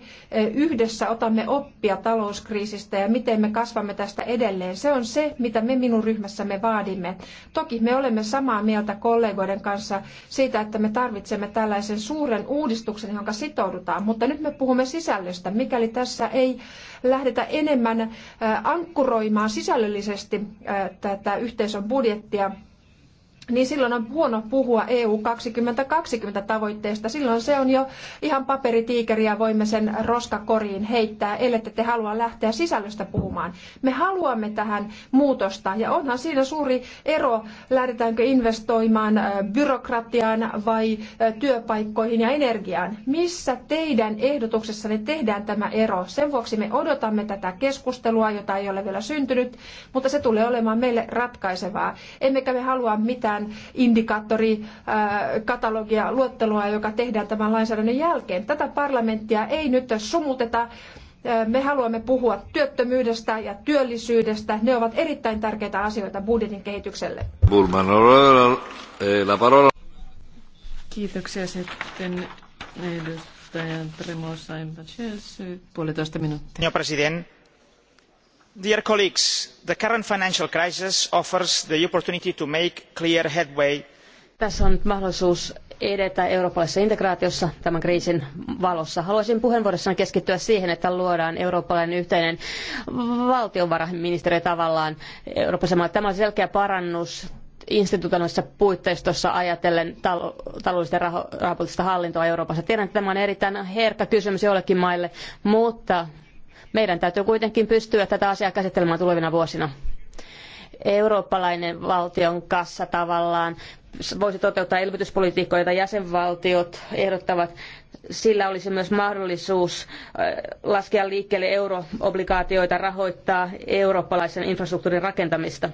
yhdessä otamme oppia talouskriisistä ja miten me kasvamme tästä edelleen? Se on se, mitä me minun ryhmässämme vaadimme. Toki me olemme samaa mieltä kollegoiden kanssa siitä, että me tarvitsemme tällaisen suuren uudistuksen, jonka sitoudutaan, mutta nyt me puhumme sisällöstä. Mikäli tässä ei lähdetä enemmän äh, ankkuroimaan sisällöllisesti tätä yhteisön budjettia, niin silloin on huono puhua EU 2020 tavoitteesta. Silloin se on jo ihan paperitiikeri ja voimme sen roskakoriin heittää, ellette te halua lähteä sisällöstä puhumaan. Me haluamme tähän muutosta ja onhan siinä suuri ero, lähdetäänkö investoimaan byrokratiaan vai työpaikkoihin ja energiaan. Missä teidän ehdotuksessanne tehdään tämä ero? Sen vuoksi me odotamme tätä keskustelua, jota ei ole vielä syntynyt, mutta se tulee olemaan meille ratkaisevaa. Emmekä me halua mitään mitään indikaattorikatalogia, katalogia, luettelua, joka tehdään tämän lainsäädännön jälkeen. Tätä parlamenttia ei nyt sumuteta. Me haluamme puhua työttömyydestä ja työllisyydestä. Ne ovat erittäin tärkeitä asioita budjetin kehitykselle. Eh, Kiitoksia sitten edustajan Tremosa Puolitoista minuuttia. President the current financial crisis offers the opportunity to make clear headway. tässä on nyt mahdollisuus edetä eurooppalaisessa integraatiossa tämän kriisin valossa. Haluaisin puheenvuorossani keskittyä siihen, että luodaan eurooppalainen yhteinen valtiovarainministeri tavallaan Euroopassa. Tämä on selkeä parannus institutionaalisessa puitteistossa ajatellen taloudellista ja rahoituksen hallintoa Euroopassa. Tiedän, että tämä on erittäin herkkä kysymys joillekin maille, mutta meidän täytyy kuitenkin pystyä tätä asiaa käsittelemään tulevina vuosina. Eurooppalainen valtion kassa tavallaan voisi toteuttaa elvytyspolitiikkoja, joita jäsenvaltiot ehdottavat. Sillä olisi myös mahdollisuus äh, laskea liikkeelle euroobligaatioita rahoittaa eurooppalaisen infrastruktuurin rakentamista.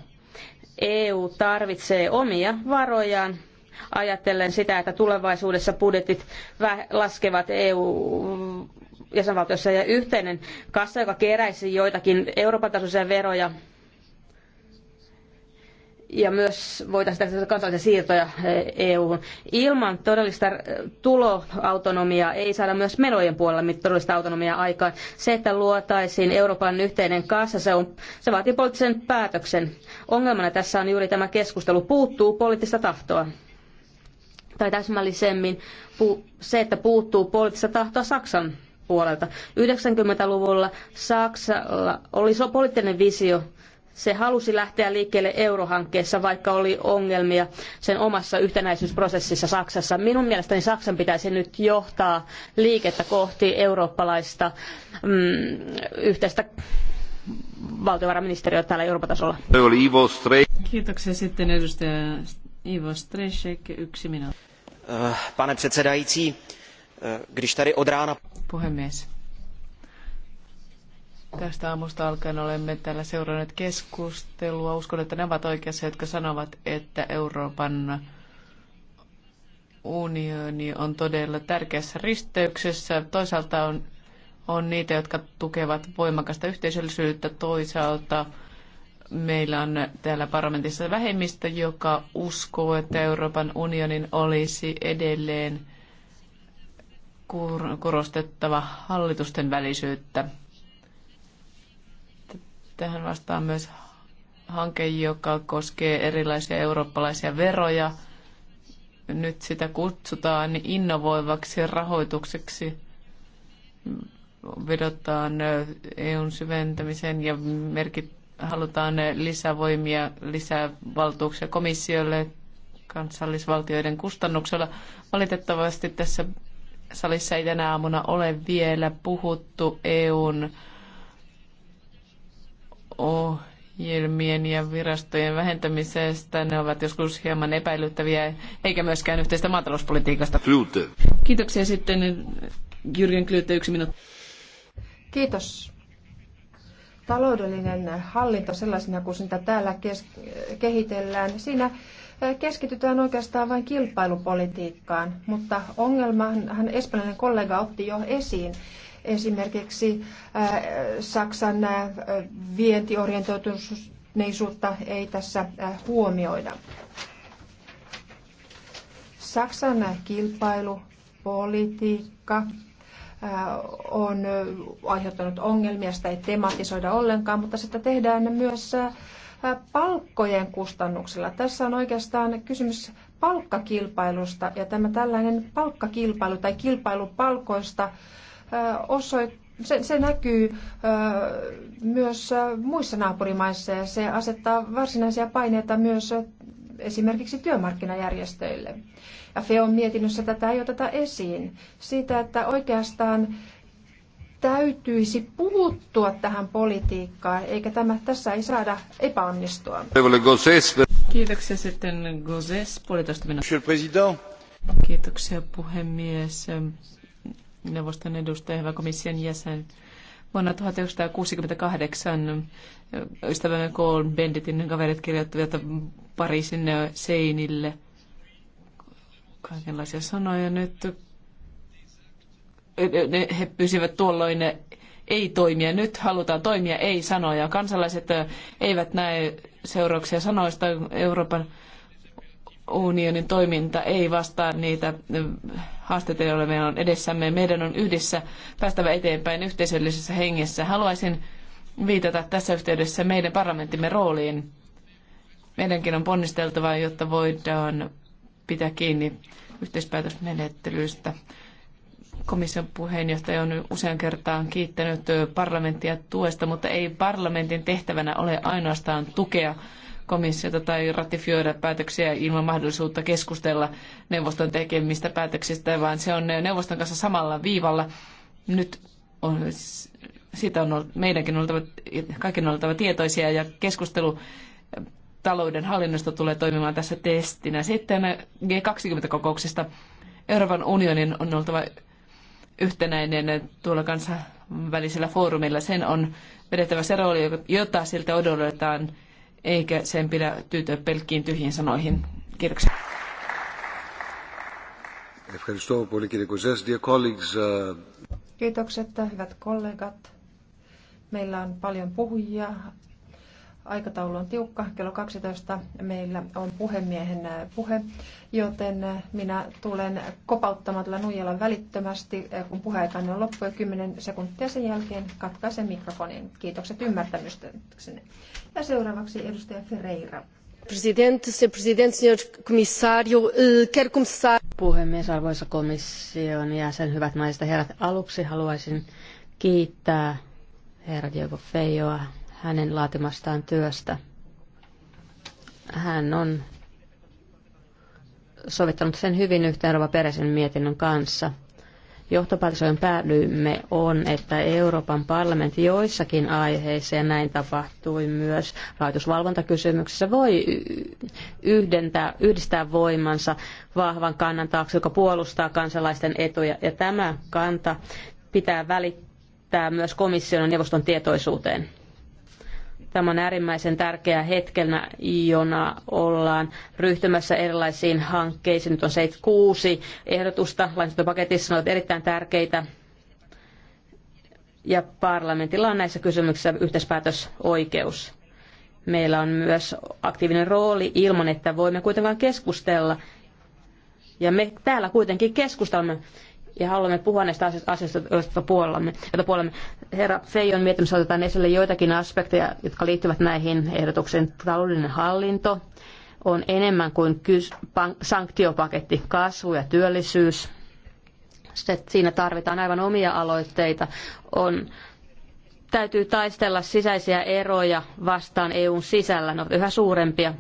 EU tarvitsee omia varojaan ajatellen sitä, että tulevaisuudessa budjetit laskevat EU jäsenvaltiossa ja yhteinen kassa, joka keräisi joitakin Euroopan tasoisia veroja ja myös voitaisiin tehdä kansallisia siirtoja eh, EU-hun. Ilman todellista eh, tuloautonomiaa ei saada myös menojen puolella todellista autonomiaa aikaan. Se, että luotaisiin Euroopan yhteinen kassa, se, on, se vaatii poliittisen päätöksen. Ongelmana tässä on juuri tämä keskustelu. Puuttuu poliittista tahtoa. Tai täsmällisemmin se, että puuttuu poliittista tahtoa Saksan puolelta. 90-luvulla Saksalla oli poliittinen visio. Se halusi lähteä liikkeelle eurohankkeessa, vaikka oli ongelmia sen omassa yhtenäisyysprosessissa Saksassa. Minun mielestäni Saksan pitäisi nyt johtaa liikettä kohti eurooppalaista mm, yhteistä valtiovarainministeriöä täällä Euroopan tasolla. Kiitoksia sitten edustaja Ivo Strešek, yksi minuutti. Äh, pane předsedající, Eh, když tady od rána... Puhemies. Tästä aamusta alkaen olemme täällä seuranneet keskustelua. Uskon, että ne ovat oikeassa, jotka sanovat, että Euroopan unioni on todella tärkeässä risteyksessä. Toisaalta on, on niitä, jotka tukevat voimakasta yhteisöllisyyttä. Toisaalta meillä on täällä parlamentissa vähemmistö, joka uskoo, että Euroopan unionin olisi edelleen – korostettava hallitusten välisyyttä. Tähän vastaa myös hanke, joka koskee erilaisia eurooppalaisia veroja. Nyt sitä kutsutaan innovoivaksi rahoitukseksi. Vedotaan EUn syventämiseen ja merkit, halutaan lisävoimia, lisää valtuuksia komissiolle kansallisvaltioiden kustannuksella. Valitettavasti tässä salissa ei tänä aamuna ole vielä puhuttu EUn ohjelmien ja virastojen vähentämisestä. Ne ovat joskus hieman epäilyttäviä, eikä myöskään yhteistä maatalouspolitiikasta. Klute. Kiitoksia sitten Jürgen Klyte, yksi minuutti. Kiitos. Taloudellinen hallinto sellaisena kuin sitä täällä kehitellään, siinä keskitytään oikeastaan vain kilpailupolitiikkaan, mutta ongelmahan espanjalainen kollega otti jo esiin. Esimerkiksi äh, Saksan äh, vientiorientoituneisuutta ei tässä äh, huomioida. Saksan kilpailupolitiikka on aiheuttanut ongelmia, sitä ei tematisoida ollenkaan, mutta sitä tehdään myös palkkojen kustannuksella. Tässä on oikeastaan kysymys palkkakilpailusta ja tämä tällainen palkkakilpailu tai kilpailu palkoista osoittaa, se, se näkyy ö, myös muissa naapurimaissa ja se asettaa varsinaisia paineita myös esimerkiksi työmarkkinajärjestöille. Ja FEON mietinnössä tätä ei oteta esiin siitä, että oikeastaan täytyisi puuttua tähän politiikkaan, eikä tämä, tässä ei saada epäonnistua. Kiitoksia sitten Gozes, puolitoista minuuttia. Kiitoksia puhemies, neuvoston edustaja, hyvä komission jäsen. Vuonna 1968 ystävämme Cole Benditin kaverit kirjoittivat Pariisin seinille kaikenlaisia sanoja. Nyt he pysyvät tuolloin ei toimia. Nyt halutaan toimia ei sanoja. Kansalaiset eivät näe seurauksia sanoista. Euroopan unionin toiminta ei vastaa niitä haasteita, joilla meillä on edessämme. Meidän on yhdessä päästävä eteenpäin yhteisöllisessä hengessä. Haluaisin viitata tässä yhteydessä meidän parlamenttimme rooliin. Meidänkin on ponnisteltava, jotta voidaan pitää kiinni yhteispäätösmenettelystä. Komission puheenjohtaja on usean kertaan kiittänyt parlamenttia tuesta, mutta ei parlamentin tehtävänä ole ainoastaan tukea komissiota tai ratifioida päätöksiä ilman mahdollisuutta keskustella neuvoston tekemistä päätöksistä, vaan se on neuvoston kanssa samalla viivalla. Nyt on, siitä on meidänkin oltava, on oltava tietoisia ja keskustelu talouden hallinnosta tulee toimimaan tässä testinä. Sitten G20-kokouksesta Euroopan unionin on oltava yhtenäinen tuolla kansainvälisellä foorumilla. Sen on vedettävä se rooli, jota siltä odotetaan, eikä sen pidä tyytyä pelkkiin tyhjiin sanoihin. Kiitoksia. Uh, Kiitokset, hyvät kollegat. Meillä on paljon puhujia. Aikataulu on tiukka. Kello 12 meillä on puhemiehen äh, puhe, joten äh, minä tulen kopauttamaan tällä nuijalla välittömästi, äh, kun puheaikainen on loppu ja 10 sekuntia sen jälkeen katkaisen mikrofonin. Kiitokset ymmärtämyksenne. Ja seuraavaksi edustaja Ferreira. Presidente, se president, senhor comissário, eh, quer começar... Puhemies, arvoisa komission jäsen, hyvät naiset ja herrat, aluksi haluaisin kiittää herra Diego Feijoa hänen laatimastaan työstä. Hän on sovittanut sen hyvin yhteen Rova Peresen mietinnön kanssa. Johtopäätös, päädyimme, on, että Euroopan parlamentti joissakin aiheissa, ja näin tapahtui myös rahoitusvalvontakysymyksessä, voi yhdentää, yhdistää voimansa vahvan kannan taakse, joka puolustaa kansalaisten etuja. Ja tämä kanta pitää välittää myös komission ja neuvoston tietoisuuteen. Tämä on äärimmäisen tärkeä hetkenä, jona ollaan ryhtymässä erilaisiin hankkeisiin. Nyt on kuusi ehdotusta lainsäädäntöpaketissa, ovat erittäin tärkeitä. Ja parlamentilla on näissä kysymyksissä yhteispäätösoikeus. Meillä on myös aktiivinen rooli ilman, että voimme kuitenkaan keskustella. Ja me täällä kuitenkin keskustelemme ja haluamme puhua näistä asioista, joista puolellamme, joita puolemme. Herra Feijon mietimys otetaan esille joitakin aspekteja, jotka liittyvät näihin ehdotuksiin. Taloudellinen hallinto on enemmän kuin kys- sanktiopaketti, kasvu ja työllisyys. Sitten siinä tarvitaan aivan omia aloitteita. On täytyy taistella sisäisiä eroja vastaan EUn sisällä. Ne ovat yhä suurempia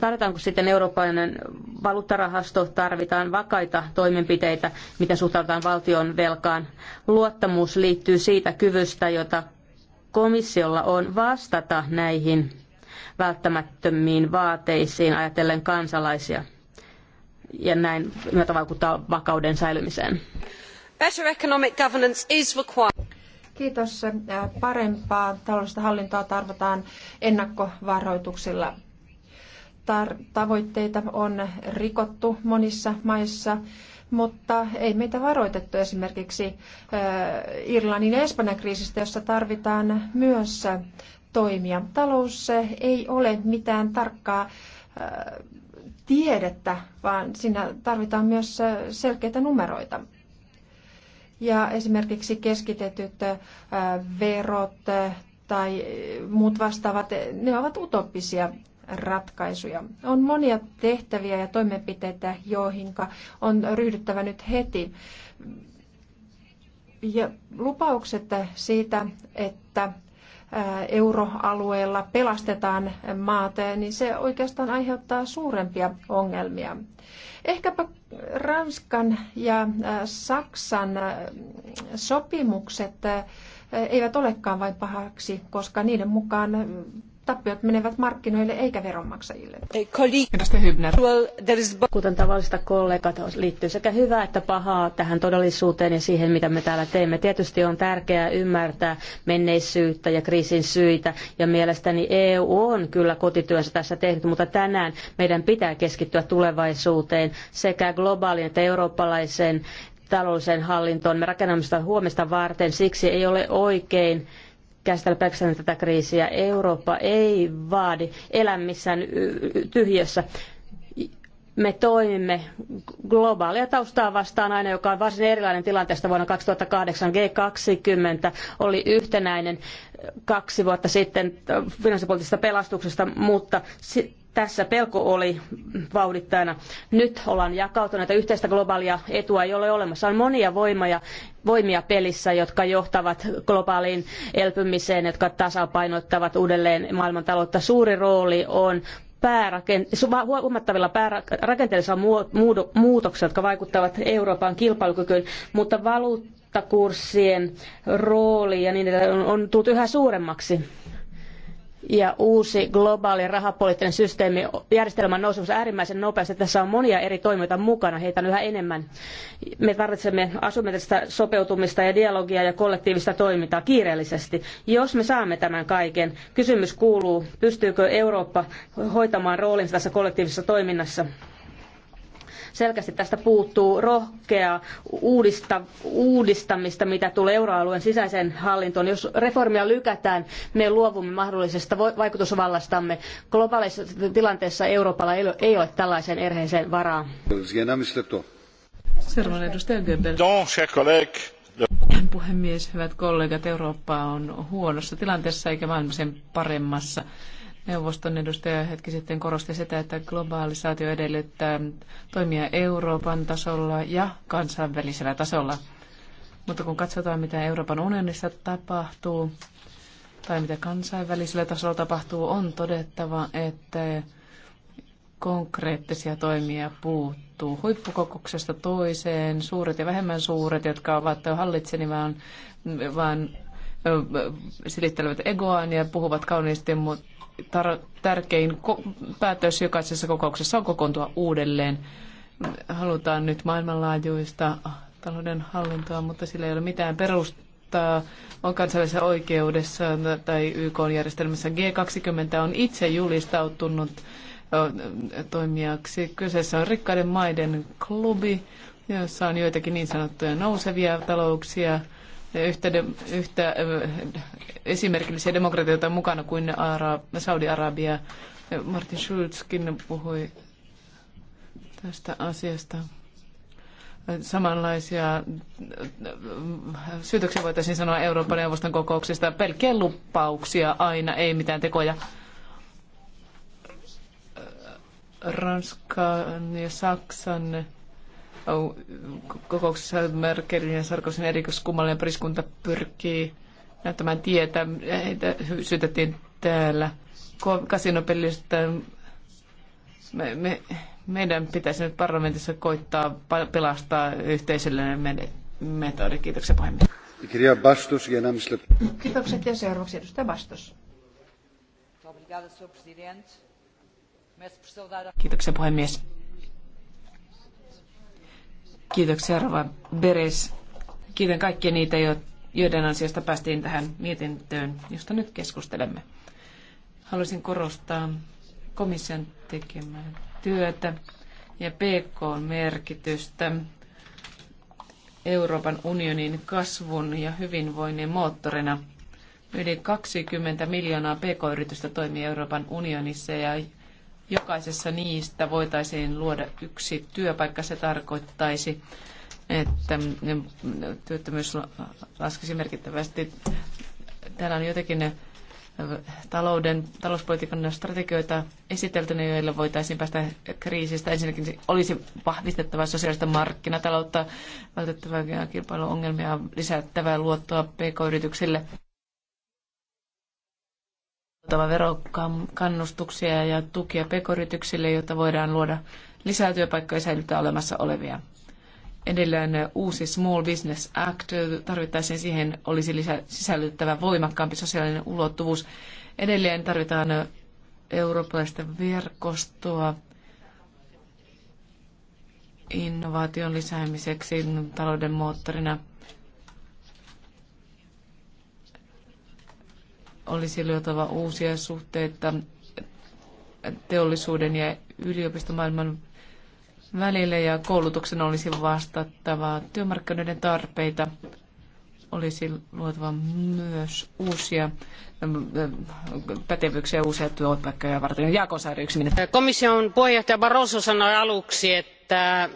tarvitaanko sitten eurooppalainen valuuttarahasto, tarvitaan vakaita toimenpiteitä, miten suhtaudutaan valtion velkaan. Luottamus liittyy siitä kyvystä, jota komissiolla on vastata näihin välttämättömiin vaateisiin ajatellen kansalaisia ja näin myötä vaikuttaa vakauden säilymiseen. Better economic governance is required. Kiitos. Parempaa taloudellista hallintoa tarvitaan ennakkovaroituksilla tavoitteita on rikottu monissa maissa, mutta ei meitä varoitettu esimerkiksi Irlannin ja Espanjan kriisistä, jossa tarvitaan myös toimia. Talous ei ole mitään tarkkaa tiedettä, vaan siinä tarvitaan myös selkeitä numeroita. Ja esimerkiksi keskitetyt verot tai muut vastaavat, ne ovat utopisia ratkaisuja. On monia tehtäviä ja toimenpiteitä, joihin on ryhdyttävä nyt heti. Ja lupaukset siitä, että euroalueella pelastetaan maata, niin se oikeastaan aiheuttaa suurempia ongelmia. Ehkäpä Ranskan ja Saksan sopimukset eivät olekaan vain pahaksi, koska niiden mukaan tappiot menevät markkinoille eikä veronmaksajille. Kuten tavallista kollegat, liittyy sekä hyvää että pahaa tähän todellisuuteen ja siihen, mitä me täällä teemme. Tietysti on tärkeää ymmärtää menneisyyttä ja kriisin syitä, ja mielestäni EU on kyllä kotityönsä tässä tehnyt, mutta tänään meidän pitää keskittyä tulevaisuuteen sekä globaalin että eurooppalaisen taloudelliseen hallintoon. Me rakennamme sitä huomista varten, siksi ei ole oikein käsitellä pelkästään tätä kriisiä. Eurooppa ei vaadi elämissään tyhjössä. Me toimimme globaalia taustaa vastaan aina, joka on varsin erilainen tilanteesta vuonna 2008. G20 oli yhtenäinen kaksi vuotta sitten finanssipoliittisesta pelastuksesta, mutta tässä pelko oli vauhdittajana. Nyt ollaan jakautuneita yhteistä globaalia etua, ei ole olemassa. On monia voimia, voimia pelissä, jotka johtavat globaaliin elpymiseen, jotka tasapainottavat uudelleen maailmantaloutta. Suuri rooli on huomattavilla päärakenteellisilla muutoksilla, jotka vaikuttavat Euroopan kilpailukykyyn, mutta valuuttakurssien rooli ja niin edelleen on tullut yhä suuremmaksi ja uusi globaali rahapoliittinen systeemi, järjestelmä on nousemassa äärimmäisen nopeasti. Tässä on monia eri toimijoita mukana, heitä on yhä enemmän. Me tarvitsemme asymmetristä sopeutumista ja dialogia ja kollektiivista toimintaa kiireellisesti. Jos me saamme tämän kaiken, kysymys kuuluu, pystyykö Eurooppa hoitamaan roolinsa tässä kollektiivisessa toiminnassa? Selkeästi tästä puuttuu rohkea uudista, uudistamista, mitä tulee euroalueen sisäiseen hallintoon. Jos reformia lykätään, me luovumme mahdollisesta vaikutusvallastamme. Globaalissa tilanteessa Euroopalla ei ole tällaiseen erheeseen varaa. Seuraavan Don, puhemies, hyvät kollegat, Eurooppa on huonossa tilanteessa eikä maailma sen paremmassa. Neuvoston edustaja hetki sitten korosti sitä, että globaalisaatio edellyttää toimia Euroopan tasolla ja kansainvälisellä tasolla. Mutta kun katsotaan, mitä Euroopan unionissa tapahtuu tai mitä kansainvälisellä tasolla tapahtuu, on todettava, että konkreettisia toimia puuttuu. Huippukokouksesta toiseen, suuret ja vähemmän suuret, jotka ovat hallitseni vaan, vaan silittelevät egoaan ja puhuvat kauniisti, mutta tärkein päätös jokaisessa kokouksessa on kokoontua uudelleen. Halutaan nyt maailmanlaajuista talouden hallintoa, mutta sillä ei ole mitään perustaa. On kansallisessa oikeudessa tai YK-järjestelmässä G20 on itse julistautunut toimijaksi. Kyseessä on rikkaiden maiden klubi, jossa on joitakin niin sanottuja nousevia talouksia, yhtä, de, yhtä esimerkillisiä demokratioita mukana kuin Ara, Saudi-Arabia. Martin Schulzkin puhui tästä asiasta. Samanlaisia syytöksiä voitaisiin sanoa Euroopan neuvoston kokouksista. Pelkkiä lupauksia aina, ei mitään tekoja. Ranskan ja Saksan kokouksessa Merkelin ja Sarkosin erikoiskummallinen pariskunta pyrkii näyttämään tietä. Heitä syytettiin täällä kasinopelistä. Me, me, meidän pitäisi nyt parlamentissa koittaa pelastaa yhteisöllinen metodi. Kiitoksia puhemies. Bastos ja Kiitokset ja seuraavaksi edustaja Bastos. Kiitoksia puhemies. Kiitoksia Rova Beres. Kiitän kaikkia niitä, joiden ansiosta päästiin tähän mietintöön, josta nyt keskustelemme. Haluaisin korostaa komission tekemää työtä ja PK-merkitystä Euroopan unionin kasvun ja hyvinvoinnin moottorina. Yli 20 miljoonaa PK-yritystä toimii Euroopan unionissa ja jokaisessa niistä voitaisiin luoda yksi työpaikka. Se tarkoittaisi, että työttömyys laskisi merkittävästi. Täällä on jotenkin äh, talouden, talouspolitiikan strategioita esiteltynä, joilla voitaisiin päästä kriisistä. Ensinnäkin olisi vahvistettava sosiaalista markkinataloutta, vältettävä kilpailuongelmia, lisättävää luottoa pk-yrityksille oltava verokannustuksia ja tukia pekoyrityksille, jotta voidaan luoda lisää työpaikkoja ja säilyttää olemassa olevia. Edelleen uusi Small Business Act tarvittaisiin siihen olisi lisä, sisällyttävä voimakkaampi sosiaalinen ulottuvuus. Edelleen tarvitaan eurooppalaista verkostoa innovaation lisäämiseksi talouden moottorina – olisi luotava uusia suhteita teollisuuden ja yliopistomaailman välille ja koulutuksen olisi vastattava työmarkkinoiden tarpeita. Olisi luotava myös uusia ähm, pätevyyksiä ja uusia työpaikkoja varten. Jaakonsaari, yksi minuutti. Komission puheenjohtaja Barroso sanoi aluksi, että äh,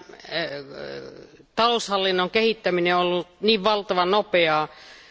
taloushallinnon kehittäminen on ollut niin valtavan nopeaa,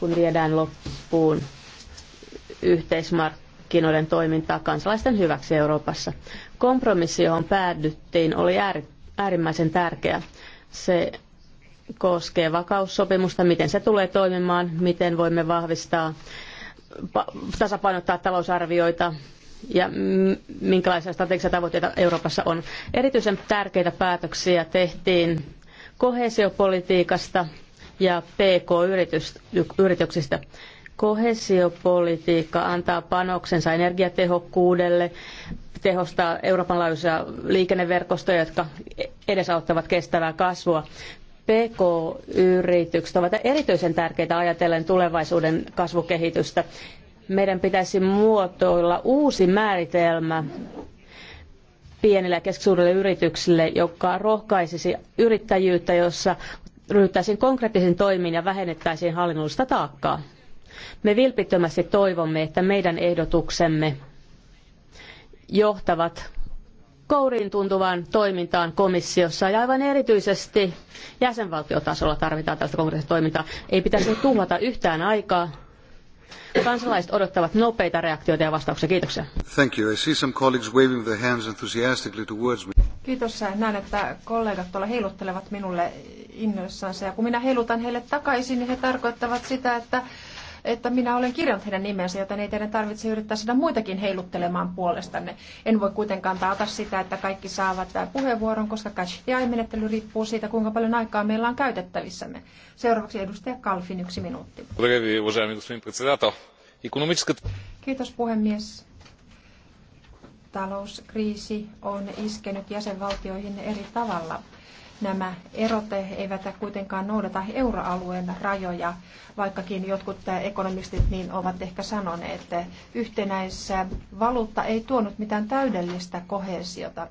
kun viedään loppuun yhteismarkkinoiden toimintaa kansalaisten hyväksi Euroopassa. Kompromissi, johon päädyttiin, oli äärimmäisen tärkeä. Se koskee vakaussopimusta, miten se tulee toimimaan, miten voimme vahvistaa, tasapainottaa talousarvioita ja minkälaisia strategisia tavoitteita Euroopassa on. Erityisen tärkeitä päätöksiä tehtiin kohesiopolitiikasta, ja PK-yrityksistä. Kohesiopolitiikka antaa panoksensa energiatehokkuudelle, tehostaa Euroopan laajuisia liikenneverkostoja, jotka edesauttavat kestävää kasvua. PK-yritykset ovat erityisen tärkeitä ajatellen tulevaisuuden kasvukehitystä. Meidän pitäisi muotoilla uusi määritelmä pienille ja keskisuurille yrityksille, joka rohkaisisi yrittäjyyttä, jossa ryhtäisiin konkreettisiin toimiin ja vähennettäisiin hallinnollista taakkaa. Me vilpittömästi toivomme, että meidän ehdotuksemme johtavat kouriin tuntuvaan toimintaan komissiossa ja aivan erityisesti jäsenvaltiotasolla tarvitaan tällaista konkreettista toimintaa. Ei pitäisi tuhlata yhtään aikaa. Kansalaiset odottavat nopeita reaktioita ja vastauksia. Kiitoksia. Thank you. I see some colleagues waving their hands enthusiastically towards me. Kiitos. Näen, että kollegat tuolla heiluttelevat minulle innoissansa. Ja kun minä heilutan heille takaisin, niin he tarkoittavat sitä, että, että minä olen kirjannut heidän nimensä, joten ei teidän tarvitse yrittää sitä muitakin heiluttelemaan puolestanne. En voi kuitenkaan taata sitä, että kaikki saavat puheenvuoron, koska cash menettely riippuu siitä, kuinka paljon aikaa meillä on käytettävissämme. Seuraavaksi edustaja Kalfin yksi minuutti. Kiitos puhemies talouskriisi on iskenyt jäsenvaltioihin eri tavalla. Nämä erot eivät kuitenkaan noudata euroalueen rajoja, vaikkakin jotkut ekonomistit niin ovat ehkä sanoneet, että yhtenäisessä valuutta ei tuonut mitään täydellistä kohesiota.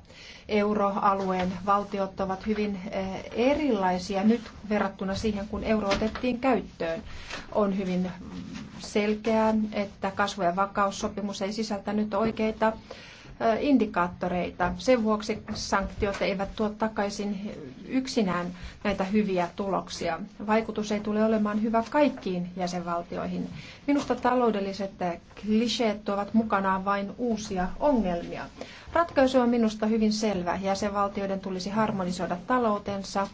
Euroalueen valtiot ovat hyvin eh, erilaisia nyt verrattuna siihen, kun euro otettiin käyttöön. On hyvin selkeää, että kasvu- ja vakaussopimus ei sisältänyt oikeita indikaattoreita. Sen vuoksi sanktiot eivät tuo takaisin yksinään näitä hyviä tuloksia. Vaikutus ei tule olemaan hyvä kaikkiin jäsenvaltioihin. Minusta taloudelliset kliseet tuovat mukanaan vain uusia ongelmia. Ratkaisu on minusta hyvin selvä. Jäsenvaltioiden tulisi harmonisoida taloutensa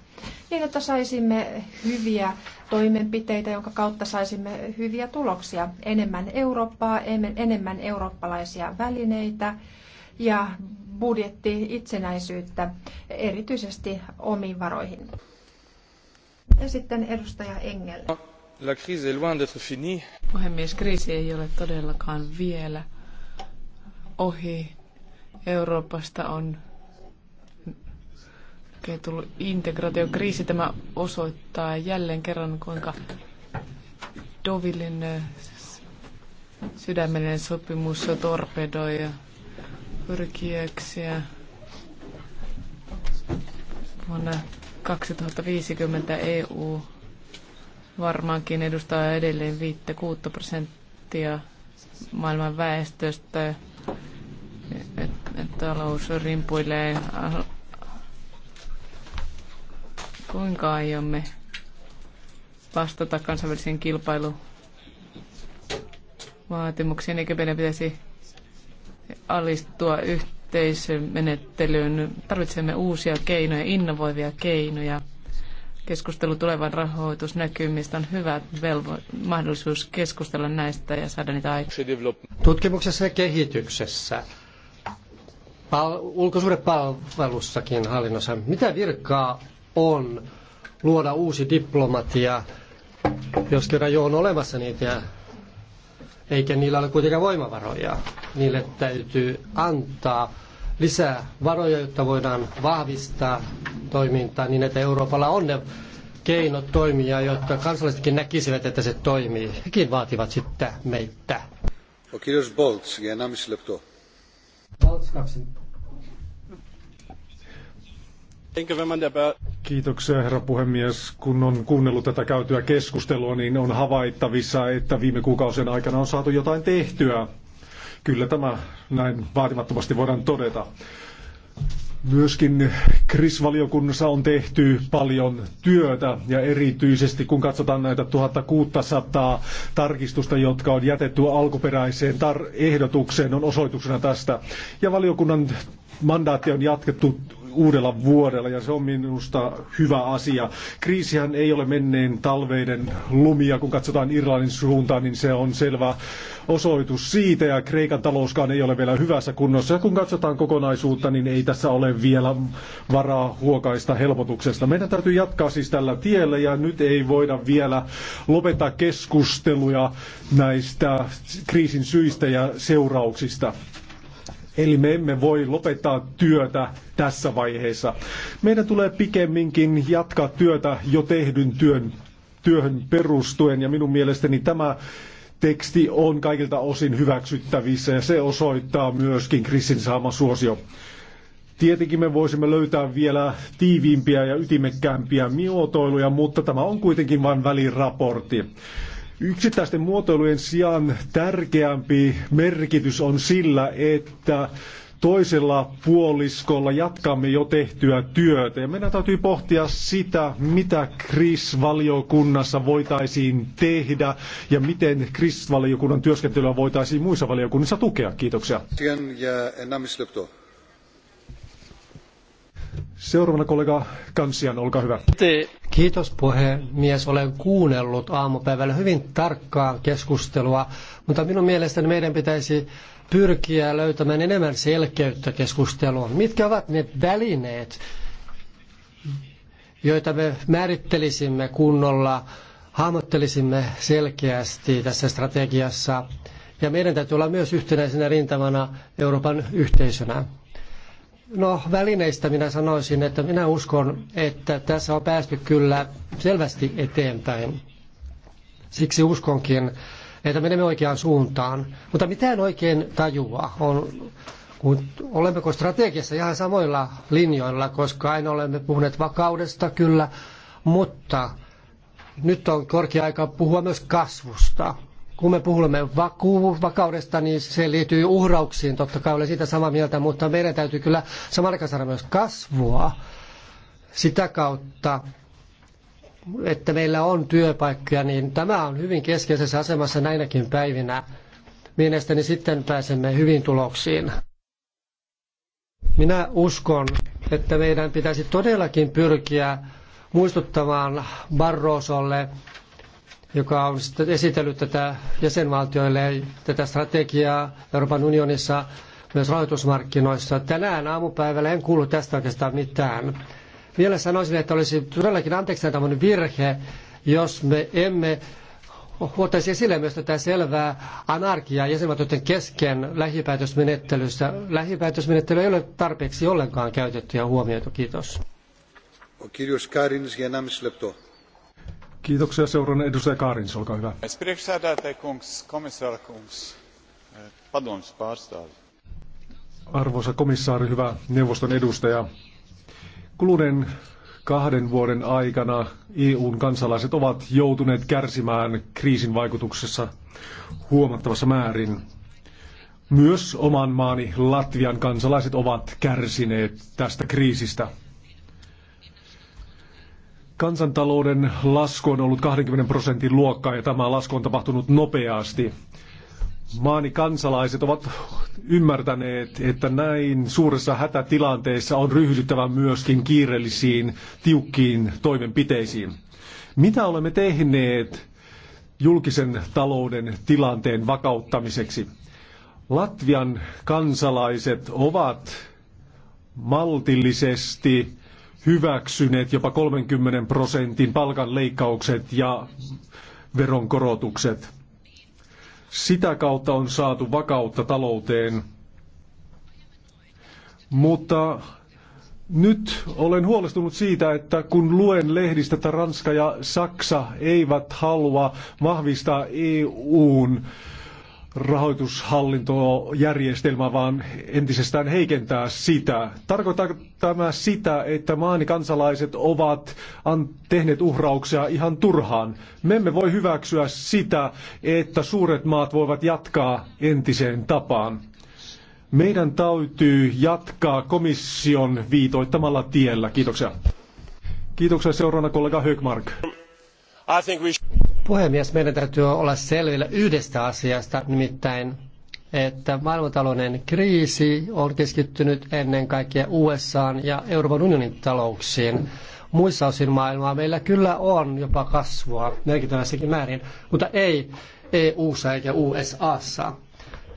niin, että saisimme hyviä toimenpiteitä, jonka kautta saisimme hyviä tuloksia. Enemmän Eurooppaa, enemmän eurooppalaisia välineitä ja budjetti itsenäisyyttä, erityisesti omiin varoihin. Ja sitten edustaja Engel. La crise est loin d'être finie. Puhemies, kriisi ei ole todellakaan vielä ohi. Euroopasta on tullut integraatiokriisi. Tämä osoittaa jälleen kerran, kuinka Dovillin sydämellinen sopimus torpedoi pyrkiäksiä vuonna 2050 EU varmaankin edustaa edelleen 5-6 prosenttia maailman väestöstä. Talous rimpuilee. Kuinka aiomme vastata kansainvälisiin kilpailuvaatimuksiin, eikä meidän pitäisi alistua menettelyyn Tarvitsemme uusia keinoja, innovoivia keinoja. Keskustelu tulevan rahoitusnäkymistä on hyvä velvo- mahdollisuus keskustella näistä ja saada niitä aikaan. Tutkimuksessa ja kehityksessä, pal- ulkosuhdepalvelussakin hallinnossa, mitä virkaa on luoda uusi diplomatia, jos kerran jo on olemassa niitä eikä niillä ole kuitenkaan voimavaroja. Niille täytyy antaa lisää varoja, jotta voidaan vahvistaa toimintaa niin, että Euroopalla on ne keinot toimia, jotta kansalaisetkin näkisivät, että se toimii. Hekin vaativat sitten meitä. O kirjos Bolts, ja lepto. Boltz, kaksi Kiitoksia herra puhemies. Kun on kuunnellut tätä käytyä keskustelua, niin on havaittavissa, että viime kuukausien aikana on saatu jotain tehtyä. Kyllä tämä näin vaatimattomasti voidaan todeta. Myöskin KRIS-valiokunnassa on tehty paljon työtä ja erityisesti kun katsotaan näitä 1600 tarkistusta, jotka on jätetty alkuperäiseen tar- ehdotukseen, on osoituksena tästä. Ja valiokunnan mandaatti on jatkettu uudella vuodella ja se on minusta hyvä asia. Kriisihän ei ole menneen talveiden lumia, kun katsotaan Irlannin suuntaan, niin se on selvä osoitus siitä ja Kreikan talouskaan ei ole vielä hyvässä kunnossa. Ja kun katsotaan kokonaisuutta, niin ei tässä ole vielä varaa huokaista helpotuksesta. Meidän täytyy jatkaa siis tällä tiellä ja nyt ei voida vielä lopettaa keskusteluja näistä kriisin syistä ja seurauksista. Eli me emme voi lopettaa työtä tässä vaiheessa. Meidän tulee pikemminkin jatkaa työtä jo tehdyn työn, työhön perustuen ja minun mielestäni tämä teksti on kaikilta osin hyväksyttävissä ja se osoittaa myöskin Kristin saama suosio. Tietenkin me voisimme löytää vielä tiiviimpiä ja ytimekkäämpiä muotoiluja, mutta tämä on kuitenkin vain väliraportti. Yksittäisten muotoilujen sijaan tärkeämpi merkitys on sillä, että toisella puoliskolla jatkamme jo tehtyä työtä. Ja meidän täytyy pohtia sitä, mitä Kristvaliokunnassa valiokunnassa voitaisiin tehdä ja miten Kristvaliokunnan valiokunnan työskentelyä voitaisiin muissa valiokunnissa tukea. Kiitoksia. Seuraavana kollega Kansian, olkaa hyvä. Kiitos puhemies. Olen kuunnellut aamupäivällä hyvin tarkkaa keskustelua, mutta minun mielestäni meidän pitäisi pyrkiä löytämään enemmän selkeyttä keskusteluun. Mitkä ovat ne välineet, joita me määrittelisimme kunnolla, hahmottelisimme selkeästi tässä strategiassa. Ja meidän täytyy olla myös yhtenäisenä rintamana Euroopan yhteisönä. No välineistä minä sanoisin, että minä uskon, että tässä on päästy kyllä selvästi eteenpäin. Siksi uskonkin, että menemme oikeaan suuntaan. Mutta mitä en oikein tajua on, kun olemmeko strategiassa ihan samoilla linjoilla, koska aina olemme puhuneet vakaudesta kyllä, mutta nyt on korkea aika puhua myös kasvusta kun me puhumme vakaudesta, niin se liittyy uhrauksiin. Totta kai olen siitä samaa mieltä, mutta meidän täytyy kyllä samalla saada myös kasvua sitä kautta, että meillä on työpaikkoja, niin tämä on hyvin keskeisessä asemassa näinäkin päivinä. Mielestäni sitten pääsemme hyvin tuloksiin. Minä uskon, että meidän pitäisi todellakin pyrkiä muistuttamaan Barrosolle joka on esitellyt tätä jäsenvaltioille, tätä strategiaa Euroopan unionissa, myös rahoitusmarkkinoissa. Tänään aamupäivällä en kuullut tästä oikeastaan mitään. Vielä sanoisin, että olisi todellakin anteeksi tämmöinen virhe, jos me emme ottaisi esille myös tätä selvää anarkiaa jäsenvaltioiden kesken lähipäätösmenettelyssä. Lähipäätösmenettely ei ole tarpeeksi ollenkaan käytetty ja huomioitu. Kiitos. Ο κύριος Κάρινς Kiitoksia. Seuraavana edustaja Kaarins, olkaa hyvä. Eh, Arvoisa komissaari, hyvä neuvoston edustaja. Kuluneen kahden vuoden aikana EUn kansalaiset ovat joutuneet kärsimään kriisin vaikutuksessa huomattavassa määrin. Myös oman maani Latvian kansalaiset ovat kärsineet tästä kriisistä. Kansantalouden lasku on ollut 20 prosentin luokkaa ja tämä lasku on tapahtunut nopeasti. Maani kansalaiset ovat ymmärtäneet, että näin suuressa hätätilanteessa on ryhdyttävä myöskin kiireellisiin, tiukkiin toimenpiteisiin. Mitä olemme tehneet julkisen talouden tilanteen vakauttamiseksi? Latvian kansalaiset ovat maltillisesti hyväksyneet jopa 30 prosentin palkanleikkaukset ja veronkorotukset. Sitä kautta on saatu vakautta talouteen. Mutta nyt olen huolestunut siitä, että kun luen lehdistä, että Ranska ja Saksa eivät halua vahvistaa EUn rahoitushallintojärjestelmä, vaan entisestään heikentää sitä. Tarkoittaako tämä sitä, että maani kansalaiset ovat tehneet uhrauksia ihan turhaan? Me emme voi hyväksyä sitä, että suuret maat voivat jatkaa entiseen tapaan. Meidän täytyy jatkaa komission viitoittamalla tiellä. Kiitoksia. Kiitoksia seuraavana kollega Högmark. I think we Puhemies, meidän täytyy olla selvillä yhdestä asiasta, nimittäin että maailmantalouden kriisi on keskittynyt ennen kaikkea USAan ja Euroopan unionin talouksiin. Muissa osin maailmaa meillä kyllä on jopa kasvua merkittävässäkin määrin, mutta ei EU-ssa eikä USAssa.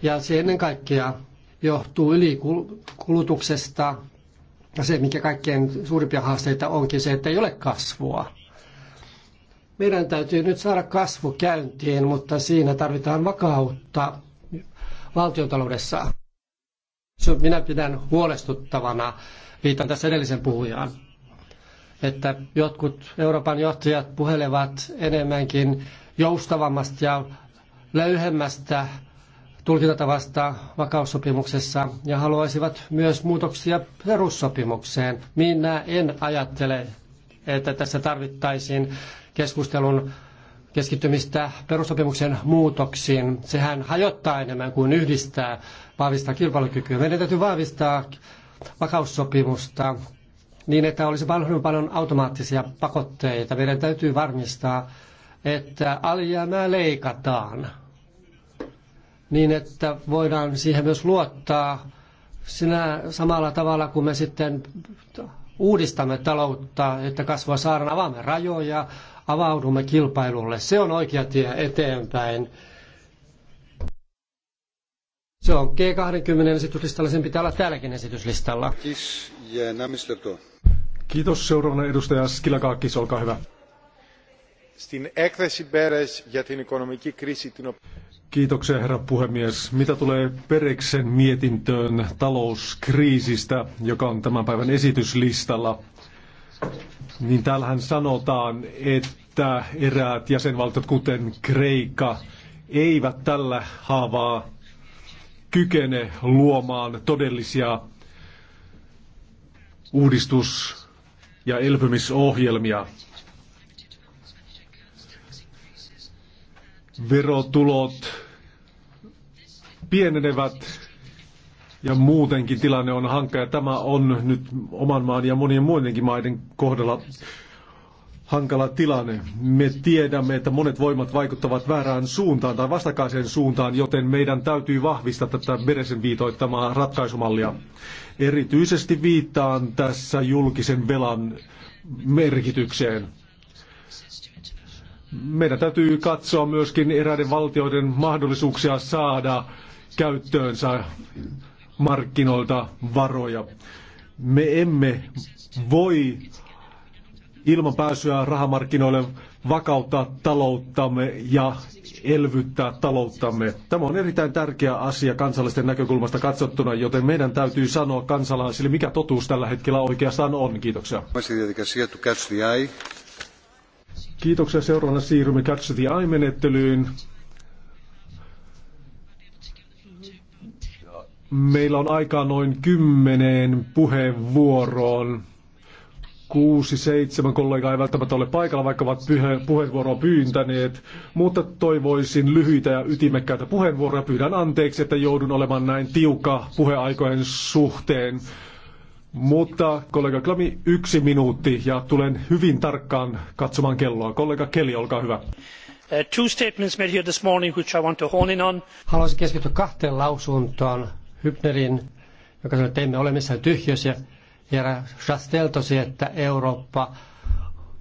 Ja se ennen kaikkea johtuu ylikulutuksesta. Ja se, mikä kaikkein suurimpia haasteita onkin se, että ei ole kasvua. Meidän täytyy nyt saada kasvu käyntiin, mutta siinä tarvitaan vakautta valtiotaloudessa. Se minä pidän huolestuttavana, viitan tässä edellisen puhujaan, että jotkut Euroopan johtajat puhelevat enemmänkin joustavammasta ja löyhemmästä tulkintatavasta vakaussopimuksessa ja haluaisivat myös muutoksia perussopimukseen. Minä en ajattele, että tässä tarvittaisiin keskustelun keskittymistä perusopimuksen muutoksiin. Sehän hajottaa enemmän kuin yhdistää, vahvistaa kilpailukykyä. Meidän täytyy vahvistaa vakaussopimusta niin, että olisi paljon, paljon automaattisia pakotteita. Meidän täytyy varmistaa, että alijäämää leikataan niin, että voidaan siihen myös luottaa sinä samalla tavalla, kun me sitten uudistamme taloutta, että kasvua saadaan, avaamme rajoja, avaudumme kilpailulle. Se on oikea tie eteenpäin. Se on G20 esityslistalla, sen pitää olla täälläkin esityslistalla. Kiitos. Seuraavana edustaja Kaakkis, olkaa hyvä. Kiitoksia herra puhemies. Mitä tulee Pereksen mietintöön talouskriisistä, joka on tämän päivän esityslistalla, niin täällähän sanotaan, että eräät jäsenvaltiot, kuten Kreikka, eivät tällä haavaa kykene luomaan todellisia uudistus- ja elpymisohjelmia. Verotulot pienenevät ja muutenkin tilanne on hankala. Tämä on nyt oman maan ja monien muidenkin maiden kohdalla hankala tilanne. Me tiedämme, että monet voimat vaikuttavat väärään suuntaan tai vastakkaiseen suuntaan, joten meidän täytyy vahvistaa tätä Beresen viitoittamaa ratkaisumallia. Erityisesti viittaan tässä julkisen velan merkitykseen. Meidän täytyy katsoa myöskin eräiden valtioiden mahdollisuuksia saada käyttöönsä markkinoilta varoja. Me emme voi ilman pääsyä rahamarkkinoille vakauttaa talouttamme ja elvyttää talouttamme. Tämä on erittäin tärkeä asia kansallisten näkökulmasta katsottuna, joten meidän täytyy sanoa kansalaisille, mikä totuus tällä hetkellä oikeastaan on. Kiitoksia. Kiitoksia. Seuraavana siirrymme Catch the Eye-menettelyyn. Meillä on aikaa noin kymmeneen puheenvuoroon. Kuusi, seitsemän kollegaa ei välttämättä ole paikalla, vaikka ovat puheenvuoroa pyyntäneet, mutta toivoisin lyhyitä ja ytimekkäitä puheenvuoroja. Pyydän anteeksi, että joudun olemaan näin tiukka puheaikojen suhteen. Mutta kollega Klami, yksi minuutti ja tulen hyvin tarkkaan katsomaan kelloa. Kollega Keli, olkaa hyvä. Uh, two statements made here this morning which I want to hone in on. Haluaisin keskittyä kahteen lausuntoon. Hybnerin, joka sanoi, että emme ole missään tyhjössä, ja Chastel tosi, että Eurooppa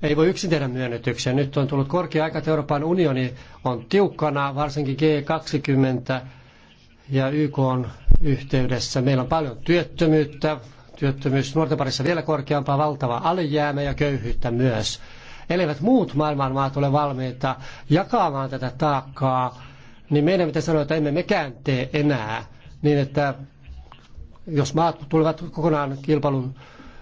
ei voi yksin tehdä myönnytyksiä. Nyt on tullut korkea aika, että Euroopan unioni on tiukkana, varsinkin G20 ja YK on yhteydessä. Meillä on paljon työttömyyttä, työttömyys nuorten parissa vielä korkeampaa, valtava alijäämä ja köyhyyttä myös elleivät muut maailman maat ole valmiita jakamaan tätä taakkaa, niin meidän pitäisi sanoa, että emme mekään tee enää, niin että jos maat tulevat kokonaan kilpailun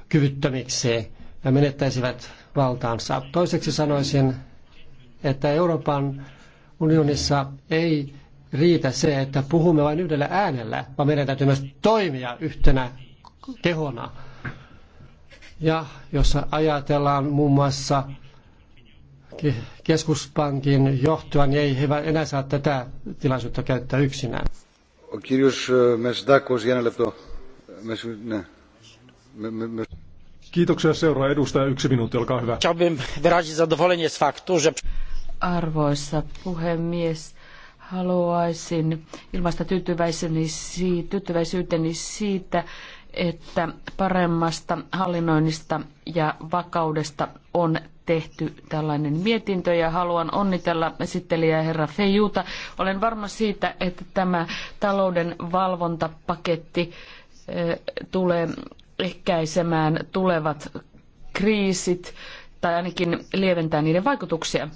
kyvyttömiksi ja menettäisivät valtaansa. Toiseksi sanoisin, että Euroopan unionissa ei riitä se, että puhumme vain yhdellä äänellä, vaan meidän täytyy myös toimia yhtenä kehona. Ja jos ajatellaan muun muassa keskuspankin johtoa, niin ei he enää saa tätä tilaisuutta käyttää yksinään. Ο κύριος Μεσδάκος, για ένα λεπτό. Kiitoksia seuraa edustaja. Yksi minuutti, olkaa hyvä. Arvoisa puhemies, haluaisin ilmaista tyytyväisyyteni siitä, että paremmasta hallinnoinnista ja vakaudesta on tehty tällainen mietintö ja haluan onnitella esittelijää herra Feijuta. Olen varma siitä, että tämä talouden valvontapaketti eh, tulee ehkäisemään tulevat kriisit tai ainakin lieventää niiden vaikutuksia.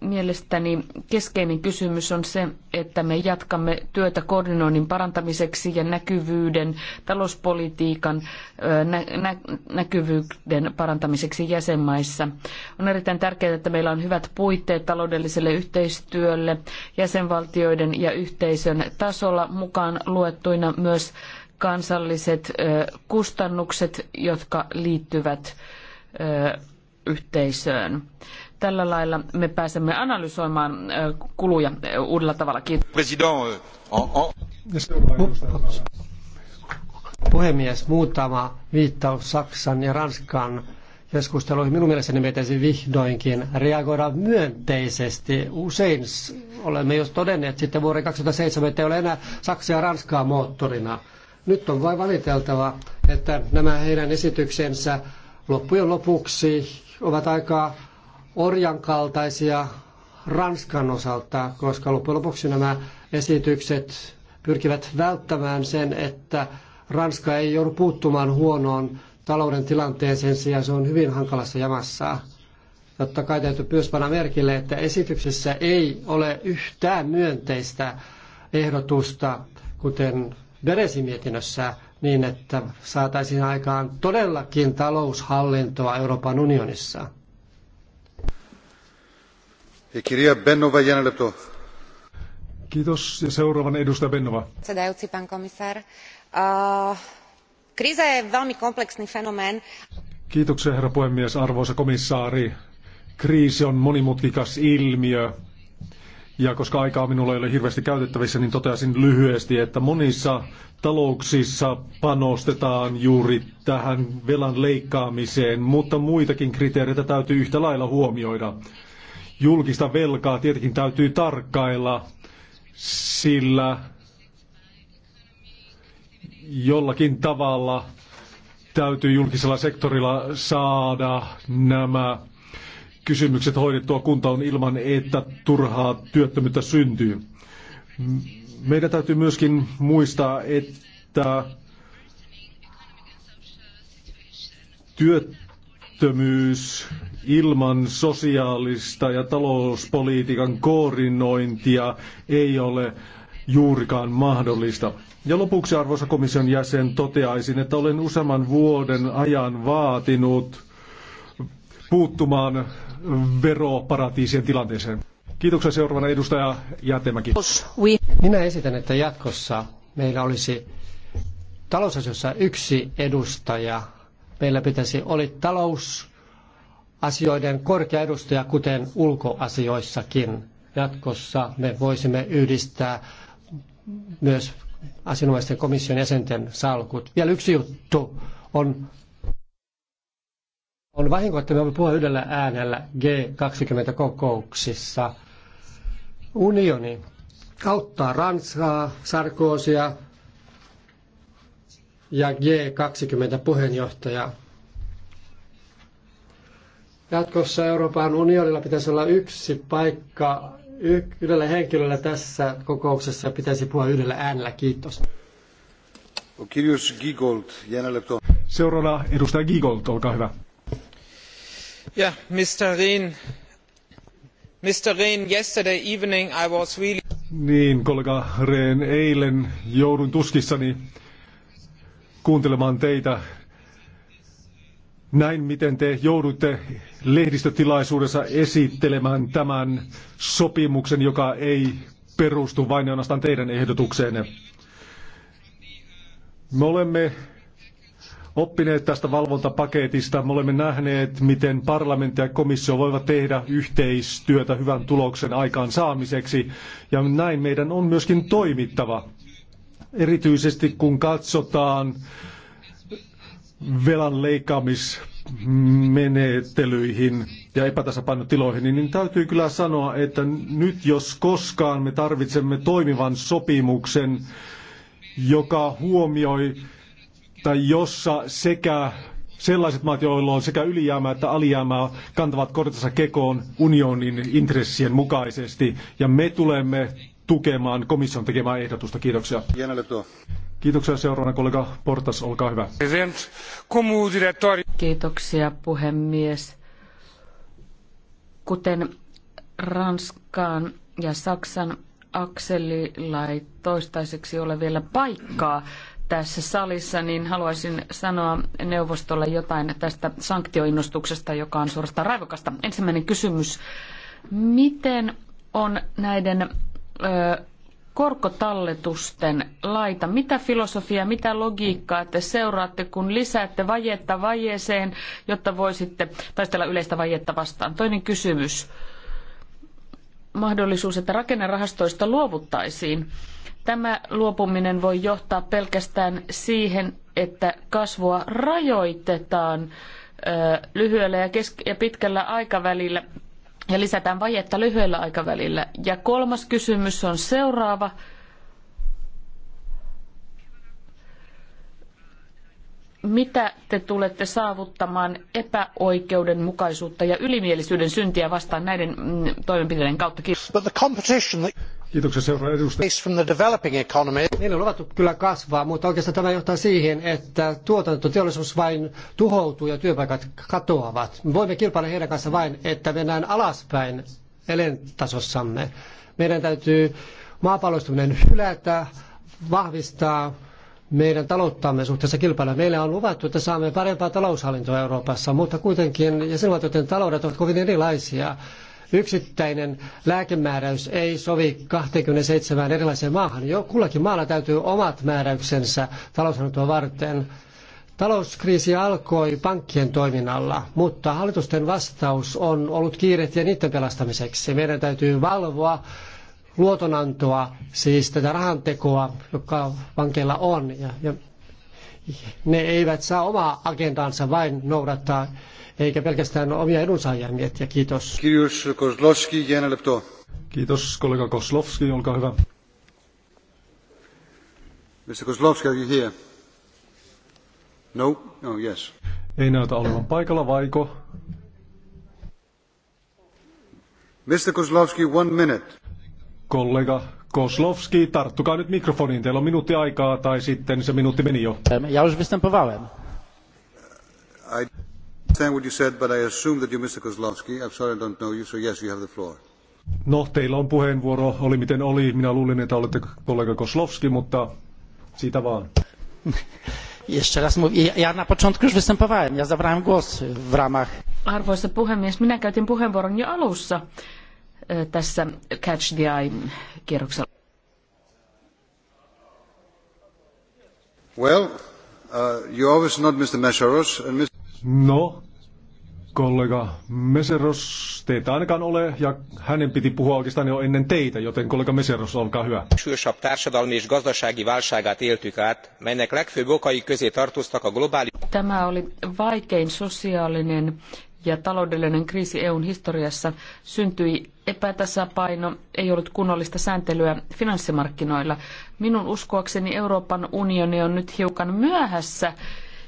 Mielestäni keskeinen kysymys on se, että me jatkamme työtä koordinoinnin parantamiseksi ja näkyvyyden, talouspolitiikan näkyvyyden parantamiseksi jäsenmaissa. On erittäin tärkeää, että meillä on hyvät puitteet taloudelliselle yhteistyölle jäsenvaltioiden ja yhteisön tasolla mukaan luettuina myös kansalliset kustannukset, jotka liittyvät yhteisöön. Tällä lailla me pääsemme analysoimaan kuluja uudella tavalla. Kiitos. President, on, Puhemies, muutama viittaus Saksan ja Ranskan keskusteluihin. Minun mielestäni pitäisi vihdoinkin reagoida myönteisesti. Usein olemme jo todenneet sitten vuoden 2007, että ei ole enää Saksaa ja Ranskaa moottorina. Nyt on vain valiteltava, että nämä heidän esityksensä loppujen lopuksi ovat aika Orjan kaltaisia Ranskan osalta, koska loppujen lopuksi nämä esitykset pyrkivät välttämään sen, että Ranska ei joudu puuttumaan huonoon talouden tilanteeseen, ja se on hyvin hankalassa jamassa. Totta kai täytyy myös panna merkille, että esityksessä ei ole yhtään myönteistä ehdotusta, kuten mietinnössä, niin että saataisiin aikaan todellakin taloushallintoa Euroopan unionissa. Ja kirja Bennova, jäänelöpto. Kiitos. Ja edustaja kríza je veľmi komplexný fenomén. Kiitoksia, herra puhemies. Arvoisa komissaari, kriisi on monimutkikas ilmiö. Ja koska aikaa minulla ei ole hirveästi käytettävissä, niin toteaisin lyhyesti, että monissa talouksissa panostetaan juuri tähän velan leikkaamiseen, mutta muitakin kriteereitä täytyy yhtä lailla huomioida. Julkista velkaa tietenkin täytyy tarkkailla, sillä jollakin tavalla täytyy julkisella sektorilla saada nämä kysymykset hoidettua kuntoon ilman, että turhaa työttömyyttä syntyy. Meidän täytyy myöskin muistaa, että työttömyys Ilman sosiaalista ja talouspolitiikan koordinointia ei ole juurikaan mahdollista. Ja lopuksi, arvoisa komission jäsen, toteaisin, että olen useamman vuoden ajan vaatinut puuttumaan veroparatiisien tilanteeseen. Kiitoksia seuraavana edustaja Jätemäki. Minä esitän, että jatkossa meillä olisi talousasioissa yksi edustaja. Meillä pitäisi olla talous, asioiden korkea edustaja, kuten ulkoasioissakin. Jatkossa me voisimme yhdistää myös asianomaisten komission jäsenten salkut. Vielä yksi juttu on, on vahinko, että me puhua yhdellä äänellä G20-kokouksissa. Unioni auttaa Ranskaa, Sarkoosia ja G20-puheenjohtajaa Jatkossa Euroopan unionilla pitäisi olla yksi paikka yhdellä henkilöllä tässä kokouksessa pitäisi puhua yhdellä äänellä. Kiitos. Seuraava edustaja Giegold, olkaa hyvä. Ja, Mr. Rehn. Mr. Rehn, yesterday evening I was really... Niin, kollega Rehn, eilen joudun tuskissani kuuntelemaan teitä näin, miten te joudutte lehdistötilaisuudessa esittelemään tämän sopimuksen, joka ei perustu vain ainoastaan teidän ehdotukseenne. Me olemme oppineet tästä valvontapaketista, me olemme nähneet, miten parlamentti ja komissio voivat tehdä yhteistyötä hyvän tuloksen aikaan saamiseksi, ja näin meidän on myöskin toimittava. Erityisesti kun katsotaan velan leikkaamismenettelyihin ja epätasapainotiloihin, niin, niin täytyy kyllä sanoa, että nyt jos koskaan me tarvitsemme toimivan sopimuksen, joka huomioi tai jossa sekä sellaiset maat, joilla on sekä ylijäämää että alijäämää, kantavat kortensa kekoon unionin intressien mukaisesti. Ja me tulemme tukemaan komission tekemää ehdotusta. Kiitoksia. Kiitoksia seuraavana kollega Portas, olkaa hyvä. Kiitoksia puhemies. Kuten Ranskaan ja Saksan akselilla ei toistaiseksi ole vielä paikkaa tässä salissa, niin haluaisin sanoa neuvostolle jotain tästä sanktioinnostuksesta, joka on suorastaan raivokasta. Ensimmäinen kysymys. Miten on näiden ö, korkotalletusten laita. Mitä filosofiaa, mitä logiikkaa te seuraatte, kun lisäätte vajetta vajeeseen, jotta voisitte taistella yleistä vajetta vastaan? Toinen kysymys. Mahdollisuus, että rakennerahastoista luovuttaisiin. Tämä luopuminen voi johtaa pelkästään siihen, että kasvua rajoitetaan lyhyellä ja, kesk- ja pitkällä aikavälillä ja lisätään vajetta lyhyellä aikavälillä. Ja kolmas kysymys on seuraava. mitä te tulette saavuttamaan epäoikeudenmukaisuutta ja ylimielisyyden syntiä vastaan näiden mm, toimenpiteiden kautta? Kiitos. Kiitoksia seuraa edustaja. Meillä on luvattu kyllä kasvaa, mutta oikeastaan tämä johtaa siihen, että tuotantoteollisuus vain tuhoutuu ja työpaikat katoavat. Me voimme kilpailla heidän kanssa vain, että mennään alaspäin elintasossamme. Meidän täytyy maapallostuminen hylätä, vahvistaa meidän talouttamme suhteessa kilpailuun. Meillä on luvattu, että saamme parempaa taloushallintoa Euroopassa, mutta kuitenkin jäsenvaltioiden taloudet ovat kovin erilaisia. Yksittäinen lääkemääräys ei sovi 27 erilaiseen maahan. Jo kullakin maalla täytyy omat määräyksensä taloushallintoa varten. Talouskriisi alkoi pankkien toiminnalla, mutta hallitusten vastaus on ollut kiiret ja niiden pelastamiseksi. Meidän täytyy valvoa luotonantoa, siis tätä rahantekoa, joka vankeilla on. Ja, ja ne eivät saa omaa agendaansa vain noudattaa, eikä pelkästään omia edunsaajia miettiä. Kiitos. Kirjus Kozlowski, lepto. Kiitos kollega Koslovski, olkaa hyvä. Mr. Kozlowski, are you here? No? oh, yes. Ei näytä olevan paikalla, vaiko? Mr. Kozlowski, one minute. Kollega Koslovski, tarttukaa nyt mikrofoniin. Teillä on minuutti aikaa tai sitten se minuutti meni jo. Ja już występowałem. I understand what you said, but I assume that you Mr. Kozlovski. I'm sorry I don't know you, so yes, you have the floor. No, teillä on puheenvuoro, oli miten oli. Minä luulin, että olette kollega Koslovski, mutta siitä vaan. Jeszcze raz mówię, ja na początku już występowałem, ja zabrałem głos w ramach... Arvoisa puhemies, minä käytin puheenvuoron jo alussa tässä Catch the Eye-kierroksella? Well, uh, you obviously not Mr. Mesheros. And Mr. No, kollega Meseros, teitä ainakaan ole, ja hänen piti puhua oikeastaan jo ennen teitä, joten kollega Meseros, olkaa hyvä. Súlyosabb társadalmi és gazdasági válságát éltük át, melynek legfőbb okai közé tartoztak a globális... Tämä oli vaikein sosiaalinen ja taloudellinen kriisi EUn historiassa syntyi epätasapaino, ei ollut kunnollista sääntelyä finanssimarkkinoilla. Minun uskoakseni Euroopan unioni on nyt hiukan myöhässä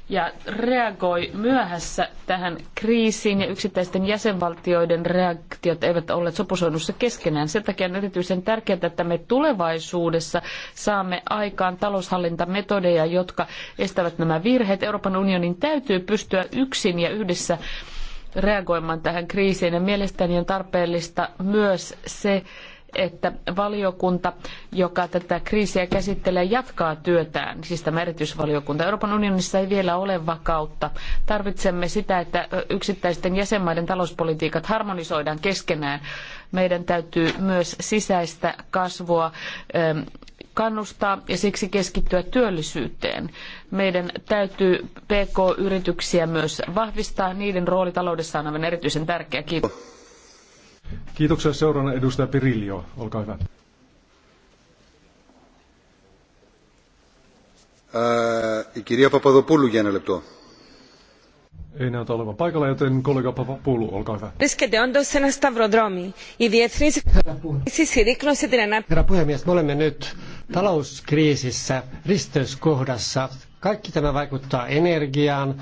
ja reagoi myöhässä tähän kriisiin ja yksittäisten jäsenvaltioiden reaktiot eivät olleet sopusoinnussa keskenään. Sen takia on erityisen tärkeää, että me tulevaisuudessa saamme aikaan taloushallintametodeja, jotka estävät nämä virheet. Euroopan unionin täytyy pystyä yksin ja yhdessä reagoimaan tähän kriisiin. Ja mielestäni on tarpeellista myös se, että valiokunta, joka tätä kriisiä käsittelee, jatkaa työtään, siis tämä erityisvaliokunta. Euroopan unionissa ei vielä ole vakautta. Tarvitsemme sitä, että yksittäisten jäsenmaiden talouspolitiikat harmonisoidaan keskenään. Meidän täytyy myös sisäistä kasvua kannustaa ja siksi keskittyä työllisyyteen. Meidän täytyy PK-yrityksiä myös vahvistaa. Niiden rooli taloudessa on aivan erityisen tärkeä. Kiitos. Kiitoksia seurana edustaja Pirilio. Olkaa hyvä. Ää, kirja Papadopoulou, jäänä leptoa. Ei näytä olevan paikalla, joten kollega Papapoulou, olkaa hyvä. on Herra puhemies, me olemme nyt talouskriisissä, risteyskohdassa. Kaikki tämä vaikuttaa energiaan,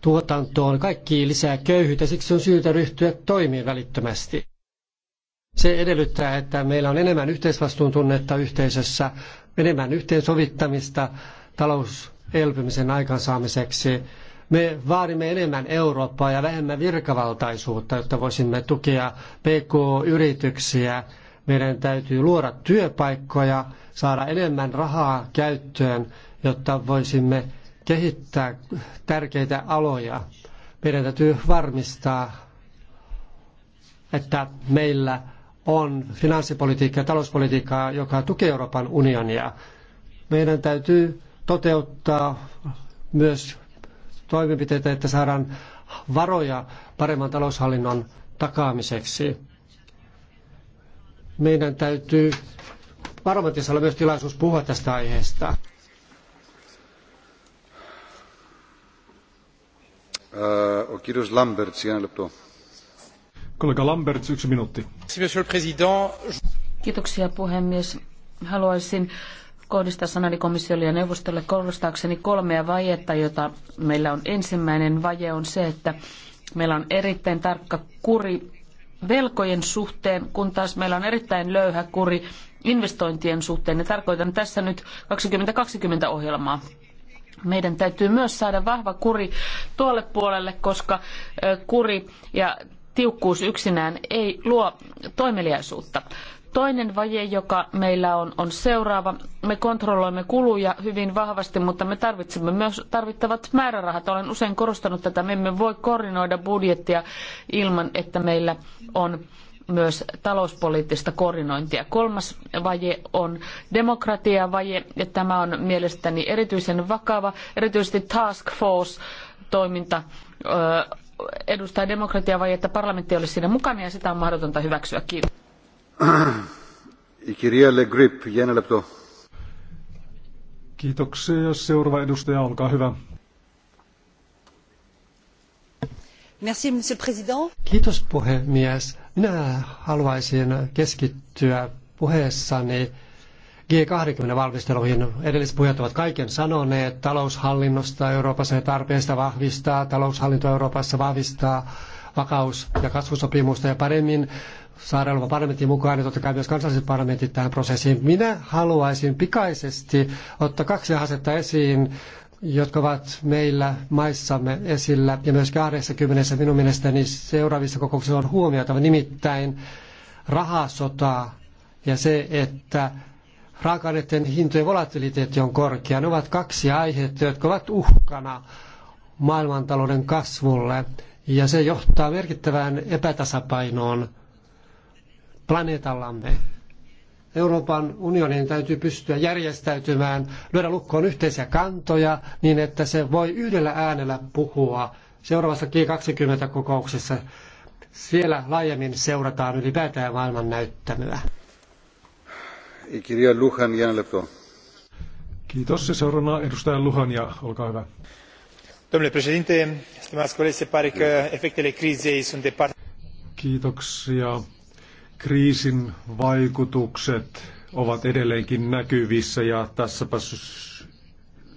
tuotantoon, kaikki lisää köyhyyttä, siksi on syytä ryhtyä toimiin välittömästi. Se edellyttää, että meillä on enemmän yhteisvastuun tunnetta yhteisössä, enemmän yhteensovittamista talouselpymisen aikaansaamiseksi me vaadimme enemmän Eurooppaa ja vähemmän virkavaltaisuutta, jotta voisimme tukea PK-yrityksiä. Meidän täytyy luoda työpaikkoja, saada enemmän rahaa käyttöön, jotta voisimme kehittää tärkeitä aloja. Meidän täytyy varmistaa, että meillä on finanssipolitiikka ja talouspolitiikka, joka tukee Euroopan unionia. Meidän täytyy toteuttaa myös toimenpiteitä, että saadaan varoja paremman taloushallinnon takaamiseksi. Meidän täytyy parlamentissa olla myös tilaisuus puhua tästä aiheesta. Uh, o Kollega Lambert, yksi minuutti. Kiitoksia puhemies. Haluaisin kohdistaa sanani komissiolle ja neuvostolle korostaakseni kolmea vajetta, jota meillä on. Ensimmäinen vaje on se, että meillä on erittäin tarkka kuri velkojen suhteen, kun taas meillä on erittäin löyhä kuri investointien suhteen. Ja tarkoitan tässä nyt 2020-ohjelmaa. Meidän täytyy myös saada vahva kuri tuolle puolelle, koska kuri ja tiukkuus yksinään ei luo toimeliaisuutta. Toinen vaje, joka meillä on, on seuraava. Me kontrolloimme kuluja hyvin vahvasti, mutta me tarvitsemme myös tarvittavat määrärahat. Olen usein korostanut tätä. Me emme voi koordinoida budjettia ilman, että meillä on myös talouspoliittista koordinointia. Kolmas vaje on demokratiavaje, ja tämä on mielestäni erityisen vakava. Erityisesti Task Force-toiminta edustaa demokratiavajetta. Parlamentti olisi siinä mukana, ja sitä on mahdotonta hyväksyä. Kiitos. Kiitoksia. Seuraava edustaja, olkaa hyvä. Merci, monsieur président. Kiitos puhemies. Minä haluaisin keskittyä puheessani G20-valmisteluihin. Edelliset puhujat ovat kaiken sanoneet taloushallinnosta Euroopassa ja tarpeesta vahvistaa, taloushallinto Euroopassa vahvistaa vakaus- ja kasvusopimusta ja paremmin saada olevan parlamentin mukaan ja niin totta kai myös kansalliset parlamentit tähän prosessiin. Minä haluaisin pikaisesti ottaa kaksi asetta esiin, jotka ovat meillä maissamme esillä ja myös 20 minun mielestäni seuraavissa kokouksissa on huomioitava nimittäin rahasota ja se, että raaka-aineiden hintojen volatiliteetti on korkea. Ne ovat kaksi aihetta, jotka ovat uhkana maailmantalouden kasvulle ja se johtaa merkittävään epätasapainoon planeetallamme. Euroopan unionin täytyy pystyä järjestäytymään, lyödä lukkoon yhteisiä kantoja niin, että se voi yhdellä äänellä puhua seuraavassa G20-kokouksessa. Siellä laajemmin seurataan ylipäätään maailman näyttämöä. Kirja Luhan, Kiitos. Ja seuraavana edustaja Luhan ja olkaa hyvä. Domnule președinte, stimați colegi, se pare că efectele crizei sunt departe. Kiitoksia kriisin vaikutukset ovat edelleenkin näkyvissä ja tässäpä,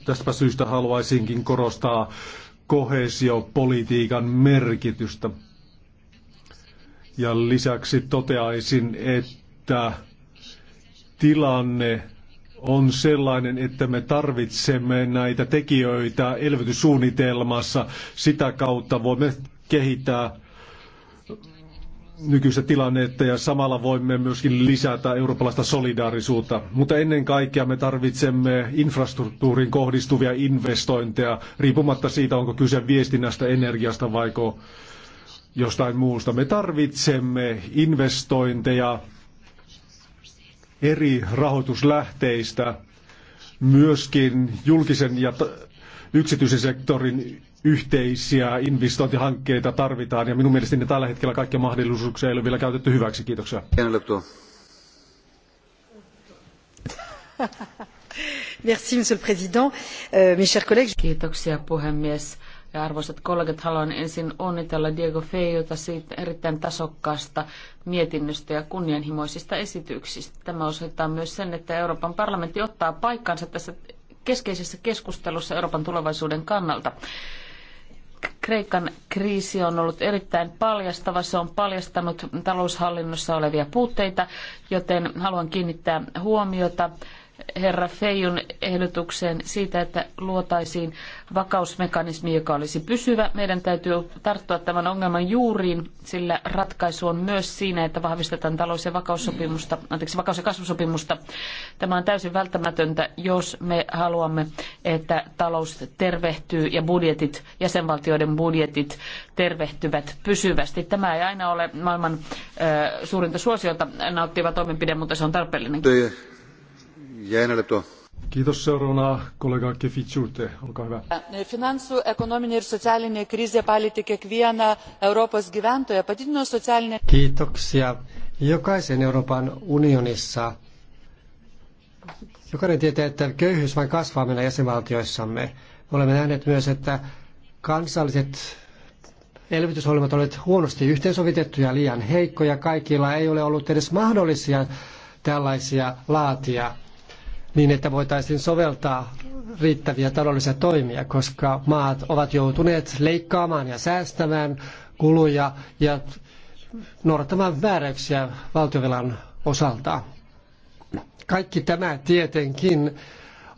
tästäpä syystä haluaisinkin korostaa kohesiopolitiikan merkitystä. Ja lisäksi toteaisin, että tilanne on sellainen, että me tarvitsemme näitä tekijöitä elvytyssuunnitelmassa. Sitä kautta voimme kehittää nykyistä tilannetta ja samalla voimme myöskin lisätä eurooppalaista solidaarisuutta. Mutta ennen kaikkea me tarvitsemme infrastruktuuriin kohdistuvia investointeja, riippumatta siitä, onko kyse viestinnästä, energiasta vai jostain muusta. Me tarvitsemme investointeja eri rahoituslähteistä, myöskin julkisen ja yksityisen sektorin yhteisiä investointihankkeita tarvitaan ja minun mielestäni tällä hetkellä kaikkia mahdollisuuksia ei ole vielä käytetty hyväksi. Kiitoksia. Merci, monsieur le président. Euh, mes chers collègues. Kiitoksia puhemies. Ja arvoisat kollegat, haluan ensin onnitella Diego Feijota siitä erittäin tasokkaasta mietinnöstä ja kunnianhimoisista esityksistä. Tämä osoittaa myös sen, että Euroopan parlamentti ottaa paikkansa tässä keskeisessä keskustelussa Euroopan tulevaisuuden kannalta. Kreikan kriisi on ollut erittäin paljastava. Se on paljastanut taloushallinnossa olevia puutteita, joten haluan kiinnittää huomiota herra Feijun ehdotukseen siitä, että luotaisiin vakausmekanismi, joka olisi pysyvä. Meidän täytyy tarttua tämän ongelman juuriin, sillä ratkaisu on myös siinä, että vahvistetaan talous- ja vakaussopimusta, anteeksi, vakaus- ja kasvusopimusta. Tämä on täysin välttämätöntä, jos me haluamme, että talous tervehtyy ja budjetit, jäsenvaltioiden budjetit tervehtyvät pysyvästi. Tämä ei aina ole maailman suurinta suosiota nauttiva toimenpide, mutta se on tarpeellinen. Kiitos seuraavana kollega Kefichute, olkaa hyvä. Finansų, ekonominė ir sosialinė krizė palyti kiekvieną Europos gyventoją, padidino socialinę... Kiitoksia. Jokaisen Euroopan unionissa jokainen tietää, että köyhyys vain kasvaa meidän jäsenvaltioissamme. olemme nähneet myös, että kansalliset elvytysohjelmat olivat huonosti yhteensovitettuja, liian heikkoja. Kaikilla ei ole ollut edes mahdollisia tällaisia laatia niin, että voitaisiin soveltaa riittäviä taloudellisia toimia, koska maat ovat joutuneet leikkaamaan ja säästämään kuluja ja noudattamaan vääräyksiä valtiovelan osalta. Kaikki tämä tietenkin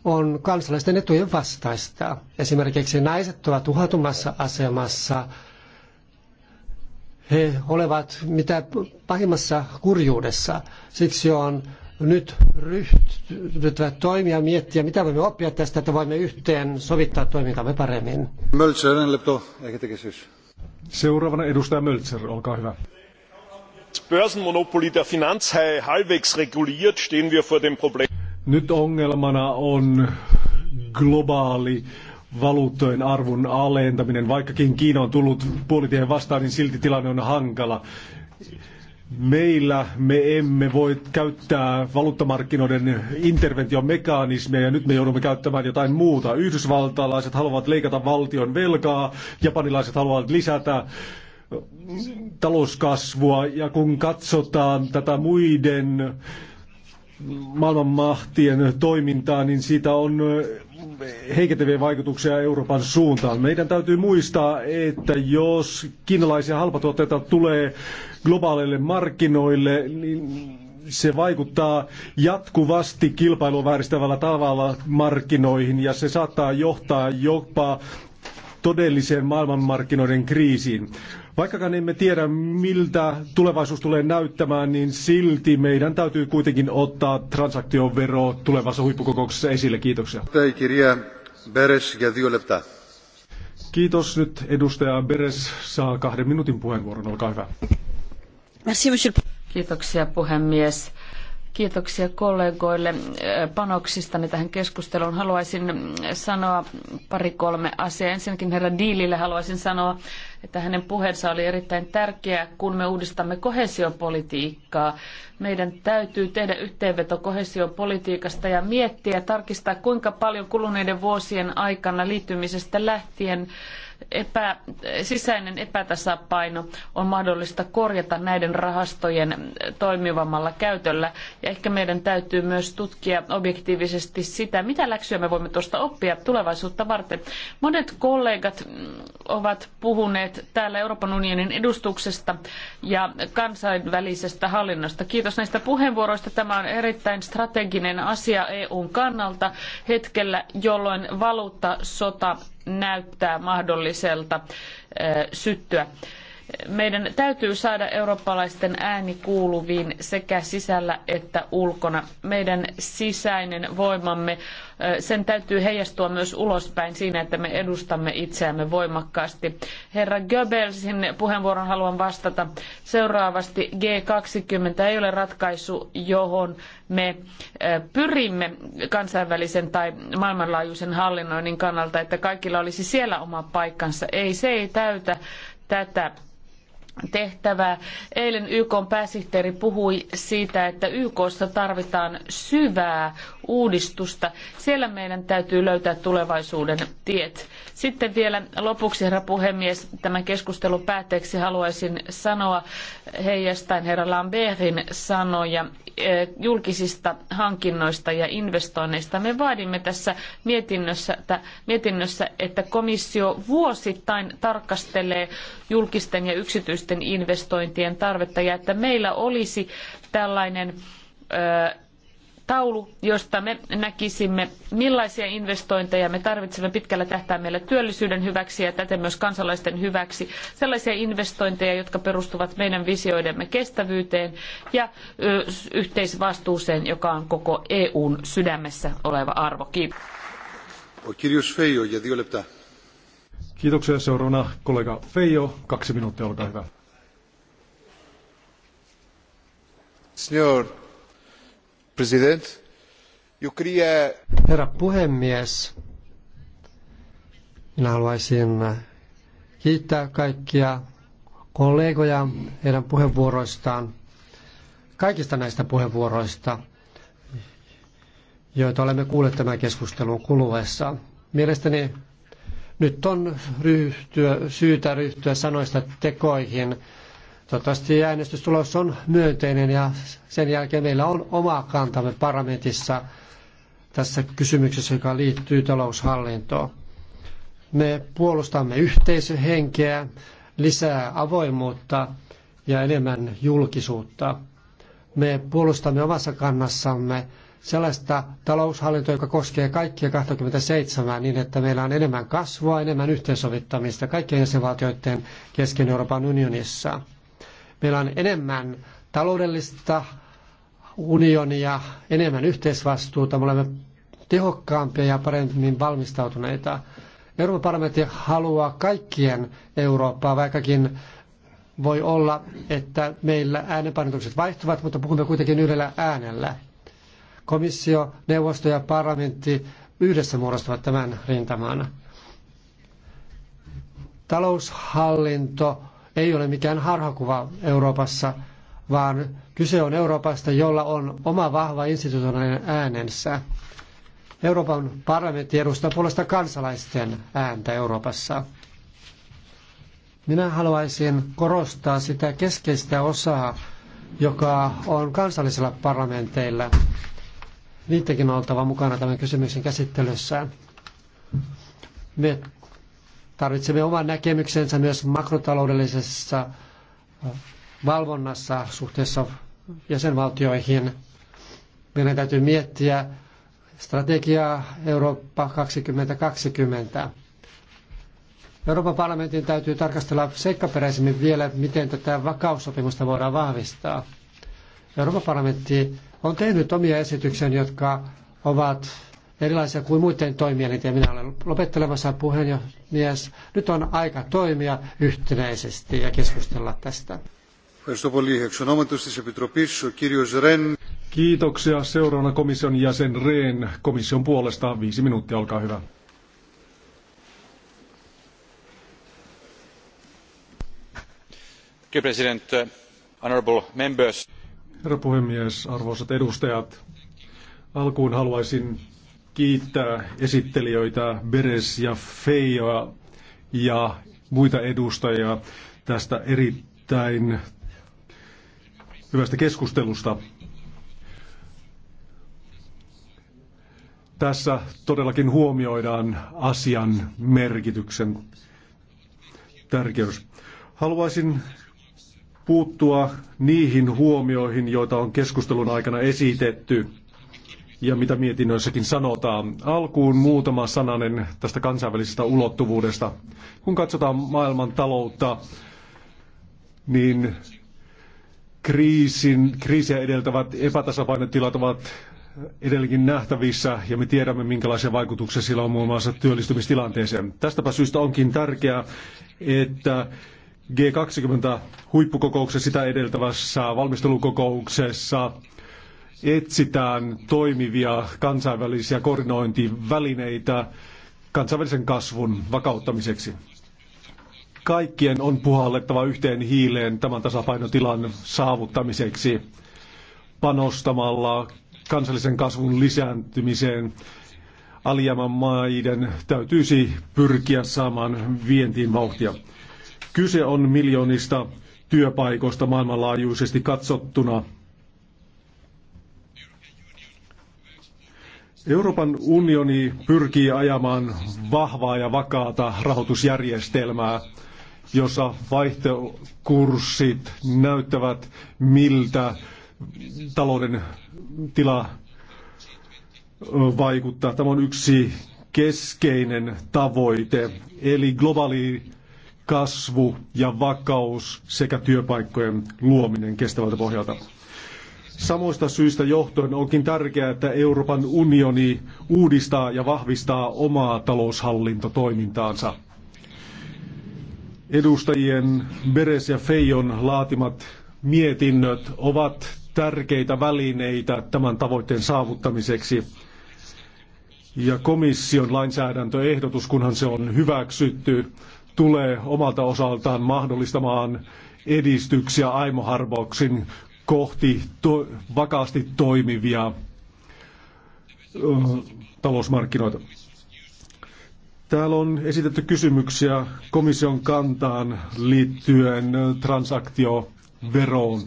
on kansalaisten etujen vastaista. Esimerkiksi naiset ovat uhatumassa asemassa. He olevat mitä pahimmassa kurjuudessa. Siksi on nyt ryhtyvät toimia miettiä, mitä voimme oppia tästä, että voimme yhteen sovittaa toimintamme paremmin. Möltser, lepto, Seuraavana edustaja Möltser, olkaa hyvä. Börsenmonopoli der Finanzhaie halbwegs reguliert, stehen wir vor dem Problem. Nyt ongelmana on globaali valuuttojen arvon alentaminen. Vaikkakin Kiina on tullut puolitiehen vastaan, niin silti tilanne on hankala meillä me emme voi käyttää valuuttamarkkinoiden interventiomekanismeja ja nyt me joudumme käyttämään jotain muuta. Yhdysvaltalaiset haluavat leikata valtion velkaa, japanilaiset haluavat lisätä talouskasvua ja kun katsotaan tätä muiden maailmanmahtien toimintaa, niin siitä on heikentäviä vaikutuksia Euroopan suuntaan. Meidän täytyy muistaa, että jos kiinalaisia halpatuotteita tulee globaaleille markkinoille, niin se vaikuttaa jatkuvasti kilpailua vääristävällä tavalla markkinoihin ja se saattaa johtaa jopa todelliseen maailmanmarkkinoiden kriisiin. Vaikkakaan emme tiedä, miltä tulevaisuus tulee näyttämään, niin silti meidän täytyy kuitenkin ottaa transaktiovero tulevassa huippukokouksessa esille. Kiitoksia. Kiitos. Nyt edustaja Beres saa kahden minuutin puheenvuoron. Olkaa hyvä. Kiitoksia puhemies. Kiitoksia kollegoille eh, panoksistani tähän keskusteluun. Haluaisin eh, sanoa pari kolme asiaa. Ensinnäkin herra Diilille haluaisin sanoa, että hänen puheensa oli erittäin tärkeä, kun me uudistamme kohesiopolitiikkaa. Meidän täytyy tehdä yhteenveto kohesiopolitiikasta ja miettiä, tarkistaa kuinka paljon kuluneiden vuosien aikana liittymisestä lähtien epä, sisäinen epätasapaino on mahdollista korjata näiden rahastojen toimivammalla käytöllä. Ja ehkä meidän täytyy myös tutkia objektiivisesti sitä, mitä läksyä me voimme tuosta oppia tulevaisuutta varten. Monet kollegat ovat puhuneet täällä Euroopan unionin edustuksesta ja kansainvälisestä hallinnosta. Kiitos näistä puheenvuoroista. Tämä on erittäin strateginen asia EUn kannalta hetkellä, jolloin valuuttasota näyttää mahdolliselta syttyä. Meidän täytyy saada eurooppalaisten ääni kuuluviin sekä sisällä että ulkona. Meidän sisäinen voimamme, sen täytyy heijastua myös ulospäin siinä, että me edustamme itseämme voimakkaasti. Herra Goebbelsin puheenvuoron haluan vastata seuraavasti. G20 ei ole ratkaisu, johon me pyrimme kansainvälisen tai maailmanlaajuisen hallinnoinnin kannalta, että kaikilla olisi siellä oma paikkansa. Ei, se ei täytä tätä tehtävää. Eilen YK pääsihteeri puhui siitä, että YKssa tarvitaan syvää uudistusta. Siellä meidän täytyy löytää tulevaisuuden tiet. Sitten vielä lopuksi, herra puhemies, tämän keskustelun päätteeksi haluaisin sanoa heijastaen herra Lambertin sanoja Eh, julkisista hankinnoista ja investoinneista. Me vaadimme tässä mietinnössä, mietinnössä, että komissio vuosittain tarkastelee julkisten ja yksityisten investointien tarvetta ja että meillä olisi tällainen eh, taulu, josta me näkisimme, millaisia investointeja me tarvitsemme pitkällä tähtäimellä työllisyyden hyväksi ja täten myös kansalaisten hyväksi. Sellaisia investointeja, jotka perustuvat meidän visioidemme kestävyyteen ja yhteisvastuuseen, joka on koko EUn sydämessä oleva arvo. Kiitos. Kiitoksia. Seuraavana kollega Feijo. Kaksi minuuttia, olkaa hyvä. Signor Herra puhemies, minä haluaisin kiittää kaikkia kollegoja heidän puheenvuoroistaan, kaikista näistä puheenvuoroista, joita olemme kuulleet tämän keskustelun kuluessa. Mielestäni nyt on ryhtyä, syytä ryhtyä sanoista tekoihin Toivottavasti äänestystulos on myönteinen ja sen jälkeen meillä on oma kantamme parlamentissa tässä kysymyksessä, joka liittyy taloushallintoon. Me puolustamme yhteisöhenkeä, lisää avoimuutta ja enemmän julkisuutta. Me puolustamme omassa kannassamme sellaista taloushallintoa, joka koskee kaikkia 27 niin, että meillä on enemmän kasvua, enemmän yhteensovittamista kaikkien jäsenvaltioiden kesken Euroopan unionissa. Meillä on enemmän taloudellista unionia, enemmän yhteisvastuuta. Me olemme tehokkaampia ja paremmin valmistautuneita. Euroopan parlamentti haluaa kaikkien Eurooppaa, vaikkakin voi olla, että meillä äänenpainotukset vaihtuvat, mutta puhumme kuitenkin yhdellä äänellä. Komissio, neuvosto ja parlamentti yhdessä muodostavat tämän rintamana. Taloushallinto ei ole mikään harhakuva Euroopassa, vaan kyse on Euroopasta, jolla on oma vahva institutionaalinen äänensä. Euroopan parlamentti edustaa puolesta kansalaisten ääntä Euroopassa. Minä haluaisin korostaa sitä keskeistä osaa, joka on kansallisilla parlamenteilla. Niitäkin on oltava mukana tämän kysymyksen käsittelyssä. Me Tarvitsemme oman näkemyksensä myös makrotaloudellisessa äh, valvonnassa suhteessa jäsenvaltioihin. Meidän täytyy miettiä strategiaa Eurooppa 2020. Euroopan parlamentin täytyy tarkastella seikkaperäisemmin vielä, miten tätä vakaussopimusta voidaan vahvistaa. Euroopan parlamentti on tehnyt omia esityksiä, jotka ovat erilaisia kuin muiden toimielinten. Minä olen lopettelemassa puheenjohtajamies. Nyt on aika toimia yhtenäisesti ja keskustella tästä. Kiitoksia. Seuraavana komission jäsen Rehn komission puolesta. Viisi minuuttia, olkaa hyvä. Herra puhemies, arvoisat edustajat, alkuun haluaisin kiittää esittelijöitä Beres ja Feijoa ja muita edustajia tästä erittäin hyvästä keskustelusta. Tässä todellakin huomioidaan asian merkityksen tärkeys. Haluaisin puuttua niihin huomioihin, joita on keskustelun aikana esitetty ja mitä mietinnöissäkin sanotaan. Alkuun muutama sananen tästä kansainvälisestä ulottuvuudesta. Kun katsotaan maailman taloutta, niin kriisin, kriisiä edeltävät epätasapainotilat ovat edelleenkin nähtävissä ja me tiedämme, minkälaisia vaikutuksia sillä on muun muassa työllistymistilanteeseen. Tästäpä syystä onkin tärkeää, että G20-huippukokouksessa sitä edeltävässä valmistelukokouksessa etsitään toimivia kansainvälisiä koordinointivälineitä kansainvälisen kasvun vakauttamiseksi. Kaikkien on puhallettava yhteen hiileen tämän tasapainotilan saavuttamiseksi panostamalla kansallisen kasvun lisääntymiseen. Alijäämän maiden täytyisi pyrkiä saamaan vientiin vauhtia. Kyse on miljoonista työpaikoista maailmanlaajuisesti katsottuna – Euroopan unioni pyrkii ajamaan vahvaa ja vakaata rahoitusjärjestelmää, jossa vaihtokurssit näyttävät, miltä talouden tila vaikuttaa. Tämä on yksi keskeinen tavoite, eli globaali kasvu ja vakaus sekä työpaikkojen luominen kestävältä pohjalta. Samoista syistä johtuen onkin tärkeää, että Euroopan unioni uudistaa ja vahvistaa omaa taloushallintotoimintaansa. Edustajien Beres ja Feijon laatimat mietinnöt ovat tärkeitä välineitä tämän tavoitteen saavuttamiseksi. Ja komission lainsäädäntöehdotus, kunhan se on hyväksytty, tulee omalta osaltaan mahdollistamaan edistyksiä aimoharvauksin kohti to- vakaasti toimivia talousmarkkinoita. Täällä on esitetty kysymyksiä komission kantaan liittyen transaktioveroon.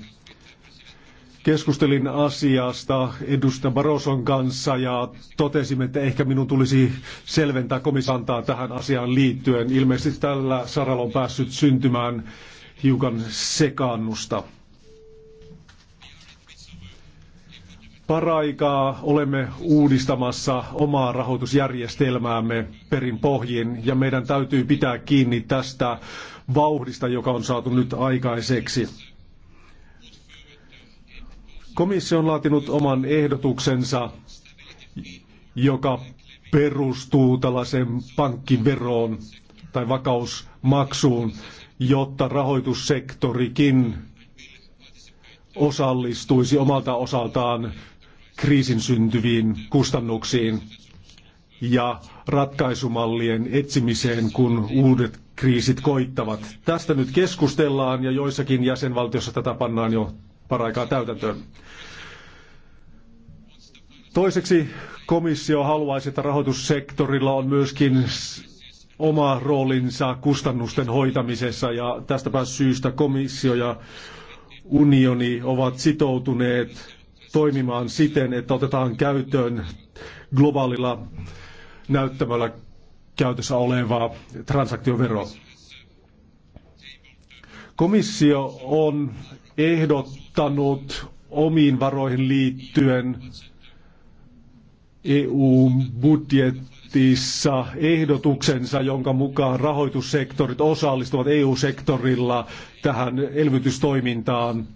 Keskustelin asiasta edustaja Baroson kanssa ja totesimme, että ehkä minun tulisi selventää komisantaa tähän asiaan liittyen. Ilmeisesti tällä saralla on päässyt syntymään hiukan sekannusta. Paraikaa olemme uudistamassa omaa rahoitusjärjestelmäämme perin pohjin ja meidän täytyy pitää kiinni tästä vauhdista, joka on saatu nyt aikaiseksi. Komissio on laatinut oman ehdotuksensa, joka perustuu tällaiseen pankkiveroon tai vakausmaksuun, jotta rahoitussektorikin osallistuisi omalta osaltaan kriisin syntyviin kustannuksiin ja ratkaisumallien etsimiseen, kun uudet kriisit koittavat. Tästä nyt keskustellaan ja joissakin jäsenvaltioissa tätä pannaan jo paraikaa täytäntöön. Toiseksi komissio haluaisi, että rahoitussektorilla on myöskin oma roolinsa kustannusten hoitamisessa ja tästäpä syystä komissio ja unioni ovat sitoutuneet toimimaan siten, että otetaan käyttöön globaalilla näyttämällä käytössä oleva transaktiovero. Komissio on ehdottanut omiin varoihin liittyen EU-budjetissa ehdotuksensa, jonka mukaan rahoitussektorit osallistuvat EU-sektorilla tähän elvytystoimintaan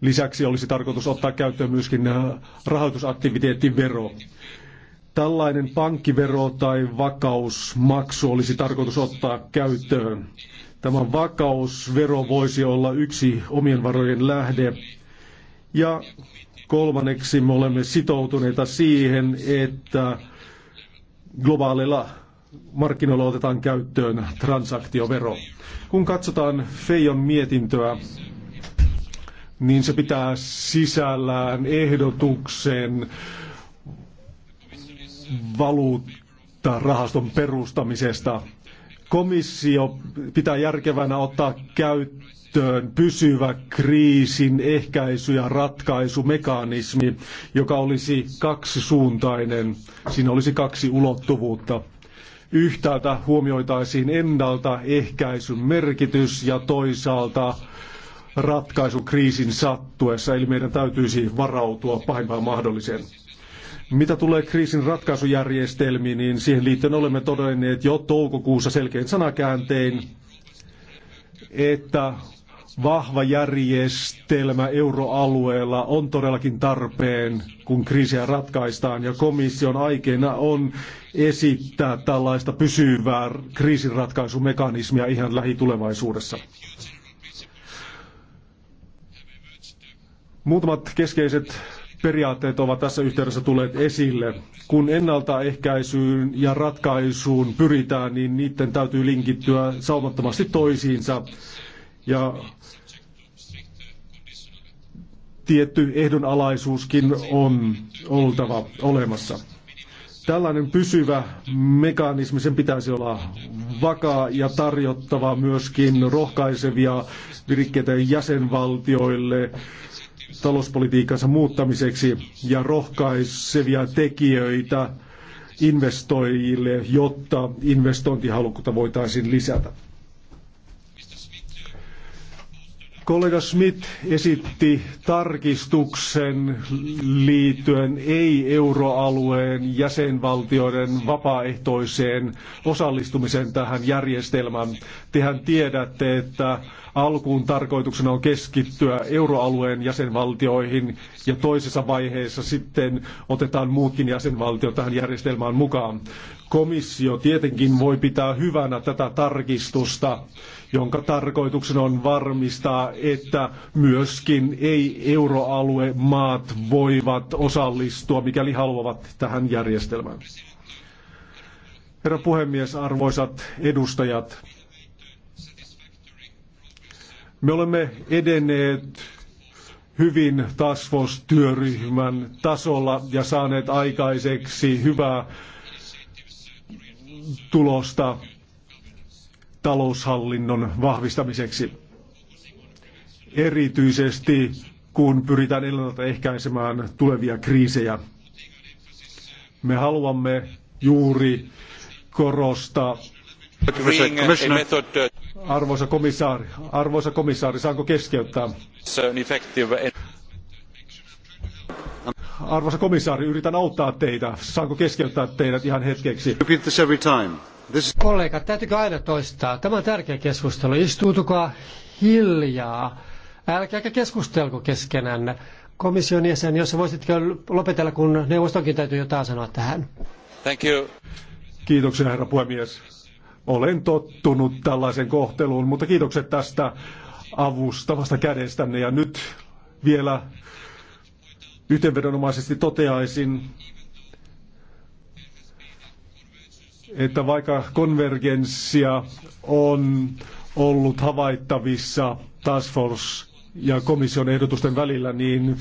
Lisäksi olisi tarkoitus ottaa käyttöön myöskin äh, rahoitusaktiviteettivero. Tällainen pankkivero tai vakausmaksu olisi tarkoitus ottaa käyttöön. Tämä vakausvero voisi olla yksi omien varojen lähde. Ja kolmanneksi me olemme sitoutuneita siihen, että globaaleilla markkinoilla otetaan käyttöön transaktiovero. Kun katsotaan Feijon mietintöä, niin se pitää sisällään ehdotuksen valuuttarahaston perustamisesta. Komissio pitää järkevänä ottaa käyttöön pysyvä kriisin ehkäisy- ja ratkaisumekanismi, joka olisi kaksisuuntainen. Siinä olisi kaksi ulottuvuutta. Yhtäältä huomioitaisiin ennaltaehkäisyn merkitys ja toisaalta ratkaisu kriisin sattuessa, eli meidän täytyisi varautua pahimpaan mahdolliseen. Mitä tulee kriisin ratkaisujärjestelmiin, niin siihen liittyen olemme todenneet jo toukokuussa selkein sanakääntein, että vahva järjestelmä euroalueella on todellakin tarpeen, kun kriisiä ratkaistaan, ja komission aikeena on esittää tällaista pysyvää kriisinratkaisumekanismia ihan lähitulevaisuudessa. Muutamat keskeiset periaatteet ovat tässä yhteydessä tulleet esille. Kun ennaltaehkäisyyn ja ratkaisuun pyritään, niin niiden täytyy linkittyä saumattomasti toisiinsa. Ja tietty ehdonalaisuuskin on oltava olemassa. Tällainen pysyvä mekanismi, sen pitäisi olla vakaa ja tarjottava myöskin rohkaisevia virikkeitä jäsenvaltioille, talouspolitiikansa muuttamiseksi ja rohkaisevia tekijöitä investoijille, jotta investointihalukkuutta voitaisiin lisätä. Kollega Schmidt esitti tarkistuksen liittyen ei-euroalueen jäsenvaltioiden vapaaehtoiseen osallistumiseen tähän järjestelmään. Tehän tiedätte, että alkuun tarkoituksena on keskittyä euroalueen jäsenvaltioihin ja toisessa vaiheessa sitten otetaan muutkin jäsenvaltiot tähän järjestelmään mukaan. Komissio tietenkin voi pitää hyvänä tätä tarkistusta, jonka tarkoituksena on varmistaa, että myöskin ei-euroalue maat voivat osallistua, mikäli haluavat tähän järjestelmään. Herra puhemies, arvoisat edustajat, me olemme edenneet hyvin tasvostyöryhmän tasolla ja saaneet aikaiseksi hyvää tulosta taloushallinnon vahvistamiseksi. Erityisesti kun pyritään ennaltaehkäisemään tulevia kriisejä. Me haluamme juuri korostaa Arvoisa komissaari, arvoisa komissaari, saanko keskeyttää? Arvoisa komissaari, yritän auttaa teitä. Saanko keskeyttää teidät ihan hetkeksi? Kollegat, täytyykö aina toistaa? Tämä on tärkeä keskustelu. Istuutukaa hiljaa. Älkääkä keskustelko keskenään. Komission jäsen, jos voisitko lopetella, kun neuvostonkin täytyy jotain sanoa tähän. Thank you. Kiitoksia, herra puhemies olen tottunut tällaisen kohteluun, mutta kiitokset tästä avustavasta kädestänne. Ja nyt vielä yhteenvedonomaisesti toteaisin, että vaikka konvergenssia on ollut havaittavissa Task Force ja komission ehdotusten välillä, niin